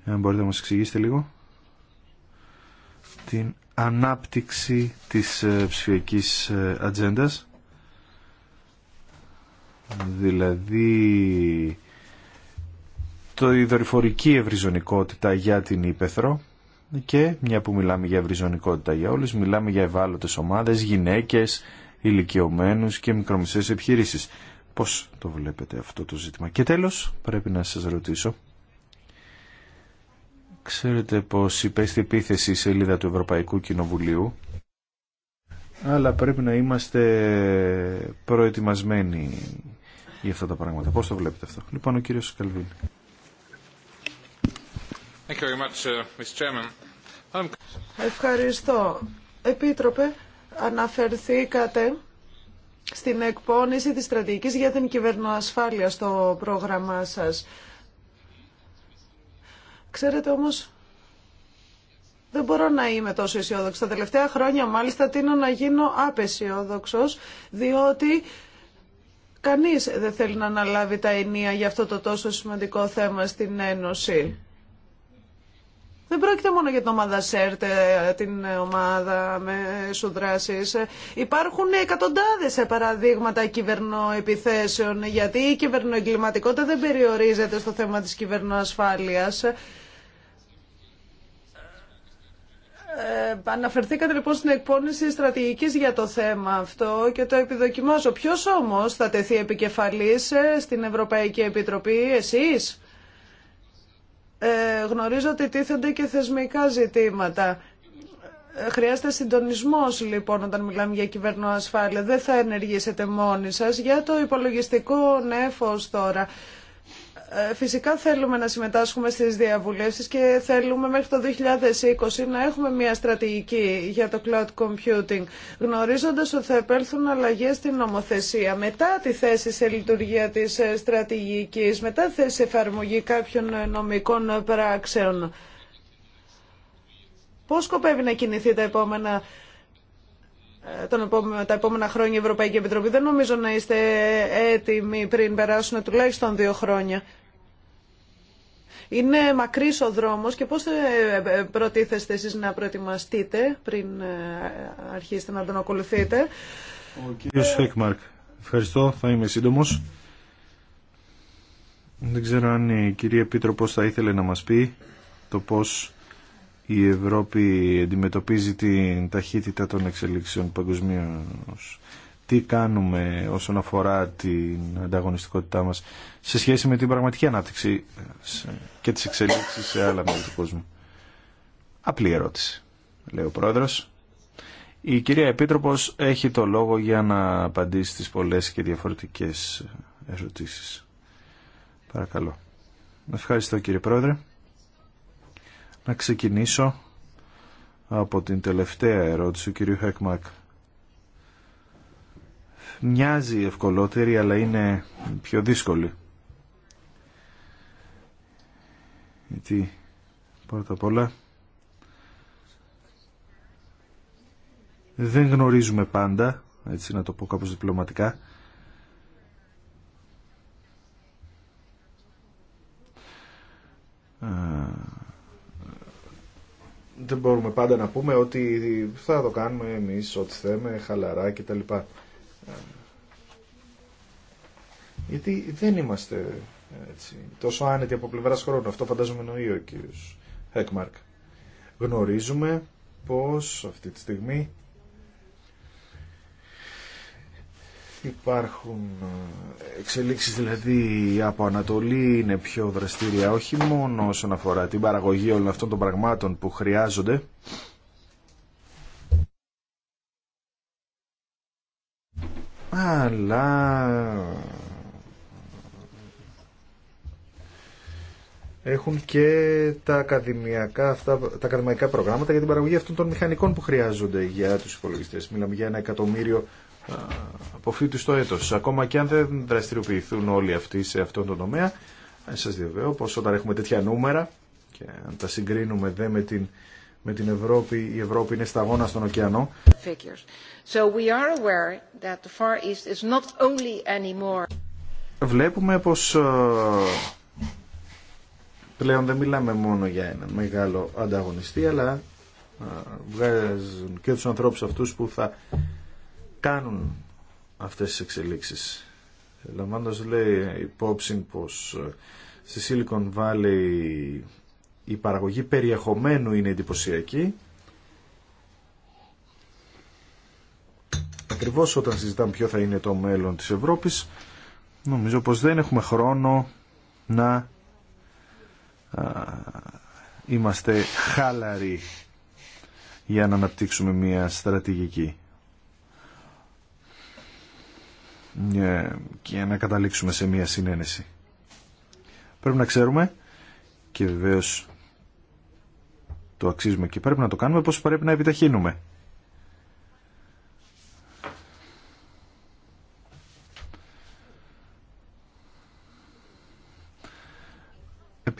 αν μπορείτε να μας εξηγήσετε λίγο, την ανάπτυξη της ε, ψηφιακής ε, ατζέντα. δηλαδή το η δορυφορική ευρυζωνικότητα για την Ήπεθρο και μια που μιλάμε για ευρυζωνικότητα για όλους, μιλάμε για ευάλωτες ομάδες, γυναίκες, ηλικιωμένους και μικρομεσαίες επιχειρήσεις. Πώς το βλέπετε αυτό το ζήτημα. Και τέλος πρέπει να σας ρωτήσω. Ξέρετε πως υπέστη επίθεση η σελίδα του Ευρωπαϊκού Κοινοβουλίου αλλά πρέπει να είμαστε προετοιμασμένοι για αυτά τα πράγματα. Πώς το βλέπετε αυτό. Λοιπόν, ο κύριος Καλβίνη. Uh, Ευχαριστώ. Επίτροπε, αναφερθήκατε στην εκπόνηση της στρατηγικής για την κυβερνοασφάλεια στο πρόγραμμά σας. Ξέρετε όμως, δεν μπορώ να είμαι τόσο αισιόδοξη. Τα τελευταία χρόνια μάλιστα τίνω να γίνω άπεσιόδοξος, διότι κανείς δεν θέλει να αναλάβει τα ενία για αυτό το τόσο σημαντικό θέμα στην Ένωση. Δεν πρόκειται μόνο για την ομάδα ΣΕΡΤ, ε, την ομάδα με σου Υπάρχουν εκατοντάδες ε, παραδείγματα κυβερνοεπιθέσεων, γιατί η κυβερνοεγκληματικότητα δεν περιορίζεται στο θέμα της κυβερνοασφάλειας. Ε, αναφερθήκατε λοιπόν στην εκπόνηση στρατηγικής για το θέμα αυτό και το επιδοκιμάζω. Ποιος όμω θα τεθεί επικεφαλής ε, στην Ευρωπαϊκή Επιτροπή, εσείς? Ε, γνωρίζω ότι τίθενται και θεσμικά ζητήματα. Ε, χρειάζεται συντονισμό λοιπόν όταν μιλάμε για κυβερνοασφάλεια. Δεν θα ενεργήσετε μόνοι σα. Για το υπολογιστικό νέφος τώρα. Ε, φυσικά θέλουμε να συμμετάσχουμε στις διαβουλεύσεις και θέλουμε μέχρι το 2020 να έχουμε μια στρατηγική για το cloud computing, γνωρίζοντας ότι θα επέλθουν αλλαγές στην νομοθεσία μετά τη θέση σε λειτουργία της ε, στρατηγικής, μετά τη θέση εφαρμογή κάποιων ε, νομικών πράξεων. Πώς σκοπεύει να κινηθεί τα επόμενα τα επόμενα χρόνια η Ευρωπαϊκή Επιτροπή. Δεν νομίζω να είστε έτοιμοι πριν περάσουν τουλάχιστον δύο χρόνια. Είναι μακρύς ο δρόμος και πώς ε, ε, προτίθεστε εσείς να προετοιμαστείτε πριν ε, αρχίσετε να τον ακολουθείτε. Ο κύριο Φέκμαρκ, ευχαριστώ, θα είμαι σύντομο. Δεν ξέρω αν η κυρία Επίτροπο θα ήθελε να μας πει το πώς η Ευρώπη αντιμετωπίζει την ταχύτητα των εξελίξεων παγκοσμίω τι κάνουμε όσον αφορά την ανταγωνιστικότητά μας σε σχέση με την πραγματική ανάπτυξη και τις εξελίξεις σε άλλα μέρη του κόσμου. Απλή ερώτηση, λέει ο Πρόεδρος. Η κυρία Επίτροπος έχει το λόγο για να απαντήσει στις πολλές και διαφορετικές ερωτήσεις. Παρακαλώ. Ευχαριστώ κύριε Πρόεδρε. Να ξεκινήσω από την τελευταία ερώτηση του κυρίου Χέκμακ μοιάζει ευκολότερη αλλά είναι πιο δύσκολη. Γιατί πρώτα απ' όλα δεν γνωρίζουμε πάντα, έτσι να το πω κάπως διπλωματικά, ε, δεν μπορούμε πάντα να πούμε ότι θα το κάνουμε εμείς ό,τι θέμε, χαλαρά κτλ. Ε, γιατί δεν είμαστε ε, έτσι, τόσο άνετοι από πλευρά χρόνου. Αυτό φαντάζομαι εννοεί ο κ. Χέκμαρκ. Γνωρίζουμε πως αυτή τη στιγμή υπάρχουν ε, εξελίξεις δηλαδή από Ανατολή είναι πιο δραστήρια όχι μόνο όσον αφορά την παραγωγή όλων αυτών των πραγμάτων που χρειάζονται αλλά έχουν και τα ακαδημαϊκά, αυτά, τα ακαδημαϊκά προγράμματα για την παραγωγή αυτών των μηχανικών που χρειάζονται για τους υπολογιστές. Μιλάμε για ένα εκατομμύριο αποφύτους στο έτος. Ακόμα και αν δεν δραστηριοποιηθούν όλοι αυτοί σε αυτόν τον τομέα, ε, σας διαβεβαιώ πως όταν έχουμε τέτοια νούμερα και αν τα συγκρίνουμε με την, με την Ευρώπη, η Ευρώπη είναι σταγόνα στον ωκεανό. Βλέπουμε πως ε, πλέον δεν μιλάμε μόνο για ένα μεγάλο ανταγωνιστή, αλλά ε, βγάζουν και τους ανθρώπους αυτούς που θα κάνουν αυτές τις εξελίξεις. Λαμβάνοντας λέει υπόψη πως ε, στη Silicon Valley η παραγωγή περιεχομένου είναι εντυπωσιακή ακριβώς όταν συζητάμε ποιο θα είναι το μέλλον της Ευρώπης νομίζω πως δεν έχουμε χρόνο να είμαστε χάλαροι για να αναπτύξουμε μια στρατηγική ε, και να καταλήξουμε σε μια συνένεση. Πρέπει να ξέρουμε και βεβαίως το αξίζουμε και πρέπει να το κάνουμε πως πρέπει να επιταχύνουμε.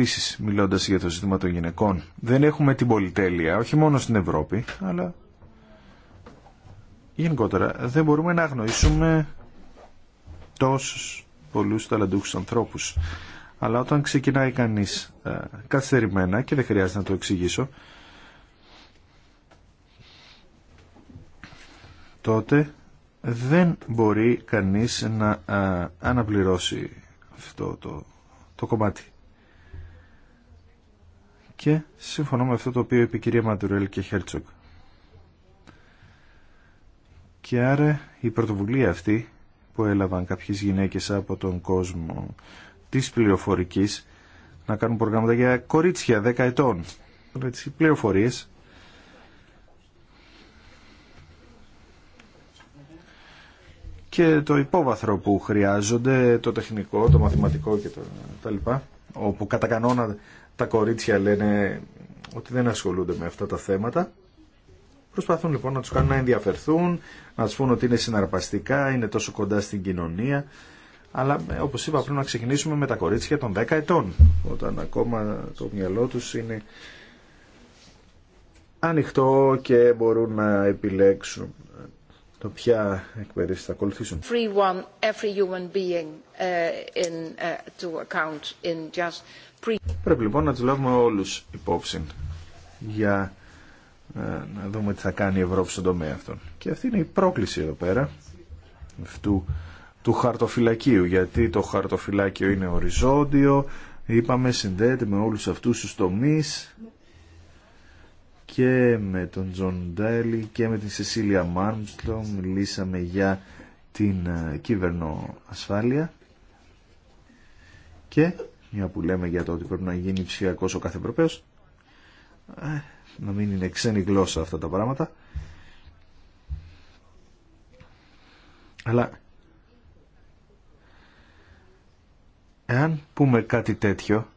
επίσης μιλώντας για το ζήτημα των γυναικών. Δεν έχουμε την πολυτέλεια, όχι μόνο στην Ευρώπη, αλλά γενικότερα δεν μπορούμε να αγνοήσουμε τόσους πολλούς ταλαντούχους ανθρώπους. Αλλά όταν ξεκινάει κανείς ε, καθυστερημένα και δεν χρειάζεται να το εξηγήσω, τότε δεν μπορεί κανείς να ε, αναπληρώσει αυτό το, το κομμάτι και συμφωνώ με αυτό το οποίο είπε η κυρία Μαντουρέλ και Χέρτσοκ. Και άρα η πρωτοβουλία αυτή που έλαβαν κάποιες γυναίκες από τον κόσμο της πληροφορικής να κάνουν προγράμματα για κορίτσια 10 ετών. Έτσι, πληροφορίες. Και το υπόβαθρο που χρειάζονται, το τεχνικό, το μαθηματικό και το τα λοιπά, όπου κατά κανόνα τα κορίτσια λένε ότι δεν ασχολούνται με αυτά τα θέματα. Προσπαθούν λοιπόν να τους κάνουν να ενδιαφερθούν, να τους πούν ότι είναι συναρπαστικά, είναι τόσο κοντά στην κοινωνία. Αλλά ε, όπως είπα πρέπει να ξεκινήσουμε με τα κορίτσια των 10 ετών, όταν ακόμα το μυαλό τους είναι ανοιχτό και μπορούν να επιλέξουν το ποια εκπαίδευση θα ακολουθήσουν. Free every Πρέπει λοιπόν να του λάβουμε όλους υπόψη για ε, να δούμε τι θα κάνει η Ευρώπη στον τομέα αυτόν. Και αυτή είναι η πρόκληση εδώ πέρα αυτού του χαρτοφυλακίου, γιατί το χαρτοφυλάκιο είναι οριζόντιο, είπαμε συνδέεται με όλους αυτούς τους τομείς και με τον Τζον Ντάιλι και με την Σεσίλια Μάρμστλο μιλήσαμε για την ε, κυβερνοασφάλεια και μια που λέμε για το ότι πρέπει να γίνει ψηφιακό ο κάθε Ευρωπαίος ε, να μην είναι ξένη γλώσσα αυτά τα πράγματα αλλά εάν πούμε κάτι τέτοιο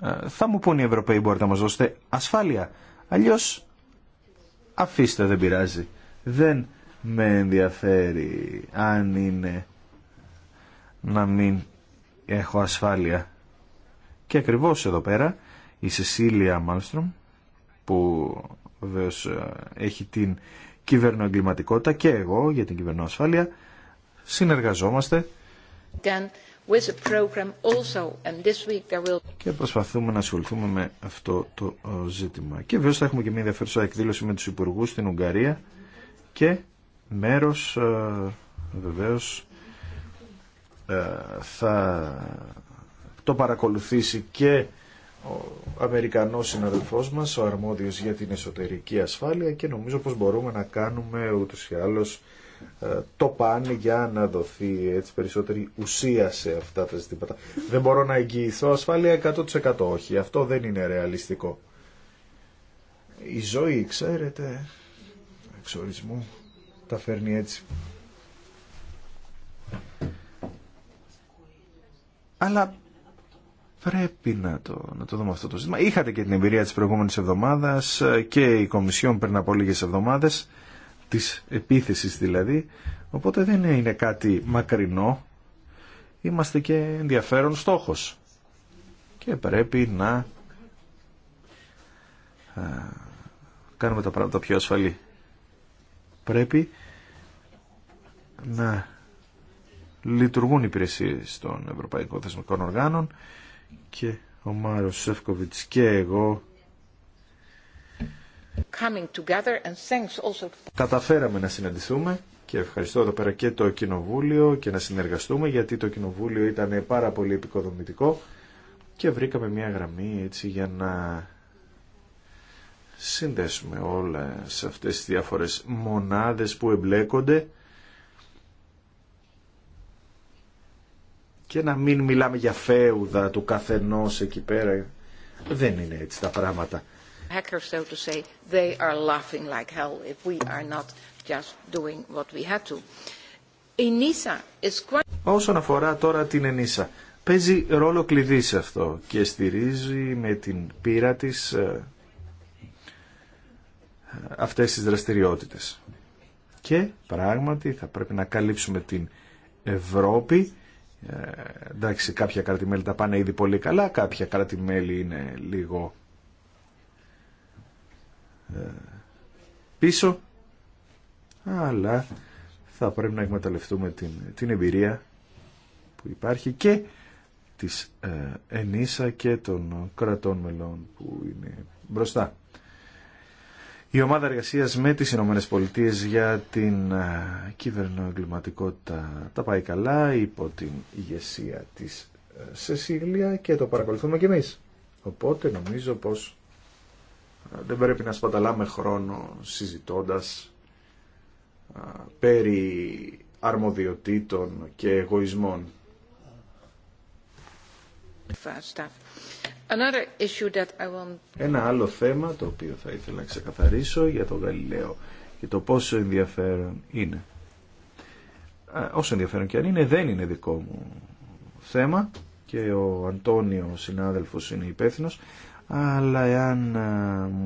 ε, θα μου πούν οι Ευρωπαίοι μπορείτε να μας δώσετε ασφάλεια αλλιώς αφήστε δεν πειράζει δεν με ενδιαφέρει αν είναι να μην έχω ασφάλεια και ακριβώς εδώ πέρα η Σεσίλια Μάλστρομ που βεβαίως ε, έχει την κυβερνοεγκληματικότητα και εγώ για την κυβερνοασφάλεια συνεργαζόμαστε και προσπαθούμε να ασχοληθούμε με αυτό το ε, ζήτημα. Και βέβαια θα έχουμε και μια ενδιαφέρουσα εκδήλωση με τους υπουργούς στην Ουγγαρία και μέρος ε, βεβαίως θα το παρακολουθήσει και ο Αμερικανός συναδελφός μας, ο αρμόδιος για την εσωτερική ασφάλεια και νομίζω πως μπορούμε να κάνουμε ούτως ή άλλως ε, το πάνε για να δοθεί έτσι περισσότερη ουσία σε αυτά τα ζητήματα. Δεν μπορώ να εγγυηθώ ασφάλεια 100% όχι. Αυτό δεν είναι ρεαλιστικό. Η ζωή, ξέρετε, ορισμού τα φέρνει έτσι. Αλλά Πρέπει να το, να το δούμε αυτό το ζήτημα. Είχατε και την εμπειρία της προηγούμενης εβδομάδας και η Κομισιόν πριν από λίγες εβδομάδες, της επίθεσης δηλαδή, οπότε δεν είναι κάτι μακρινό. Είμαστε και ενδιαφέρον στόχος και πρέπει να κάνουμε τα πράγματα πιο ασφαλή. Πρέπει να λειτουργούν οι υπηρεσίες των Ευρωπαϊκών Θεσμικών Οργάνων και ο Μάρος Σεύκοβιτς και εγώ καταφέραμε να συναντηθούμε και ευχαριστώ εδώ πέρα και το Κοινοβούλιο και να συνεργαστούμε γιατί το Κοινοβούλιο ήταν πάρα πολύ επικοδομητικό και βρήκαμε μια γραμμή έτσι για να συνδέσουμε όλες αυτές τις διάφορες μονάδες που εμπλέκονται και να μην μιλάμε για φέουδα του καθενός εκεί πέρα. Δεν είναι έτσι τα πράγματα. Hackers, to say, Όσον αφορά τώρα την Ενίσα, παίζει ρόλο κλειδί σε αυτό και στηρίζει με την πείρα της ε, αυτές τις δραστηριότητες. Και πράγματι θα πρέπει να καλύψουμε την Ευρώπη ε, εντάξει, κάποια τα πάνε ήδη πολύ καλά, κάποια είναι λίγο ε, πίσω, αλλά θα πρέπει να εκμεταλλευτούμε την, την εμπειρία που υπάρχει και της ε, ΕΝΙΣΑ και των κρατών μελών που είναι μπροστά η ομάδα εργασία με τι ΗΠΑ για την ε, κυβερνοεγκληματικότητα τα πάει καλά υπό την ηγεσία της ε, Σεσίλια και το παρακολουθούμε κι εμείς. Οπότε νομίζω πως ε, δεν πρέπει να σπαταλάμε χρόνο συζητώντας περί αρμοδιοτήτων και εγωισμών. Ένα άλλο θέμα το οποίο θα ήθελα να ξεκαθαρίσω για τον Γαλιλαίο και το πόσο ενδιαφέρον είναι. Όσο ενδιαφέρον και αν είναι δεν είναι δικό μου θέμα και ο Αντώνιο ο συνάδελφος είναι υπεύθυνο, αλλά εάν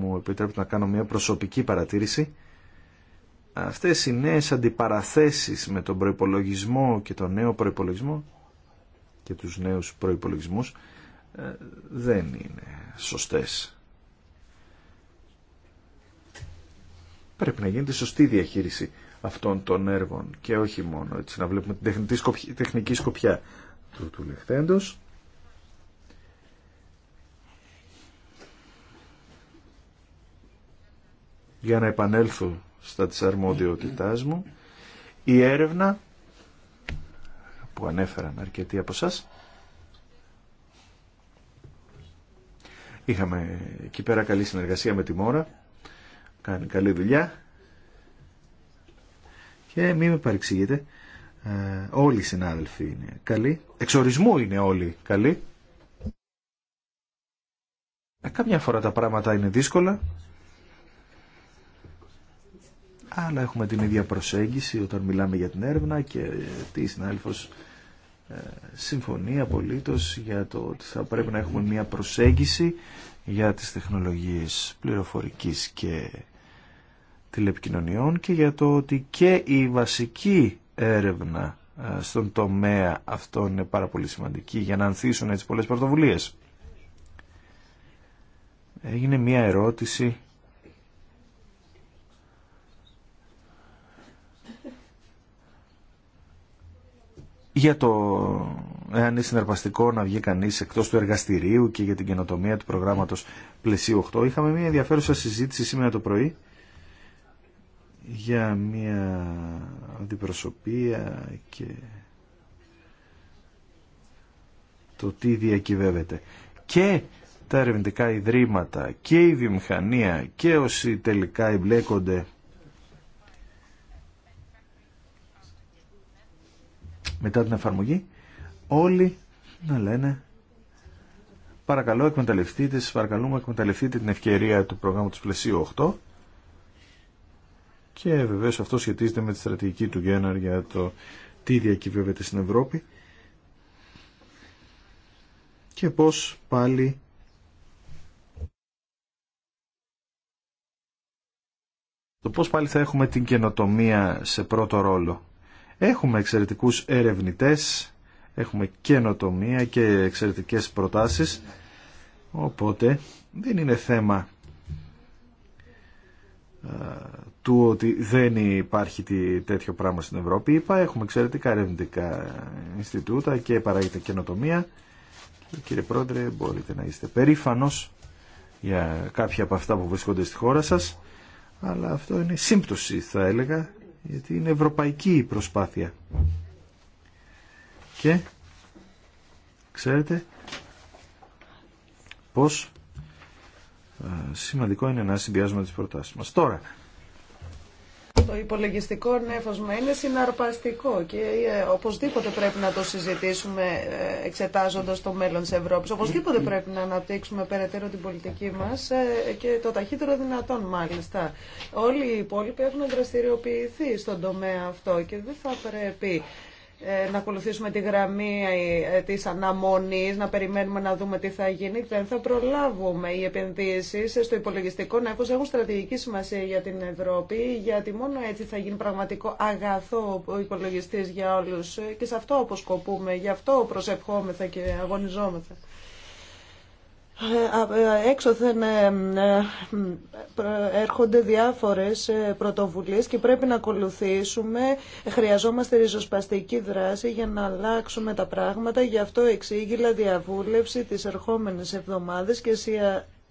μου επιτρέπετε να κάνω μια προσωπική παρατήρηση αυτές οι νέες αντιπαραθέσεις με τον προϋπολογισμό και τον νέο προϋπολογισμό και τους νέους προϋπολογισμούς ε, δεν είναι σωστές. Πρέπει να γίνεται σωστή διαχείριση αυτών των έργων και όχι μόνο έτσι να βλέπουμε την τεχνική σκοπιά, του, του Για να επανέλθω στα της αρμόδιότητάς μου, η έρευνα που ανέφεραν αρκετοί από σας Είχαμε εκεί πέρα καλή συνεργασία με τη Μόρα. Κάνει καλή δουλειά. Και μην με παρεξηγείτε. Ε, όλοι οι συνάδελφοι είναι καλοί. Εξορισμού είναι όλοι καλοί. Ε, καμιά φορά τα πράγματα είναι δύσκολα. Αλλά έχουμε την ίδια προσέγγιση όταν μιλάμε για την έρευνα και τι συνάδελφος συμφωνεί απολύτως για το ότι θα πρέπει να έχουμε μια προσέγγιση για τις τεχνολογίες πληροφορικής και τηλεπικοινωνιών και για το ότι και η βασική έρευνα ε, στον τομέα αυτό είναι πάρα πολύ σημαντική για να ανθίσουν έτσι πολλές πρωτοβουλίες. Έγινε μια ερώτηση για το εάν είναι συναρπαστικό να βγει κανείς εκτός του εργαστηρίου και για την καινοτομία του προγράμματος πλαισίου 8. Είχαμε μια ενδιαφέρουσα συζήτηση σήμερα το πρωί για μια αντιπροσωπεία και το τι διακυβεύεται. Και τα ερευνητικά ιδρύματα και η βιομηχανία και όσοι τελικά εμπλέκονται μετά την εφαρμογή όλοι να λένε παρακαλώ εκμεταλλευτείτε, σας παρακαλούμε εκμεταλλευτείτε την ευκαιρία του προγράμματος πλαισίου 8 και βεβαίως αυτό σχετίζεται με τη στρατηγική του Γκέναρ για το τι διακυβεύεται στην Ευρώπη και πώς πάλι το πώς πάλι θα έχουμε την καινοτομία σε πρώτο ρόλο Έχουμε εξαιρετικούς ερευνητές, έχουμε καινοτομία και εξαιρετικές προτάσεις, οπότε δεν είναι θέμα ε, του ότι δεν υπάρχει τέτοιο πράγμα στην Ευρώπη. Είπα, έχουμε εξαιρετικά ερευνητικά Ινστιτούτα και παράγεται καινοτομία. κύριε Πρόεδρε, μπορείτε να είστε περήφανος για κάποια από αυτά που βρίσκονται στη χώρα σας, αλλά αυτό είναι σύμπτωση, θα έλεγα, γιατί είναι ευρωπαϊκή η προσπάθεια. Και ξέρετε πως ε, σημαντικό είναι να συνδυάζουμε τις προτάσεις μας. Τώρα, το υπολογιστικό νέφος είναι συναρπαστικό και ε, οπωσδήποτε πρέπει να το συζητήσουμε ε, εξετάζοντας το μέλλον της Ευρώπης. Οπωσδήποτε πρέπει να αναπτύξουμε περαιτέρω την πολιτική μας ε, και το ταχύτερο δυνατόν μάλιστα. Όλοι οι υπόλοιποι έχουν δραστηριοποιηθεί στον τομέα αυτό και δεν θα πρέπει ε, να ακολουθήσουμε τη γραμμή ε, της αναμονής, να περιμένουμε να δούμε τι θα γίνει. Δεν θα προλάβουμε. Οι επενδύσεις στο υπολογιστικό να έχουν στρατηγική σημασία για την Ευρώπη, γιατί μόνο έτσι θα γίνει πραγματικό αγαθό ο υπολογιστής για όλους. Και σε αυτό αποσκοπούμε, γι' αυτό προσευχόμεθα και αγωνιζόμεθα. Έξωθεν ε, ε, έρχονται διάφορες ε, πρωτοβουλίες και πρέπει να ακολουθήσουμε. Χρειαζόμαστε ριζοσπαστική δράση για να αλλάξουμε τα πράγματα. Γι' αυτό εξήγηλα διαβούλευση τις ερχόμενες εβδομάδες και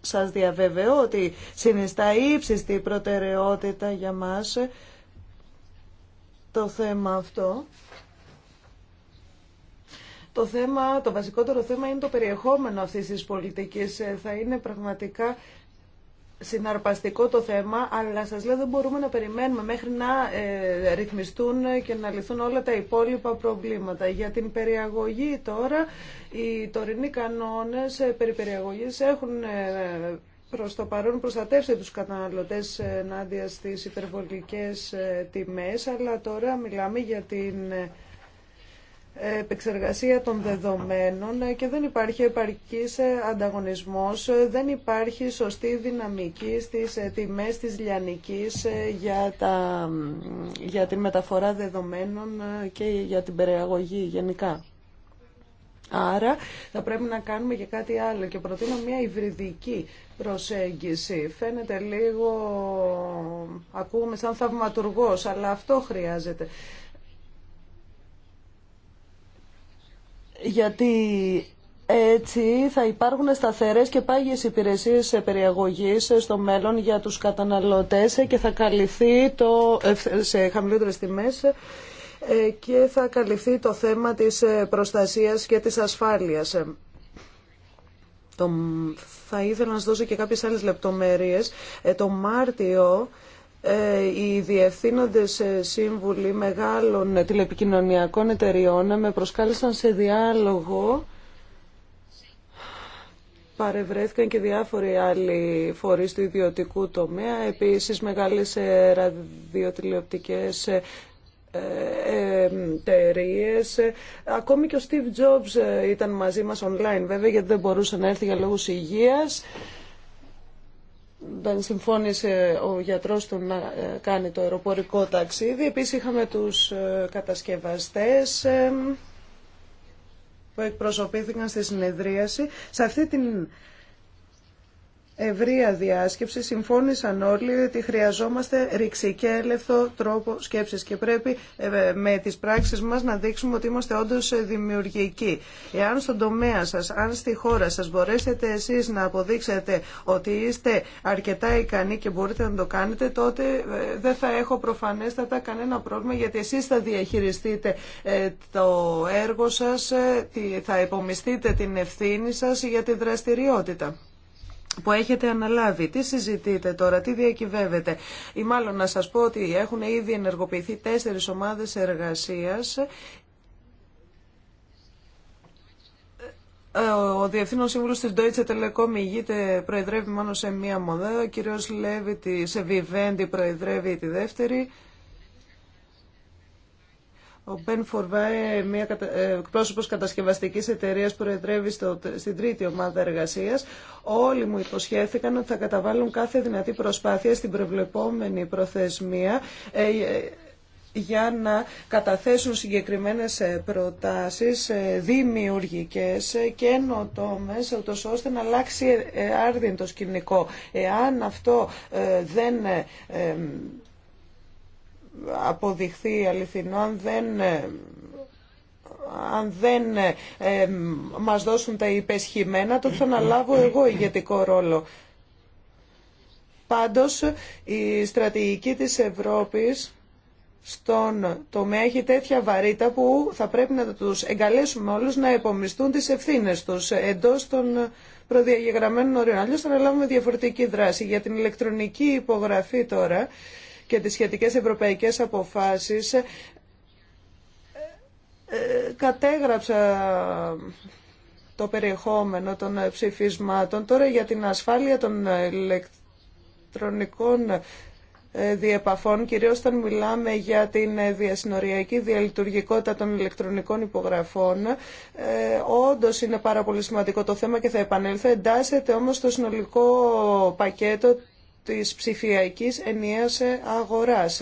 σας διαβεβαιώ ότι συνιστά ύψιστη προτεραιότητα για μας το θέμα αυτό. Το θέμα, το βασικότερο θέμα είναι το περιεχόμενο αυτής της πολιτικής. Ε, θα είναι πραγματικά συναρπαστικό το θέμα, αλλά σας λέω δεν μπορούμε να περιμένουμε μέχρι να ε, ρυθμιστούν και να λυθούν όλα τα υπόλοιπα προβλήματα. Για την περιαγωγή τώρα, οι τωρινοί κανόνες ε, περί έχουν ε, προς το παρόν προστατεύσει τους καταναλωτές ενάντια στις υπερβολικές τιμές, αλλά τώρα μιλάμε για την επεξεργασία των δεδομένων και δεν υπάρχει επαρκής ανταγωνισμός, δεν υπάρχει σωστή δυναμική στις τιμές της λιανικής ε, για, τα, για την μεταφορά δεδομένων ε, και για την περιαγωγή γενικά. Άρα θα πρέπει να κάνουμε και κάτι άλλο και προτείνω μια υβριδική προσέγγιση. Φαίνεται λίγο, ακούμε σαν θαυματουργός, αλλά αυτό χρειάζεται. γιατί έτσι θα υπάρχουν σταθερές και πάγιες υπηρεσίες περιαγωγής στο μέλλον για τους καταναλωτές και θα καλυφθεί το, σε χαμηλότερες τιμές ε, και θα καλυφθεί το θέμα της ε, προστασίας και της ασφάλειας. θα ήθελα να σας δώσω και κάποιες άλλες λεπτομέρειες. Ε, το Μάρτιο ε, οι διευθύνοντες ε, σύμβουλοι μεγάλων ε, τηλεπικοινωνιακών εταιριών με προσκάλεσαν σε διάλογο παρευρέθηκαν και διάφοροι άλλοι φορείς του ιδιωτικού τομέα, επίσης μεγάλες ραδιοτηλεοπτικές εταιρείε. Ακόμη και ο Steve Jobs ήταν μαζί μας online βέβαια γιατί δεν μπορούσε να έρθει για λόγους υγείας. Δεν συμφώνησε ο γιατρός του να ε, κάνει το αεροπορικό ταξίδι. Επίσης είχαμε τους ε, κατασκευαστές που εκπροσωπήθηκαν στη συνεδρίαση. Σε αυτή την ευρεία διάσκεψη συμφώνησαν όλοι ότι χρειαζόμαστε ρηξικέλευθο τρόπο σκέψης και πρέπει ε, με τις πράξεις μας να δείξουμε ότι είμαστε όντως δημιουργικοί. Εάν στον τομέα σας, αν στη χώρα σας μπορέσετε εσείς να αποδείξετε ότι είστε αρκετά ικανοί και μπορείτε να το κάνετε, τότε ε, δεν θα έχω προφανέστατα κανένα πρόβλημα γιατί εσείς θα διαχειριστείτε ε, το έργο σας, θα υπομιστείτε την ευθύνη σας για τη δραστηριότητα που έχετε αναλάβει. Τι συζητείτε τώρα, τι διακυβεύετε. Ή μάλλον να σας πω ότι έχουν ήδη ενεργοποιηθεί τέσσερις ομάδες εργασίας ε, Ο Διευθύνων Σύμβουλο τη Deutsche Telekom ηγείται, προεδρεύει μόνο σε μία μοδέα. Ο κύριο Λέβη τη Βιβέντη προεδρεύει τη δεύτερη. Ο Μπεν Φορβάε, μια ε, εκπρόσωπο κατασκευαστική εταιρεία που στο, στην τρίτη ομάδα εργασία, όλοι μου υποσχέθηκαν ότι θα καταβάλουν κάθε δυνατή προσπάθεια στην προβλεπόμενη προθεσμία ε, ε, για να καταθέσουν συγκεκριμένες προτάσεις δημιουργικές και ενωτόμες, ούτως ώστε να αλλάξει άρδιν το σκηνικό. Εάν αυτό δεν αποδειχθεί αληθινό ε, αν δεν αν ε, δεν μας δώσουν τα υπεσχημένα, τότε θα αναλάβω εγώ ηγετικό ρόλο. Πάντως, η στρατηγική της Ευρώπης στον τομέα έχει τέτοια βαρύτητα που θα πρέπει να τους εγκαλέσουμε όλους να επομιστούν τις ευθύνες τους εντός των προδιαγεγραμμένων ορίων. Αλλιώς θα αναλάβουμε διαφορετική δράση. Για την ηλεκτρονική υπογραφή τώρα, και τις σχετικές ευρωπαϊκές αποφάσεις ε, ε, κατέγραψα το περιεχόμενο των ψηφισμάτων. Τώρα για την ασφάλεια των ηλεκτρονικών ε, διεπαφών, κυρίως όταν μιλάμε για την διασυνοριακή διαλειτουργικότητα των ηλεκτρονικών υπογραφών. Ε, όντως είναι πάρα πολύ σημαντικό το θέμα και θα επανέλθω. Εντάσσεται όμως το συνολικό πακέτο της ψηφιακής ενιαίας αγοράς.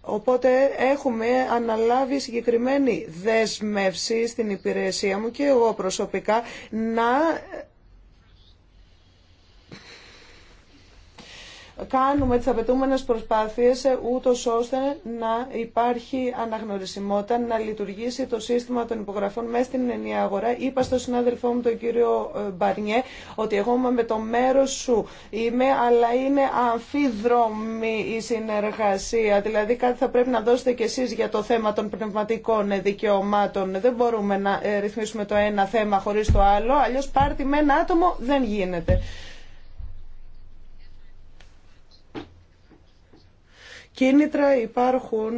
Οπότε έχουμε αναλάβει συγκεκριμένη δέσμευση στην υπηρεσία μου και εγώ προσωπικά να κάνουμε τις απαιτούμενες προσπάθειες ε, ούτως ώστε να υπάρχει αναγνωρισιμότητα, να λειτουργήσει το σύστημα των υπογραφών μέσα στην ενιαία αγορά. Είπα στον συνάδελφό μου τον κύριο ε, Μπαρνιέ ότι εγώ με το μέρος σου είμαι, αλλά είναι αμφίδρομη η συνεργασία. Δηλαδή κάτι θα πρέπει να δώσετε κι εσείς για το θέμα των πνευματικών ε, δικαιωμάτων. Δεν μπορούμε να ρυθμίσουμε το ένα θέμα χωρίς το άλλο, αλλιώς πάρτι με ένα άτομο δεν γίνεται. Κίνητρα υπάρχουν.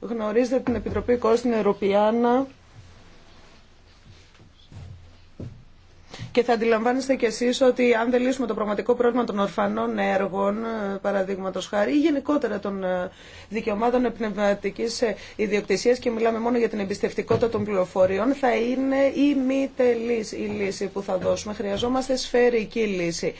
Γνωρίζετε την Επιτροπή Κώστην Ευρωπιάνα Και θα αντιλαμβάνεστε κι εσεί ότι αν δεν λύσουμε το πραγματικό πρόβλημα των ορφανών έργων, ε, παραδείγματο χάρη, ή γενικότερα των ε, δικαιωμάτων επνευματική ε, ιδιοκτησία και μιλάμε μόνο για την εμπιστευτικότητα των πληροφοριών, θα είναι η μη τελή η λύση που θα δώσουμε. Χρειαζόμαστε σφαιρική λύση.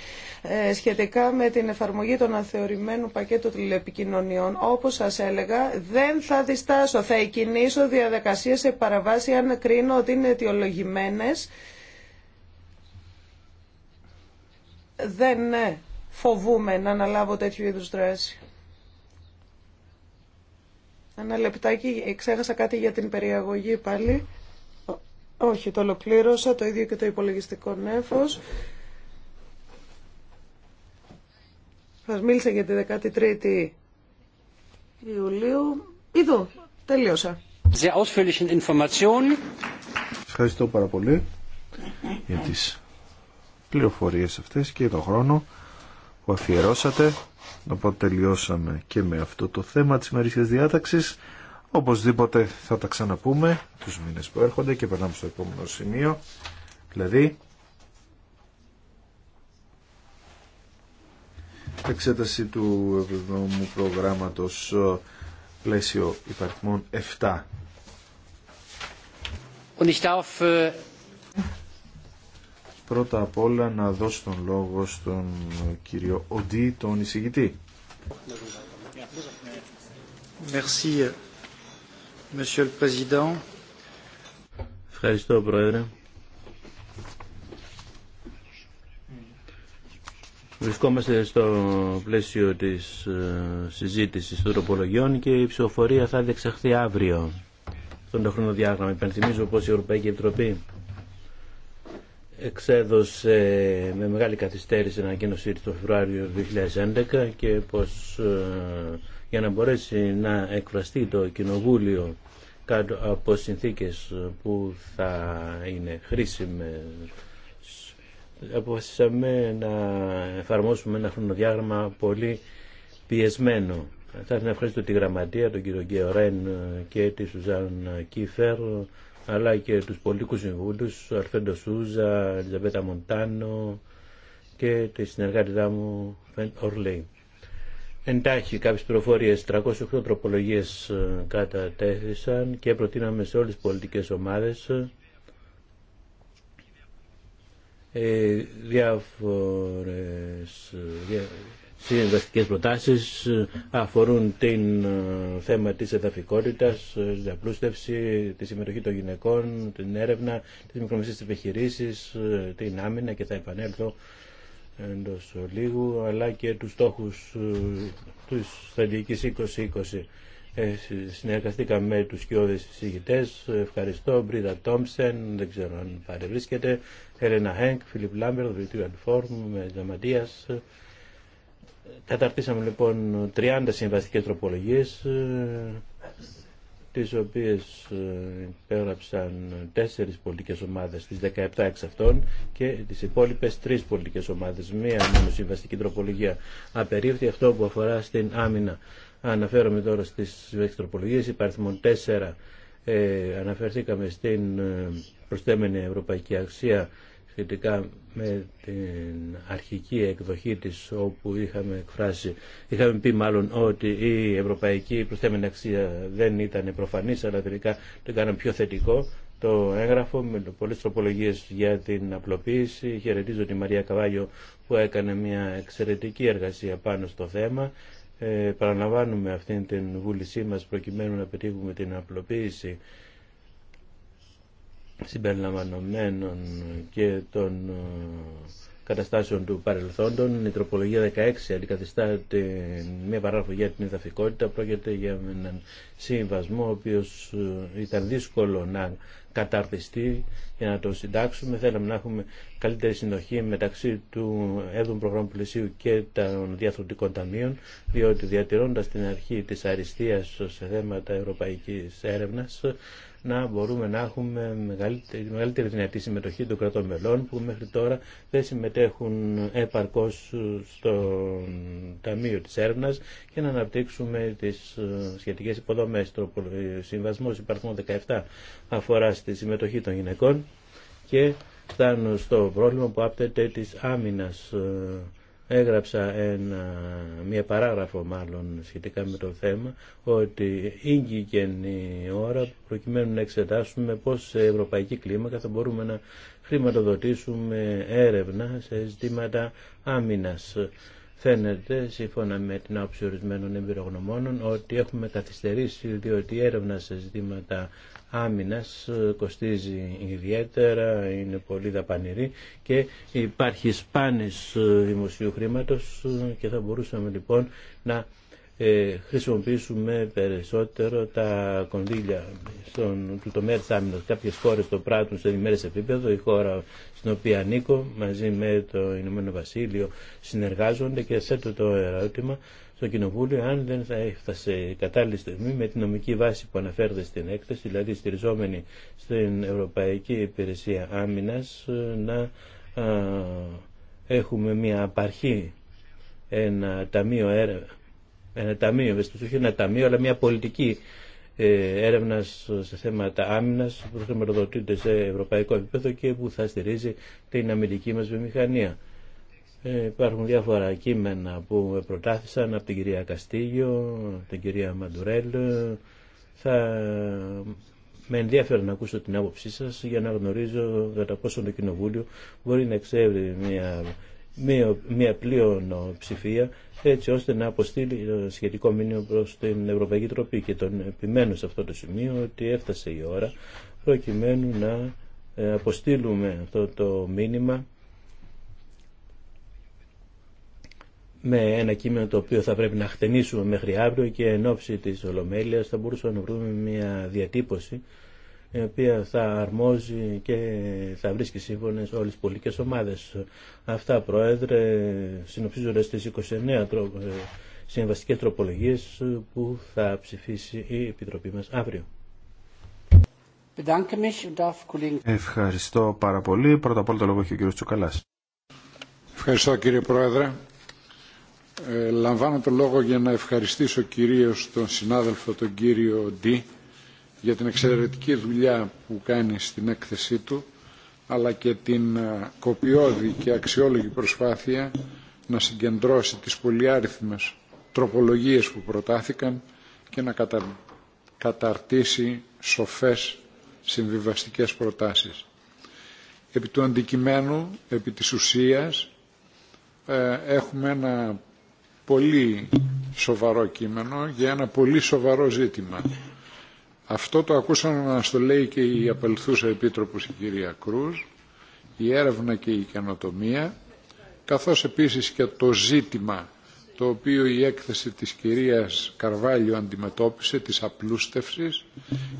σχετικά με την εφαρμογή των αθεωρημένων πακέτου τηλεπικοινωνιών, όπω σα έλεγα, δεν θα διστάσω. Θα εκκινήσω διαδικασίε σε παραβάσει αν κρίνω ότι είναι αιτιολογημένε. δεν ναι, φοβούμε να αναλάβω τέτοιου είδους δράση. Ένα λεπτάκι, ξέχασα κάτι για την περιαγωγή πάλι. Όχι, το ολοκλήρωσα, το ίδιο και το υπολογιστικό νέφος. Σας μίλησα για τη 13η Ιουλίου. εδώ. τελείωσα. Sehr Ευχαριστώ πάρα πολύ για τις πληροφορίες αυτές και τον χρόνο που αφιερώσατε. Οπότε τελειώσαμε και με αυτό το θέμα της μερικής διάταξης. Οπωσδήποτε θα τα ξαναπούμε τους μήνες που έρχονται και περνάμε στο επόμενο σημείο. Δηλαδή, εξέταση του εβδομού προγράμματος ε, πλαίσιο υπαρχμών 7. Und ich darf... Ε, πρώτα απ' όλα να δώσω τον λόγο στον κύριο Οντί, τον εισηγητή. Ευχαριστώ, Πρόεδρε. Βρισκόμαστε στο πλαίσιο της ε, συζήτησης των τροπολογιών και η ψηφοφορία θα διεξαχθεί αύριο. Στον χρονοδιάγραμμα υπενθυμίζω πως η Ευρωπαϊκή Επιτροπή εξέδωσε με μεγάλη καθυστέρηση ανακοίνωσή του το Φεβρουάριο 2011 και πως ε, για να μπορέσει να εκφραστεί το Κοινοβούλιο κάτω από συνθήκες που θα είναι χρήσιμες αποφασίσαμε να εφαρμόσουμε ένα χρονοδιάγραμμα πολύ πιεσμένο. Θα ήθελα να ευχαριστώ τη Γραμματεία, τον κύριο Γκέο και τη Σουζάν Κίφερ αλλά και τους πολιτικούς συμβούλους, Αλφέντο Σούζα, Ελιζαμπέτα Μοντάνο και τη συνεργάτη μου Φεν Ορλέη. Εντάχει κάποιες πληροφορίες, 308 τροπολογίες ε, κατατέθησαν και προτείναμε σε όλες τις πολιτικές ομάδες ε, διάφορες ε, συμβαστικέ προτάσει ε, αφορούν την ε, θέμα τη εδαφικότητα, ε, τη διαπλούστευση, τη συμμετοχή των γυναικών, την έρευνα, τι μικρομεσαίε επιχειρήσει, την άμυνα και θα επανέλθω εντό λίγου, αλλά και τους στόχους τη στρατηγική 2020. συνεργαστήκα με τους κοιόδες συζητητές. Ευχαριστώ. Μπρίδα Τόμψεν, δεν ξέρω αν παρευρίσκεται. Έλενα Χένκ, Φιλιπ Λάμπερ, Αντιφόρμ, Ζαματίας, Καταρτήσαμε λοιπόν 30 συμβαστικές τροπολογίες, ε, τις οποίες ε, υπέγραψαν τέσσερις πολιτικές ομάδες, τις 17 εξ αυτών και τις υπόλοιπες τρεις πολιτικές ομάδες. Μία μόνο συμβαστική τροπολογία απερίφθη, αυτό που αφορά στην άμυνα. Αναφέρομαι τώρα στις συμβαστικές τροπολογίες, υπάρχουν τέσσερα. Ε, αναφερθήκαμε στην προστέμενη ευρωπαϊκή αξία σχετικά με την αρχική εκδοχή της όπου είχαμε εκφράσει, είχαμε πει μάλλον ότι η ευρωπαϊκή προσθέμενη αξία δεν ήταν προφανής αλλά τελικά το κάναμε πιο θετικό το έγγραφο με πολλές τροπολογίες για την απλοποίηση. Χαιρετίζω τη Μαρία Καβάγιο που έκανε μια εξαιρετική εργασία πάνω στο θέμα. Ε, παραλαμβάνουμε αυτήν την βούλησή μας προκειμένου να πετύχουμε την απλοποίηση συμπεριλαμβανομένων και των ε, καταστάσεων του παρελθόντων. Η τροπολογία 16 αντικαθιστά μια παράγραφο για την εδαφικότητα. Πρόκειται για έναν συμβασμό ο οποίο ε, ήταν δύσκολο να καταρτιστεί για να το συντάξουμε. Θέλαμε να έχουμε καλύτερη συνοχή μεταξύ του έδου προγράμμου πλησίου και των διαθροντικών ταμείων, διότι διατηρώντας την αρχή της αριστείας σε θέματα ευρωπαϊκής έρευνας, να μπορούμε να έχουμε μεγαλύτερη, μεγαλύτερη δυνατή συμμετοχή των κρατών μελών που μέχρι τώρα δεν συμμετέχουν επαρκώς στο Ταμείο της Έρευνας και να αναπτύξουμε τις ε, σχετικές υποδομές. Ο συμβασμός υπαρθμών 17 αφορά στη συμμετοχή των γυναικών και φτάνω στο πρόβλημα που άπτεται της άμυνας ε, έγραψα ένα, μια παράγραφο μάλλον σχετικά με το θέμα ότι ήγγικεν η ώρα προκειμένου να εξετάσουμε πώς σε ευρωπαϊκή κλίμακα θα μπορούμε να χρηματοδοτήσουμε έρευνα σε ζητήματα άμυνας. Φαίνεται, σύμφωνα με την άποψη ορισμένων εμπειρογνωμόνων, ότι έχουμε καθυστερήσει διότι η έρευνα σε ζητήματα Άμυνα ε, κοστίζει ιδιαίτερα, είναι πολύ δαπανηρή και υπάρχει σπάνης ε, δημοσίου χρήματος ε, και θα μπορούσαμε λοιπόν να ε, χρησιμοποιήσουμε περισσότερο τα κονδύλια στον, του τομέα της άμυνας. Κάποιες χώρες το πράττουν σε ενημέρες επίπεδο. Η χώρα στην οποία ανήκω μαζί με το Ηνωμένο Βασίλειο συνεργάζονται και σε το ερώτημα στο Κοινοβούλιο αν δεν θα έφτασε η κατάλληλη στιγμή με την νομική βάση που αναφέρεται στην έκθεση, δηλαδή στηριζόμενη στην Ευρωπαϊκή Υπηρεσία Άμυνας, να α, έχουμε μια απαρχή, ένα ταμείο έρευνα ένα ταμείο, όχι ένα ταμείο, αλλά μια πολιτική ε, έρευνα σε θέματα άμυνα που χρηματοδοτείται σε ευρωπαϊκό επίπεδο και που θα στηρίζει την αμυντική μα βιομηχανία. Ε, υπάρχουν διάφορα κείμενα που προτάθησαν από την κυρία Καστίγιο, την κυρία Μαντουρέλ. Θα με ενδιαφέρει να ακούσω την άποψή σας για να γνωρίζω κατά πόσο το Κοινοβούλιο μπορεί να εξεύρει μια μια ψηφία έτσι ώστε να αποστείλει ε, σχετικό μήνυμα προς την Ευρωπαϊκή Τροπή και τον επιμένω σε αυτό το σημείο ότι έφτασε η ώρα προκειμένου να ε, αποστείλουμε αυτό το μήνυμα με ένα κείμενο το οποίο θα πρέπει να χτενίσουμε μέχρι αύριο και εν ώψη της Ολομέλειας θα μπορούσαμε να βρούμε μια διατύπωση η οποία θα αρμόζει και θα βρίσκει σύμφωνε όλε τι πολιτικέ ομάδε. Αυτά, Πρόεδρε, συνοψίζονται στι 29 ε, συμβαστικέ τροπολογίε που θα ψηφίσει η Επιτροπή μα αύριο. Ευχαριστώ πάρα πολύ. Πρώτα απ' όλα το λόγο έχει ο κ. Τσουκαλά. Ευχαριστώ κύριε Πρόεδρε. Ε, λαμβάνω το λόγο για να ευχαριστήσω κυρίως τον συνάδελφο τον κύριο Ντί για την εξαιρετική δουλειά που κάνει στην έκθεσή του αλλά και την ε, κοπιώδη και αξιόλογη προσπάθεια να συγκεντρώσει τις πολυάριθμες τροπολογίες που προτάθηκαν και να καταρτήσει σοφές συμβιβαστικές προτάσεις. Επί του αντικειμένου, επί της ουσίας, ε, έχουμε ένα πολύ σοβαρό κείμενο για ένα πολύ σοβαρό ζήτημα αυτό το ακούσαμε να στο λέει και η απελθούσα επίτροπος η κυρία Κρούς, η έρευνα και η καινοτομία, καθώς επίσης και το ζήτημα το οποίο η έκθεση της κυρίας Καρβάλιο αντιμετώπισε, της απλούστευσης,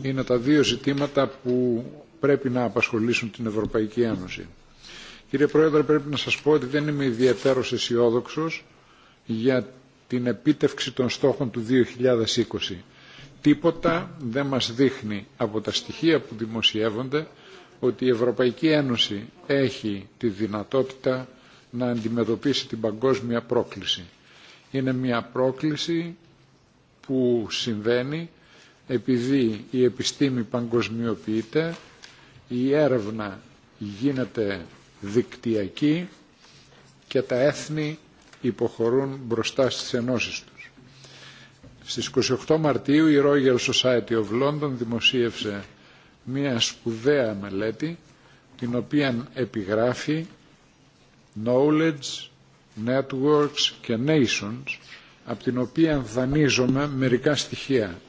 είναι τα δύο ζητήματα που πρέπει να απασχολήσουν την Ευρωπαϊκή Ένωση. Κύριε Πρόεδρε, πρέπει να σας πω ότι δεν είμαι ιδιαίτερο αισιόδοξο για την επίτευξη των στόχων του 2020. Τίποτα δεν μας δείχνει από τα στοιχεία που δημοσιεύονται ότι η Ευρωπαϊκή Ένωση έχει τη δυνατότητα να αντιμετωπίσει την παγκόσμια πρόκληση. Είναι μια πρόκληση που συμβαίνει επειδή η επιστήμη παγκοσμιοποιείται, η έρευνα γίνεται δικτυακή και τα έθνη υποχωρούν μπροστά στις ενώσεις του. Στις 28 Μαρτίου η Royal Society of London δημοσίευσε μία σπουδαία μελέτη την οποία επιγράφει knowledge, networks και nations από την οποία δανείζομαι μερικά στοιχεία.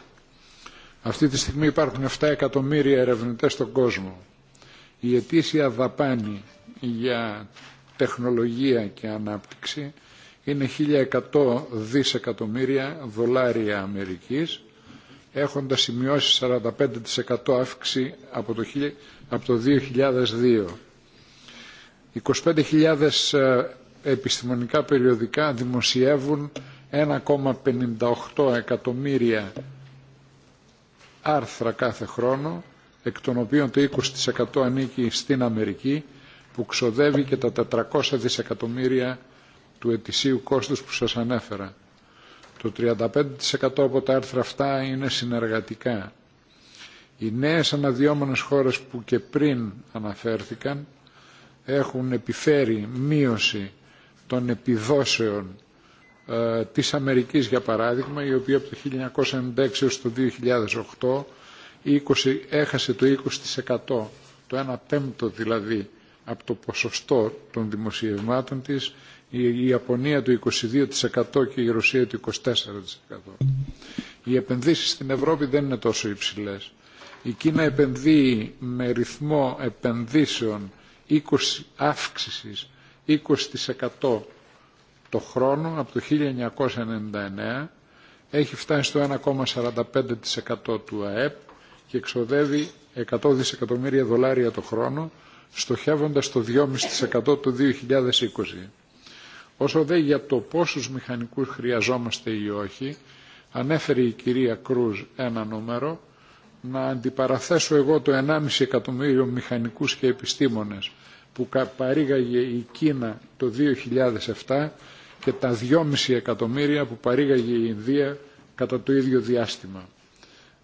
Αυτή τη στιγμή υπάρχουν 7 εκατομμύρια ερευνητές στον κόσμο. Η ετήσια δαπάνη για τεχνολογία και ανάπτυξη είναι 1.100 δισεκατομμύρια δολάρια Αμερικής, έχοντας σημειώσει 45% αύξηση από το, από το 2002. 25.000 ε, επιστημονικά περιοδικά δημοσιεύουν 1,58 εκατομμύρια άρθρα κάθε χρόνο, εκ των οποίων το 20% ανήκει στην Αμερική, που ξοδεύει και τα 400 δισεκατομμύρια του ετησίου κόστους που σας ανέφερα. Το 35% από τα άρθρα αυτά είναι συνεργατικά. Οι νέες αναδυόμενες χώρες που και πριν αναφέρθηκαν έχουν επιφέρει μείωση των επιδόσεων ε, της Αμερικής για παράδειγμα η οποία από το 1996 έως το 2008 20, έχασε το 20% το 1 πέμπτο δηλαδή από το ποσοστό των δημοσιευμάτων της η Ιαπωνία του 22% και η Ρωσία του 24%. Οι επενδύσεις στην Ευρώπη δεν είναι τόσο υψηλές. Η Κίνα επενδύει με ρυθμό επενδύσεων 20, αύξησης 20% το χρόνο από το 1999 έχει φτάσει στο 1,45% του ΑΕΠ και εξοδεύει 100 δισεκατομμύρια δολάρια το χρόνο στοχεύοντας το 2,5% το 2020. Όσο δε για το πόσους μηχανικούς χρειαζόμαστε ή όχι, ανέφερε η κυρία Κρούζ ένα νούμερο, να αντιπαραθέσω εγώ το 1,5 εκατομμύριο μηχανικούς και επιστήμονες που παρήγαγε η Κίνα το 2007 και τα 2,5 εκατομμύρια που παρήγαγε η Ινδία κατά το ίδιο διάστημα.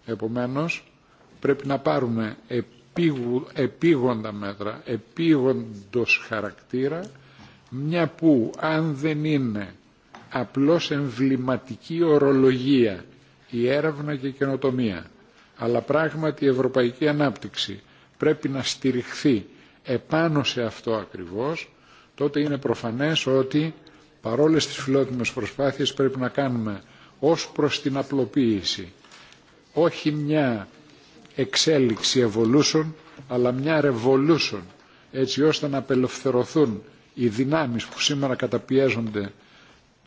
Επομένως, πρέπει να πάρουμε επίγοντα μέτρα, επίγοντος χαρακτήρα, μια που αν δεν είναι απλώς εμβληματική ορολογία η έρευνα και η καινοτομία αλλά πράγματι η ευρωπαϊκή ανάπτυξη πρέπει να στηριχθεί επάνω σε αυτό ακριβώς τότε είναι προφανές ότι παρόλες τις φιλότιμες προσπάθειες πρέπει να κάνουμε ως προς την απλοποίηση όχι μια εξέλιξη evolution αλλά μια revolution έτσι ώστε να απελευθερωθούν οι δυνάμεις που σήμερα καταπιέζονται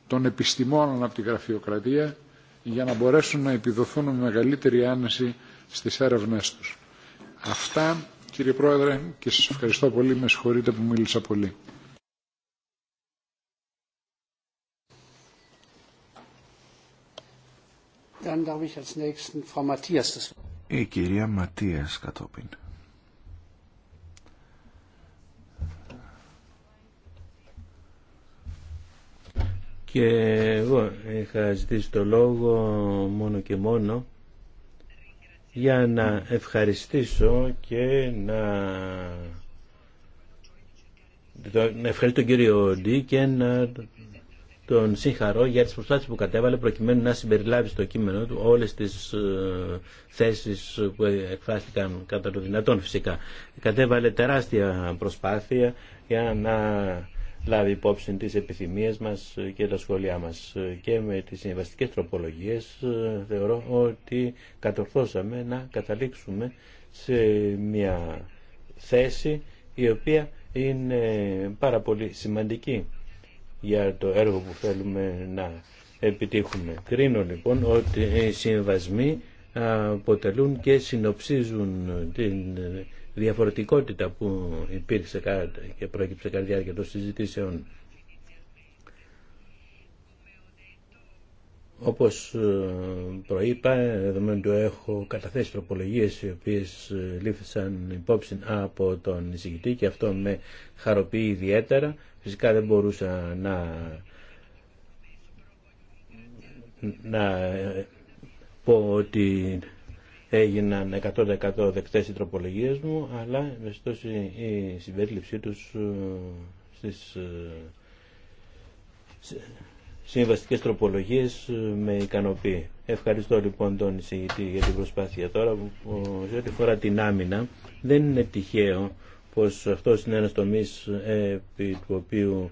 των επιστημόνων από τη γραφειοκρατία για να μπορέσουν να επιδοθούν με μεγαλύτερη άνεση στις έρευνές τους. Αυτά, κύριε Πρόεδρε, και σας ευχαριστώ πολύ. Με συγχωρείτε που μίλησα πολύ. Η κυρία Ματίας κατόπιν. Και εγώ είχα ζητήσει το λόγο μόνο και μόνο για να ευχαριστήσω και να να τον κύριο Ντί και να τον συγχαρώ για τις προσπάθειες που κατέβαλε προκειμένου να συμπεριλάβει στο κείμενο του όλες τις ε, θέσεις που εκφράστηκαν κατά το δυνατόν φυσικά. Κατέβαλε τεράστια προσπάθεια για να λάβει υπόψη τις επιθυμίες μας και τα σχόλιά μας. Και με τις συμβαστικές τροπολογίες ε, θεωρώ ότι κατορθώσαμε να καταλήξουμε σε μια θέση η οποία είναι πάρα πολύ σημαντική για το έργο που θέλουμε να επιτύχουμε. Κρίνω λοιπόν ότι οι συμβασμοί αποτελούν και συνοψίζουν την διαφορετικότητα που υπήρξε και πρόκειψε κατά τη διάρκεια των συζητήσεων. Όπως ε, προείπα, δεδομένου του έχω καταθέσει τροπολογίες οι οποίες ε, λήφθησαν υπόψη από τον εισηγητή και αυτό με χαροποιεί ιδιαίτερα. Φυσικά δεν μπορούσα να, να ε, πω ότι έγιναν 100% δεκτές οι τροπολογίες μου, αλλά με στόση η συμπερίληψή τους ε, στις ε, συμβαστικές τροπολογίες ε, με ικανοποιεί. Ευχαριστώ λοιπόν τον εισηγητή για την προσπάθεια τώρα που σε ό,τι φορά την άμυνα δεν είναι τυχαίο πως αυτό είναι ένας τομής επί του οποίου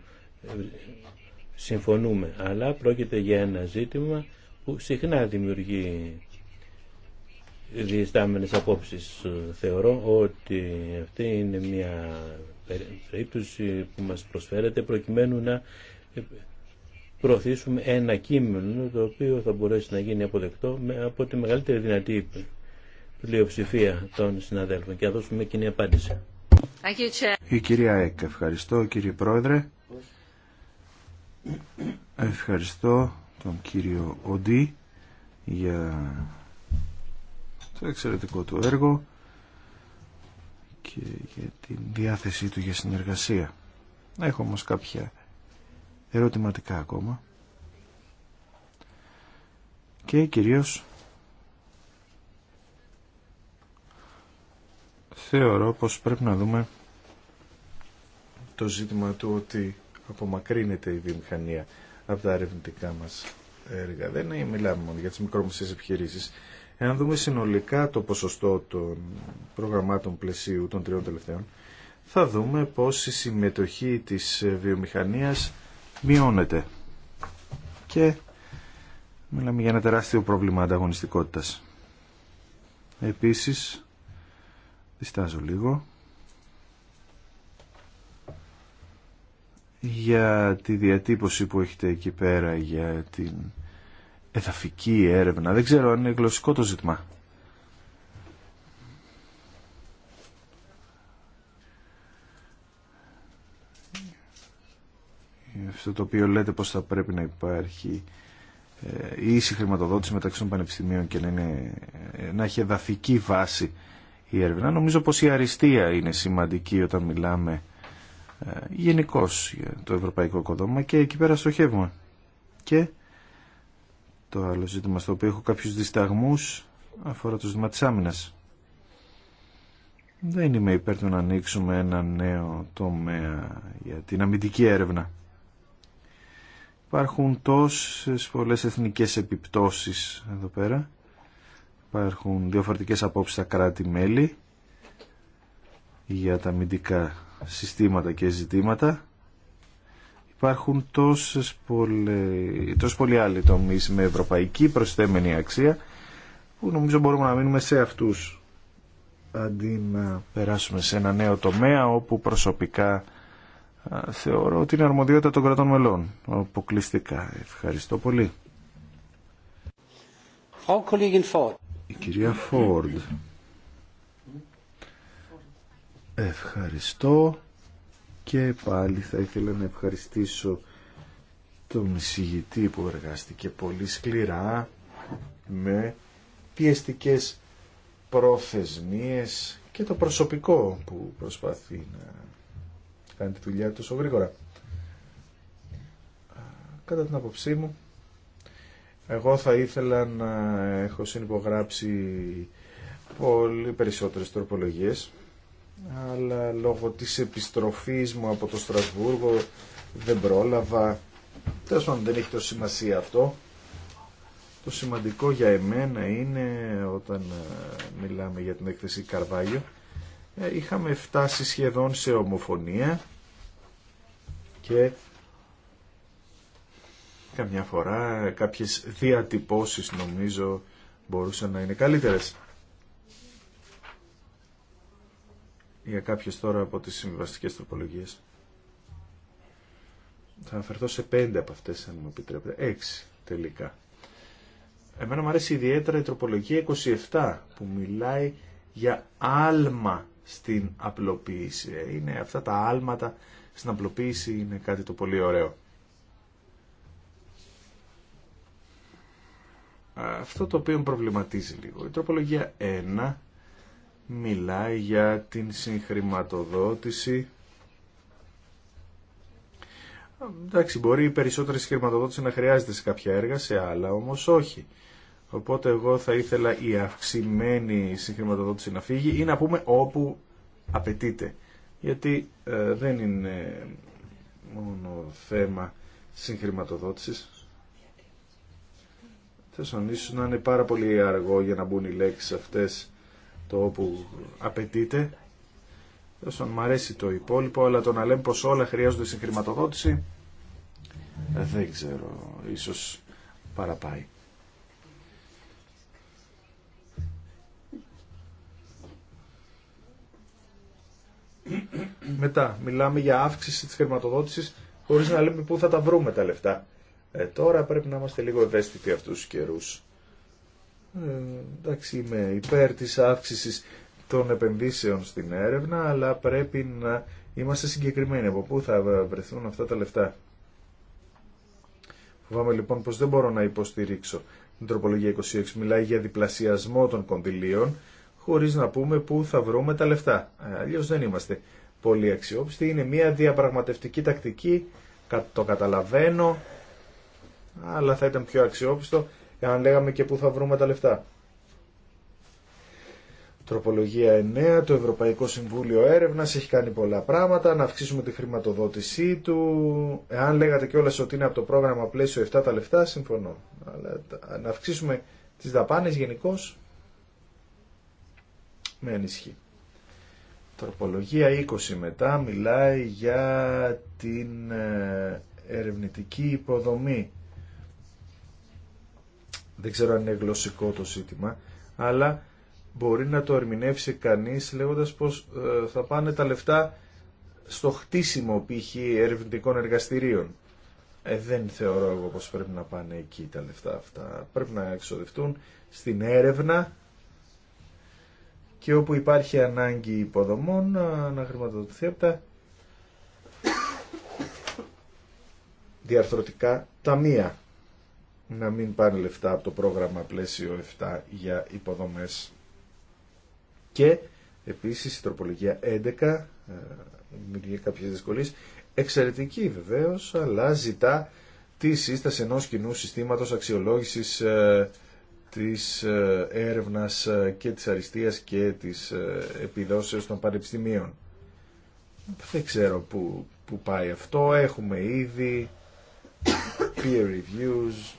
συμφωνούμε αλλά πρόκειται για ένα ζήτημα που συχνά δημιουργεί διεστάμενες απόψεις. Ε, θεωρώ ότι αυτή είναι μια περίπτωση που μας προσφέρεται προκειμένου να ε, προωθήσουμε ένα κείμενο το οποίο θα μπορέσει να γίνει αποδεκτό με, από τη μεγαλύτερη δυνατή πλειοψηφία των συναδέλφων και να δώσουμε κοινή απάντηση. Η κυρία Εκ, ευχαριστώ κύριε Πρόεδρε. Ευχαριστώ τον κύριο Οντί για το εξαιρετικό του έργο και για την διάθεσή του για συνεργασία. Έχω όμως κάποια ερωτηματικά ακόμα και κυρίως θεωρώ πως πρέπει να δούμε το ζήτημα του ότι απομακρύνεται η βιομηχανία από τα ερευνητικά μας έργα. Δεν μιλάμε μόνο για τις μικρόμεσες επιχειρήσεις. Εάν δούμε συνολικά το ποσοστό των προγραμμάτων πλαισίου των τριών τελευταίων, θα δούμε πως η συμμετοχή της βιομηχανίας μειώνεται. Και μιλάμε για ένα τεράστιο πρόβλημα ανταγωνιστικότητας. Επίσης, διστάζω λίγο, για τη διατύπωση που έχετε εκεί πέρα για την εδαφική έρευνα. Δεν ξέρω αν είναι γλωσσικό το ζήτημα. Αυτό το οποίο λέτε πως θα πρέπει να υπάρχει ε, ίση χρηματοδότηση μεταξύ των πανεπιστημίων και να, είναι, ε, να έχει εδαφική βάση η έρευνα. Νομίζω πως η αριστεία είναι σημαντική όταν μιλάμε ε, γενικώ για το ευρωπαϊκό οικοδόμημα και εκεί πέρα στοχεύουμε. Και το άλλο ζήτημα στο οποίο έχω κάποιους δισταγμούς αφορά το ζήτημα της άμυνας. Δεν είμαι υπέρ του να ανοίξουμε ένα νέο τομέα για την αμυντική έρευνα. Υπάρχουν τόσες πολλές εθνικές επιπτώσεις εδώ πέρα. Υπάρχουν διαφορετικές απόψεις στα κράτη-μέλη για τα αμυντικά συστήματα και ζητήματα. Υπάρχουν τόσες πολλοί, τόσες άλλοι τομεί με ευρωπαϊκή προσθέμενη αξία που νομίζω μπορούμε να μείνουμε σε αυτούς αντί να περάσουμε σε ένα νέο τομέα όπου προσωπικά θεωρώ ότι είναι αρμοδιότητα των κρατών μελών αποκλειστικά. Ευχαριστώ πολύ. Η κυρία Φόρντ. Ευχαριστώ και πάλι θα ήθελα να ευχαριστήσω τον συγητή που εργάστηκε πολύ σκληρά με πιεστικές προθεσμίες και το προσωπικό που προσπαθεί να κάνει τη δουλειά τόσο γρήγορα. Κατά την άποψή μου, εγώ θα ήθελα να έχω συνυπογράψει πολύ περισσότερες τροπολογίες αλλά λόγω της επιστροφής μου από το Στρασβούργο δεν πρόλαβα. Τέλος πάντων δεν έχει τόσο σημασία αυτό. Το σημαντικό για εμένα είναι όταν ε, μιλάμε για την έκθεση Καρβάγιο ε, είχαμε φτάσει σχεδόν σε ομοφωνία και καμιά φορά κάποιες διατυπώσεις νομίζω μπορούσαν να είναι καλύτερες. για κάποιες τώρα από τις συμβαστικές τροπολογίες. Θα αναφερθώ σε πέντε από αυτές, αν μου επιτρέπετε. Έξι, τελικά. Εμένα μου αρέσει ιδιαίτερα η τροπολογία 27, που μιλάει για άλμα στην απλοποίηση. Ε, είναι αυτά τα άλματα στην απλοποίηση είναι κάτι το πολύ ωραίο. Αυτό το οποίο προβληματίζει λίγο. Η τροπολογία 1 μιλάει για την συγχρηματοδότηση. Εντάξει, μπορεί η περισσότερη συγχρηματοδότηση να χρειάζεται σε κάποια έργα, σε άλλα όμως όχι. Οπότε εγώ θα ήθελα η αυξημένη συγχρηματοδότηση να φύγει ή να πούμε όπου απαιτείται. Γιατί ε, δεν είναι μόνο θέμα συγχρηματοδότησης. Θέλω να είναι πάρα πολύ αργό για να μπουν οι λέξεις αυτές το όπου απαιτείται. Όσον μου αρέσει το υπόλοιπο, αλλά το να λέμε πως όλα χρειάζονται συγχρηματοδότηση, δεν ξέρω, ίσως παραπάει. Μετά, μιλάμε για αύξηση της χρηματοδότησης χωρίς να λέμε πού θα τα βρούμε τα λεφτά. Ε, τώρα πρέπει να είμαστε λίγο ευαίσθητοι αυτούς τους καιρούς. Ε, εντάξει είμαι υπέρ της αύξησης των επενδύσεων στην έρευνα, αλλά πρέπει να είμαστε συγκεκριμένοι από πού θα βρεθούν αυτά τα λεφτά. Φοβάμαι λοιπόν πως δεν μπορώ να υποστηρίξω την τροπολογία 26. Μιλάει για διπλασιασμό των κονδυλίων, χωρίς να πούμε πού θα βρούμε τα λεφτά. Ε, Αλλιώ δεν είμαστε πολύ αξιόπιστοι. Είναι μια διαπραγματευτική τακτική, το καταλαβαίνω, αλλά θα ήταν πιο αξιόπιστο Εάν λέγαμε και πού θα βρούμε τα λεφτά. Τροπολογία 9. Το Ευρωπαϊκό Συμβούλιο Έρευνας έχει κάνει πολλά πράγματα. Να αυξήσουμε τη χρηματοδότησή του. Εάν λέγατε κιόλα ότι είναι από το πρόγραμμα πλαίσιο 7 τα λεφτά, συμφωνώ. Αλλά να αυξήσουμε τις δαπάνες γενικώ με ανησυχεί. Τροπολογία 20 μετά μιλάει για την ε, ερευνητική υποδομή δεν ξέρω αν είναι γλωσσικό το σύντημα αλλά μπορεί να το ερμηνεύσει κανείς λέγοντας πως ε, θα πάνε τα λεφτά στο χτίσιμο π.χ. ερευνητικών εργαστηρίων. Ε, δεν θεωρώ εγώ πως πρέπει να πάνε εκεί τα λεφτά αυτά. Πρέπει να εξοδευτούν στην έρευνα και όπου υπάρχει ανάγκη υποδομών ε, να χρηματοδοτηθεί από τα διαρθρωτικά ταμεία να μην πάνε λεφτά από το πρόγραμμα πλαίσιο 7 για υποδομές. Και επίσης η τροπολογία 11 ε, δημιουργεί κάποιες δυσκολίες. Εξαιρετική βεβαίως, αλλά ζητά τη σύσταση ενός κοινού συστήματος αξιολόγησης ε, της ε, έρευνας και της αριστείας και της επιδόσεως των πανεπιστημίων. Δεν ξέρω που, που πάει αυτό. Έχουμε ήδη peer reviews,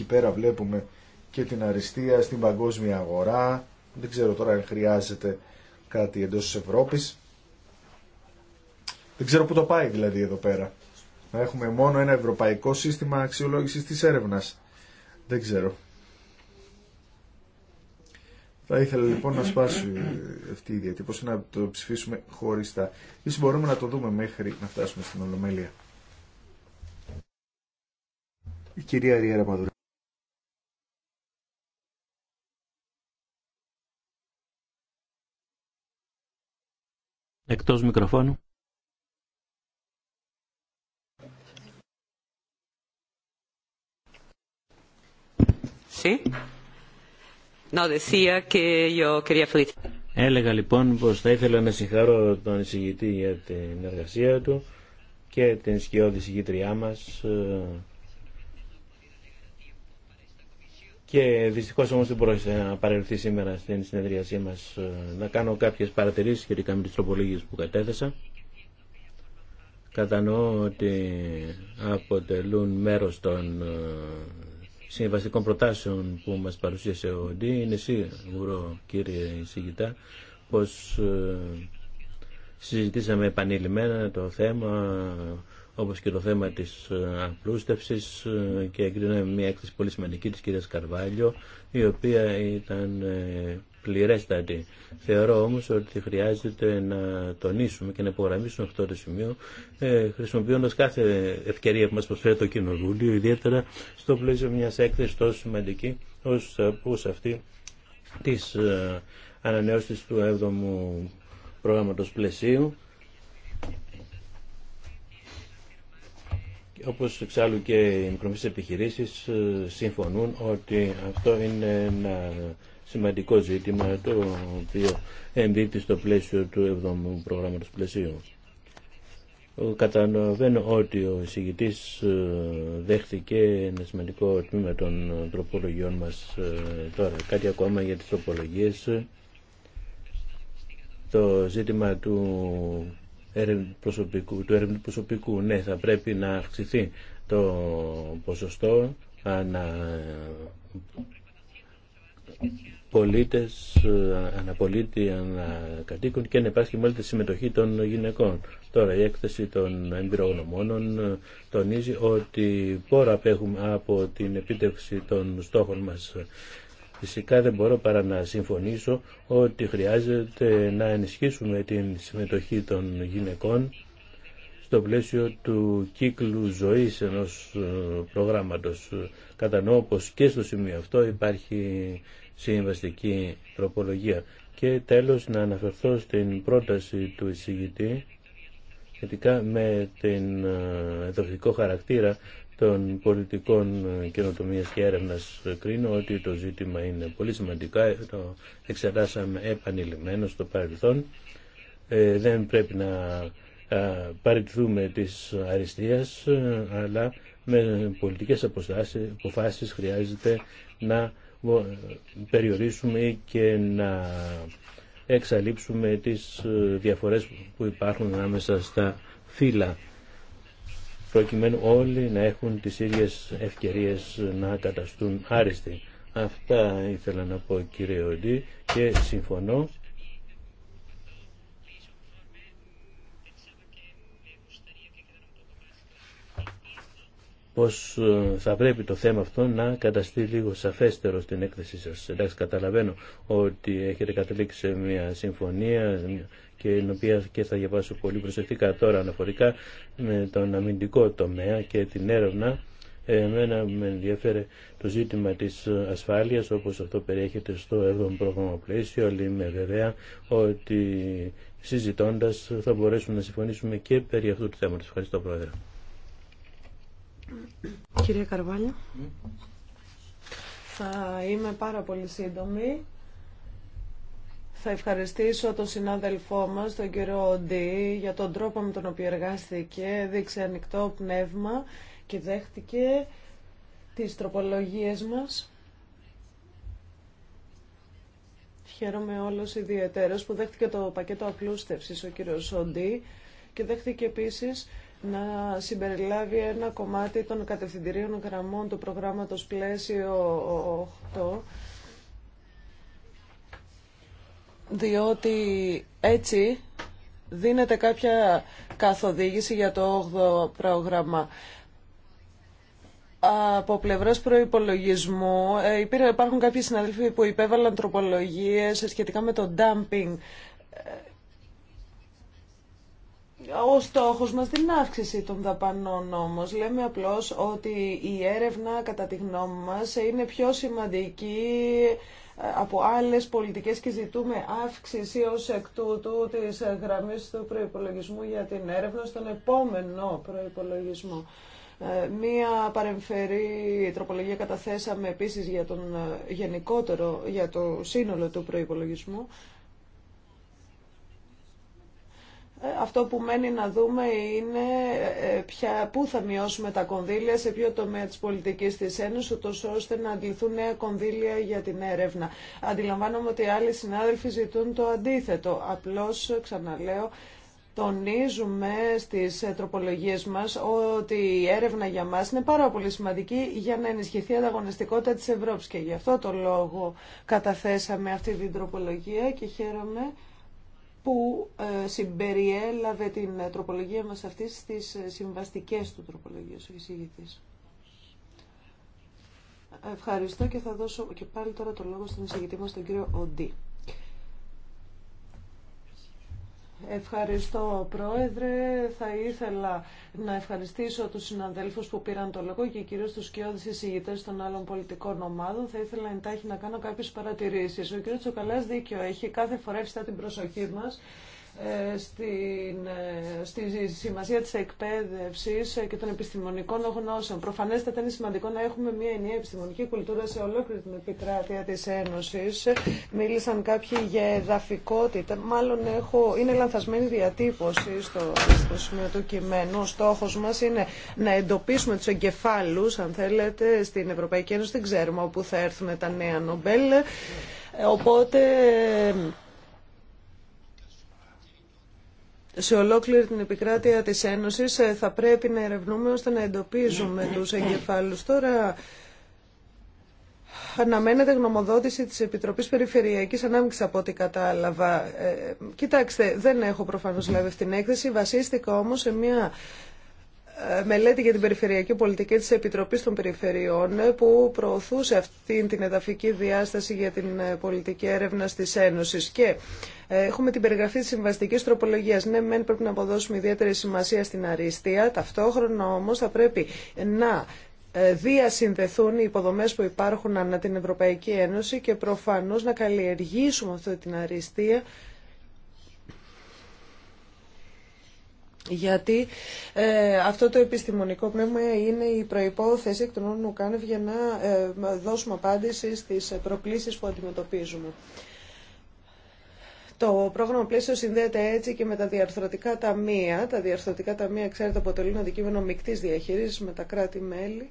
εκεί πέρα βλέπουμε και την αριστεία στην παγκόσμια αγορά. Δεν ξέρω τώρα αν χρειάζεται κάτι εντός της Ευρώπης. Δεν ξέρω που το πάει δηλαδή εδώ πέρα. Να έχουμε μόνο ένα ευρωπαϊκό σύστημα αξιολόγησης της έρευνας. Δεν ξέρω. Θα ήθελα λοιπόν να σπάσει αυτή η διατύπωση, να το ψηφίσουμε χωριστά. Ίσως μπορούμε να το δούμε μέχρι να φτάσουμε στην Ολομέλεια. Η κυρία Ριέρα Εκτός μικροφώνου. Έλεγα λοιπόν πως θα ήθελα να συγχαρώ τον εισηγητή για την εργασία του και την σκιώδη εισηγήτριά μας ε, και δυστυχώ όμω δεν μπορούσα να παρελθεί σήμερα στην συνεδρίασή μα ε, να κάνω κάποιε παρατηρήσει σχετικά με τι τροπολογίε που κατέθεσα. Κατανοώ ότι αποτελούν μέρος των ε, συμβαστικών προτάσεων που μας παρουσίασε ο Ντί. Είναι σίγουρο κύριε Σιγητά πως ε, συζητήσαμε επανειλημμένα το θέμα όπως και το θέμα της ε, απλούστευσης ε, και εγκρίναμε μια έκθεση πολύ σημαντική της κυρίας Καρβάλιο η οποία ήταν ε, πληρέστατη. Θεωρώ όμως ότι χρειάζεται να τονίσουμε και να υπογραμμίσουμε αυτό το σημείο χρησιμοποιώντας κάθε ευκαιρία που μας προσφέρει το Κοινοβούλιο ιδιαίτερα στο πλαίσιο μιας έκθεσης τόσο σημαντική ως, αυτή της ανανεώσης του 7ου προγράμματος πλαισίου Όπως εξάλλου και οι μικρομεσαίες επιχειρήσεις ε, συμφωνούν ότι αυτό είναι ένα σημαντικό ζήτημα το οποίο εμπίπτει στο πλαίσιο του 7ου προγράμματος πλαισίου. Καταλαβαίνω ότι ο εισηγητής ε, δέχθηκε ένα σημαντικό τμήμα των τροπολογιών μας ε, τώρα. Κάτι ακόμα για τις τροπολογίες. Το ζήτημα του προσωπικού, του έρευνου προσωπικού. Ναι, θα πρέπει να αυξηθεί το ποσοστό ανα πολίτες, αναπολίτη, ανακατοίκων και να υπάρχει τη συμμετοχή των γυναικών. Τώρα η έκθεση των εμπειρογνωμόνων τονίζει ότι πόρα απέχουμε από την επίτευξη των στόχων μας Φυσικά δεν μπορώ παρά να συμφωνήσω ότι χρειάζεται να ενισχύσουμε την συμμετοχή των γυναικών στο πλαίσιο του κύκλου ζωής ενός ε, προγράμματος. Κατανοώ πως και στο σημείο αυτό υπάρχει συμβαστική τροπολογία. Και τέλος να αναφερθώ στην πρόταση του εισηγητή σχετικά με την ε, εδαφικό χαρακτήρα των πολιτικών ε, καινοτομία και έρευνα ε, κρίνω ότι το ζήτημα είναι πολύ σημαντικά. Το εξετάσαμε επανειλημμένο στο παρελθόν. Ε, δεν πρέπει να παραιτηθούμε της αριστείας, αλλά με πολιτικές αποφάσει χρειάζεται να περιορίσουμε και να εξαλείψουμε τις διαφορές που υπάρχουν ανάμεσα στα φύλλα προκειμένου όλοι να έχουν τις ίδιες ευκαιρίες να καταστούν άριστοι. Αυτά ήθελα να πω κύριε Οντή και συμφωνώ. πως ε, θα πρέπει το θέμα αυτό να καταστεί λίγο σαφέστερο στην έκθεσή σας. Εντάξει, καταλαβαίνω ότι έχετε καταλήξει σε μια συμφωνία, και την οποία και θα διαβάσω πολύ προσεκτικά τώρα αναφορικά με τον αμυντικό τομέα και την έρευνα. Εμένα με ενδιαφέρει το ζήτημα της ασφάλειας όπως αυτό περιέχεται στο 7ο πρόγραμμα πλαίσιο, αλλά είμαι βεβαία ότι συζητώντας θα μπορέσουμε να συμφωνήσουμε και περί αυτού του θέματος. Ευχαριστώ Πρόεδρε. Κύριε Καρβάλια. θα είμαι πάρα πολύ σύντομη. Θα ευχαριστήσω τον συνάδελφό μας, τον κύριο Οντή, για τον τρόπο με τον οποίο εργάστηκε, δείξε ανοιχτό πνεύμα και δέχτηκε τις τροπολογίες μας. Χαίρομαι όλος ιδιαίτερος που δέχτηκε το πακέτο απλούστευσης ο κύριος Οντί και δέχτηκε επίσης να συμπεριλάβει ένα κομμάτι των κατευθυντηρίων γραμμών του προγράμματος πλαίσιο 8 διότι έτσι δίνεται κάποια καθοδήγηση για το 8ο πρόγραμμα. Από πλευρά προπολογισμού, ε, υπάρχουν κάποιοι συναδέλφοι που υπέβαλαν τροπολογίε σχετικά με το dumping. Ε, ο στόχο μας δεν είναι αύξηση των δαπανών όμω. Λέμε απλώς ότι η έρευνα, κατά τη γνώμη μα είναι πιο σημαντική από άλλες πολιτικές και ζητούμε αύξηση ως εκ τούτου της γραμμής του προϋπολογισμού για την έρευνα στον επόμενο προϋπολογισμό. Ε, μία παρεμφερή τροπολογία καταθέσαμε επίσης για τον ε, γενικότερο, για το σύνολο του προϋπολογισμού. Αυτό που μένει να δούμε είναι ε, ποια, πού θα μειώσουμε τα κονδύλια, σε ποιο τομέα της πολιτικής της Ένωσης, ούτως ώστε να αντιληθούν νέα κονδύλια για την έρευνα. Αντιλαμβάνομαι ότι άλλοι συνάδελφοι ζητούν το αντίθετο. Απλώς, ξαναλέω, τονίζουμε στις ε, τροπολογίες μας ότι η έρευνα για μας είναι πάρα πολύ σημαντική για να ενισχυθεί η ανταγωνιστικότητα της Ευρώπης και γι' αυτό το λόγο καταθέσαμε αυτή την τροπολογία και χαίρομαι που ε, συμπεριέλαβε την ε, τροπολογία μας αυτή στις ε, συμβαστικές του τροπολογίες, ο εισηγητής. Ευχαριστώ και θα δώσω και πάλι τώρα το λόγο στον εισηγητή μας, τον κύριο Οντί. Ευχαριστώ Πρόεδρε. Θα ήθελα να ευχαριστήσω τους συναδέλφους που πήραν το λόγο και κυρίως τους κοιόδης εισηγητές των άλλων πολιτικών ομάδων. Θα ήθελα εντάχει να κάνω κάποιες παρατηρήσεις. Ο κ. Τσοκαλάς δίκιο έχει κάθε φορά ευστά την προσοχή μας ε, στην, ε, στη σημασία της εκπαίδευσης και των επιστημονικών γνώσεων. Προφανέστατα είναι σημαντικό να έχουμε μια ενιαία επιστημονική κουλτούρα σε ολόκληρη την επικράτεια της Ένωσης. Μίλησαν κάποιοι για εδαφικότητα. Μάλλον έχω, είναι λανθασμένη διατύπωση στο, στο σημείο του κειμένου. Ο στόχος μας είναι να εντοπίσουμε τους εγκεφάλους, αν θέλετε, στην Ευρωπαϊκή Ένωση. Δεν ξέρουμε όπου θα έρθουν τα νέα Νομπέλ. Οπότε σε ολόκληρη την επικράτεια της Ένωσης ε, θα πρέπει να ερευνούμε ώστε να εντοπίζουμε τους εγκεφάλους. Τώρα αναμένεται γνωμοδότηση της Επιτροπής Περιφερειακής Ανάμειξης από ό,τι κατάλαβα. Ε, κοιτάξτε, δεν έχω προφανώς λάβει αυτήν την έκθεση, βασίστηκα όμως σε μια ε, μελέτη για την περιφερειακή πολιτική της Επιτροπής των Περιφερειών ε, που προωθούσε αυτή την εδαφική διάσταση για την ε, πολιτική έρευνα τη Ένωση. και έχουμε την περιγραφή της συμβαστικής τροπολογίας. Ναι, μεν πρέπει να αποδώσουμε ιδιαίτερη σημασία στην αριστεία, ταυτόχρονα όμως θα πρέπει να διασυνδεθούν οι υποδομές που υπάρχουν ανά την Ευρωπαϊκή Ένωση και προφανώς να καλλιεργήσουμε αυτή την αριστεία γιατί ε, αυτό το επιστημονικό πνεύμα είναι η προϋπόθεση εκ των όνων Ουκάνευ για να ε, δώσουμε απάντηση στις ε, προκλήσεις που αντιμετωπίζουμε. Το πρόγραμμα πλαίσιο συνδέεται έτσι και με τα διαρθρωτικά ταμεία. Τα διαρθρωτικά ταμεία, ξέρετε, αποτελούν αντικείμενο μεικτής διαχείρισης με τα κράτη-μέλη.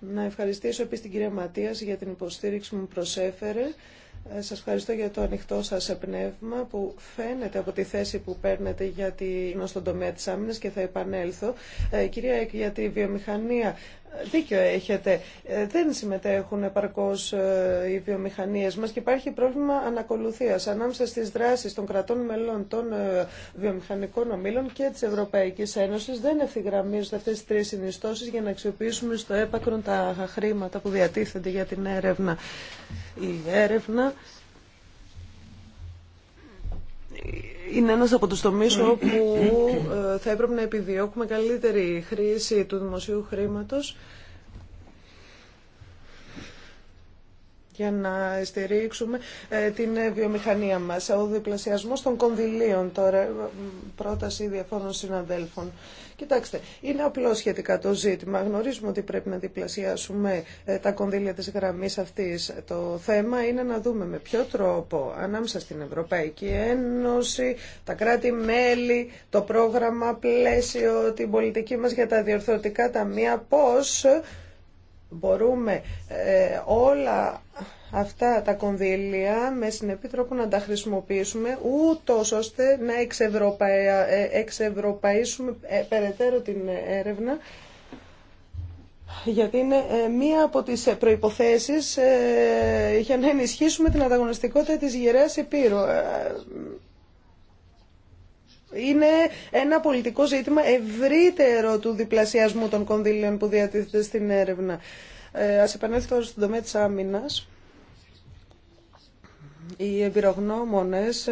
Να ευχαριστήσω επίσης την κυρία Ματίας για την υποστήριξη που μου προσέφερε. Σας ευχαριστώ για το ανοιχτό σας πνεύμα που φαίνεται από τη θέση που παίρνετε για την, στον τομέα της άμυνας και θα επανέλθω. Ε, κυρία για τη βιομηχανία, δίκιο έχετε. Ε, δεν συμμετέχουν επαρκώς ε, οι βιομηχανίες μας και υπάρχει πρόβλημα ανακολουθίας ανάμεσα στις δράσεις των κρατών μελών των βιομηχανικών ομίλων και της Ευρωπαϊκής Ένωσης. Δεν ευθυγραμμίζονται αυτές τις τρεις συνιστώσεις για να αξιοποιήσουμε στο έπακρον τα χρήματα που διατίθενται για την έρευνα. Η έρευνα είναι ένας από τους τομείς όπου ναι. ε, θα έπρεπε να επιδιώκουμε καλύτερη χρήση του δημοσίου χρήματος για να στηρίξουμε ε, την βιομηχανία μας. Ο διπλασιασμός των κονδυλίων τώρα, ε, πρόταση διαφόρων συναδέλφων. Κοιτάξτε, είναι απλό σχετικά το ζήτημα. Γνωρίζουμε ότι πρέπει να διπλασιάσουμε ε, τα κονδύλια της γραμμής αυτής. Το θέμα είναι να δούμε με ποιο τρόπο ανάμεσα στην Ευρωπαϊκή Ένωση, τα κράτη-μέλη, το πρόγραμμα πλαίσιο, την πολιτική μας για τα διορθωτικά ταμεία, πώς μπορούμε ε, όλα αυτά τα κονδύλια με συνεπή τρόπο να τα χρησιμοποιήσουμε ούτω ώστε να εξευρωπα... Ε, εξευρωπαίσουμε ε, περαιτέρω την έρευνα γιατί είναι ε, μία από τις προϋποθέσεις για να ενισχύσουμε την ανταγωνιστικότητα της γυραιάς Επίρου. Είναι ένα πολιτικό ζήτημα ευρύτερο του διπλασιασμού των κονδύλων που διατίθεται στην έρευνα. Ας επανέλθω στον τομέα της άμυνας. Οι εμπειρογνώμονες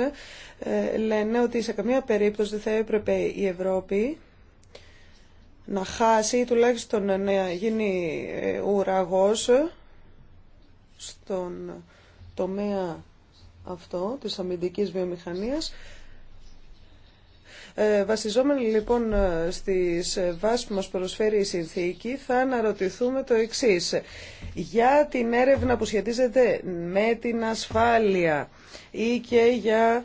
ε, λένε ότι σε καμία περίπτωση δεν θα έπρεπε η Ευρώπη να χάσει ή τουλάχιστον να γίνει ε, ουραγός στον τομέα αυτό της αμυντικής βιομηχανίας ε, βασιζόμενοι λοιπόν ε, στις ε, βάσεις που μας προσφέρει η συνθήκη θα αναρωτηθούμε το εξής. Για την έρευνα που σχετίζεται με την ασφάλεια ή και για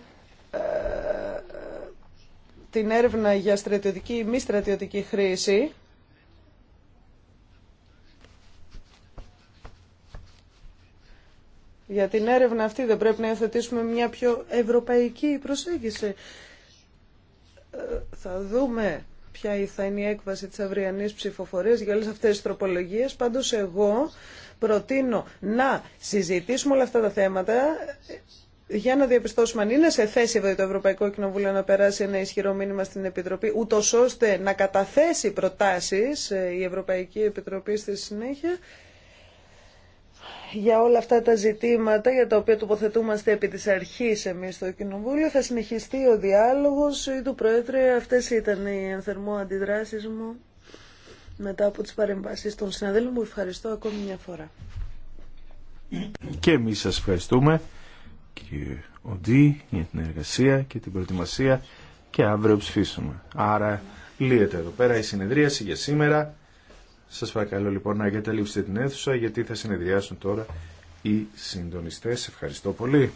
την έρευνα για στρατιωτική ή μη στρατιωτική χρήση Για την έρευνα αυτή δεν πρέπει να υιοθετήσουμε μια πιο ευρωπαϊκή προσέγγιση θα δούμε ποια θα είναι η έκβαση της αυριανής ψηφοφορίας για όλες αυτές τις τροπολογίες. Πάντως εγώ προτείνω να συζητήσουμε όλα αυτά τα θέματα για να διαπιστώσουμε αν είναι σε θέση το Ευρωπαϊκό Κοινοβούλιο να περάσει ένα ισχυρό μήνυμα στην Επιτροπή, ούτω ώστε να καταθέσει προτάσεις ε, η Ευρωπαϊκή Επιτροπή στη συνέχεια για όλα αυτά τα ζητήματα για τα οποία τοποθετούμαστε επί της αρχής εμείς στο Κοινοβούλιο. Θα συνεχιστεί ο διάλογος ή του Πρόεδρε. Αυτές ήταν οι ενθερμό αντιδράσεις μου μετά από τις παρεμβάσεις των συναδέλφων μου. Ευχαριστώ ακόμη μια φορά. Και εμείς σας ευχαριστούμε ο Ντί για την εργασία και την προετοιμασία και αύριο ψηφίσουμε. Άρα λύεται εδώ πέρα η συνεδρίαση για σήμερα. Σας παρακαλώ λοιπόν να εγκαταλείψετε την αίθουσα γιατί θα συνεδριάσουν τώρα οι συντονιστές. Ευχαριστώ πολύ.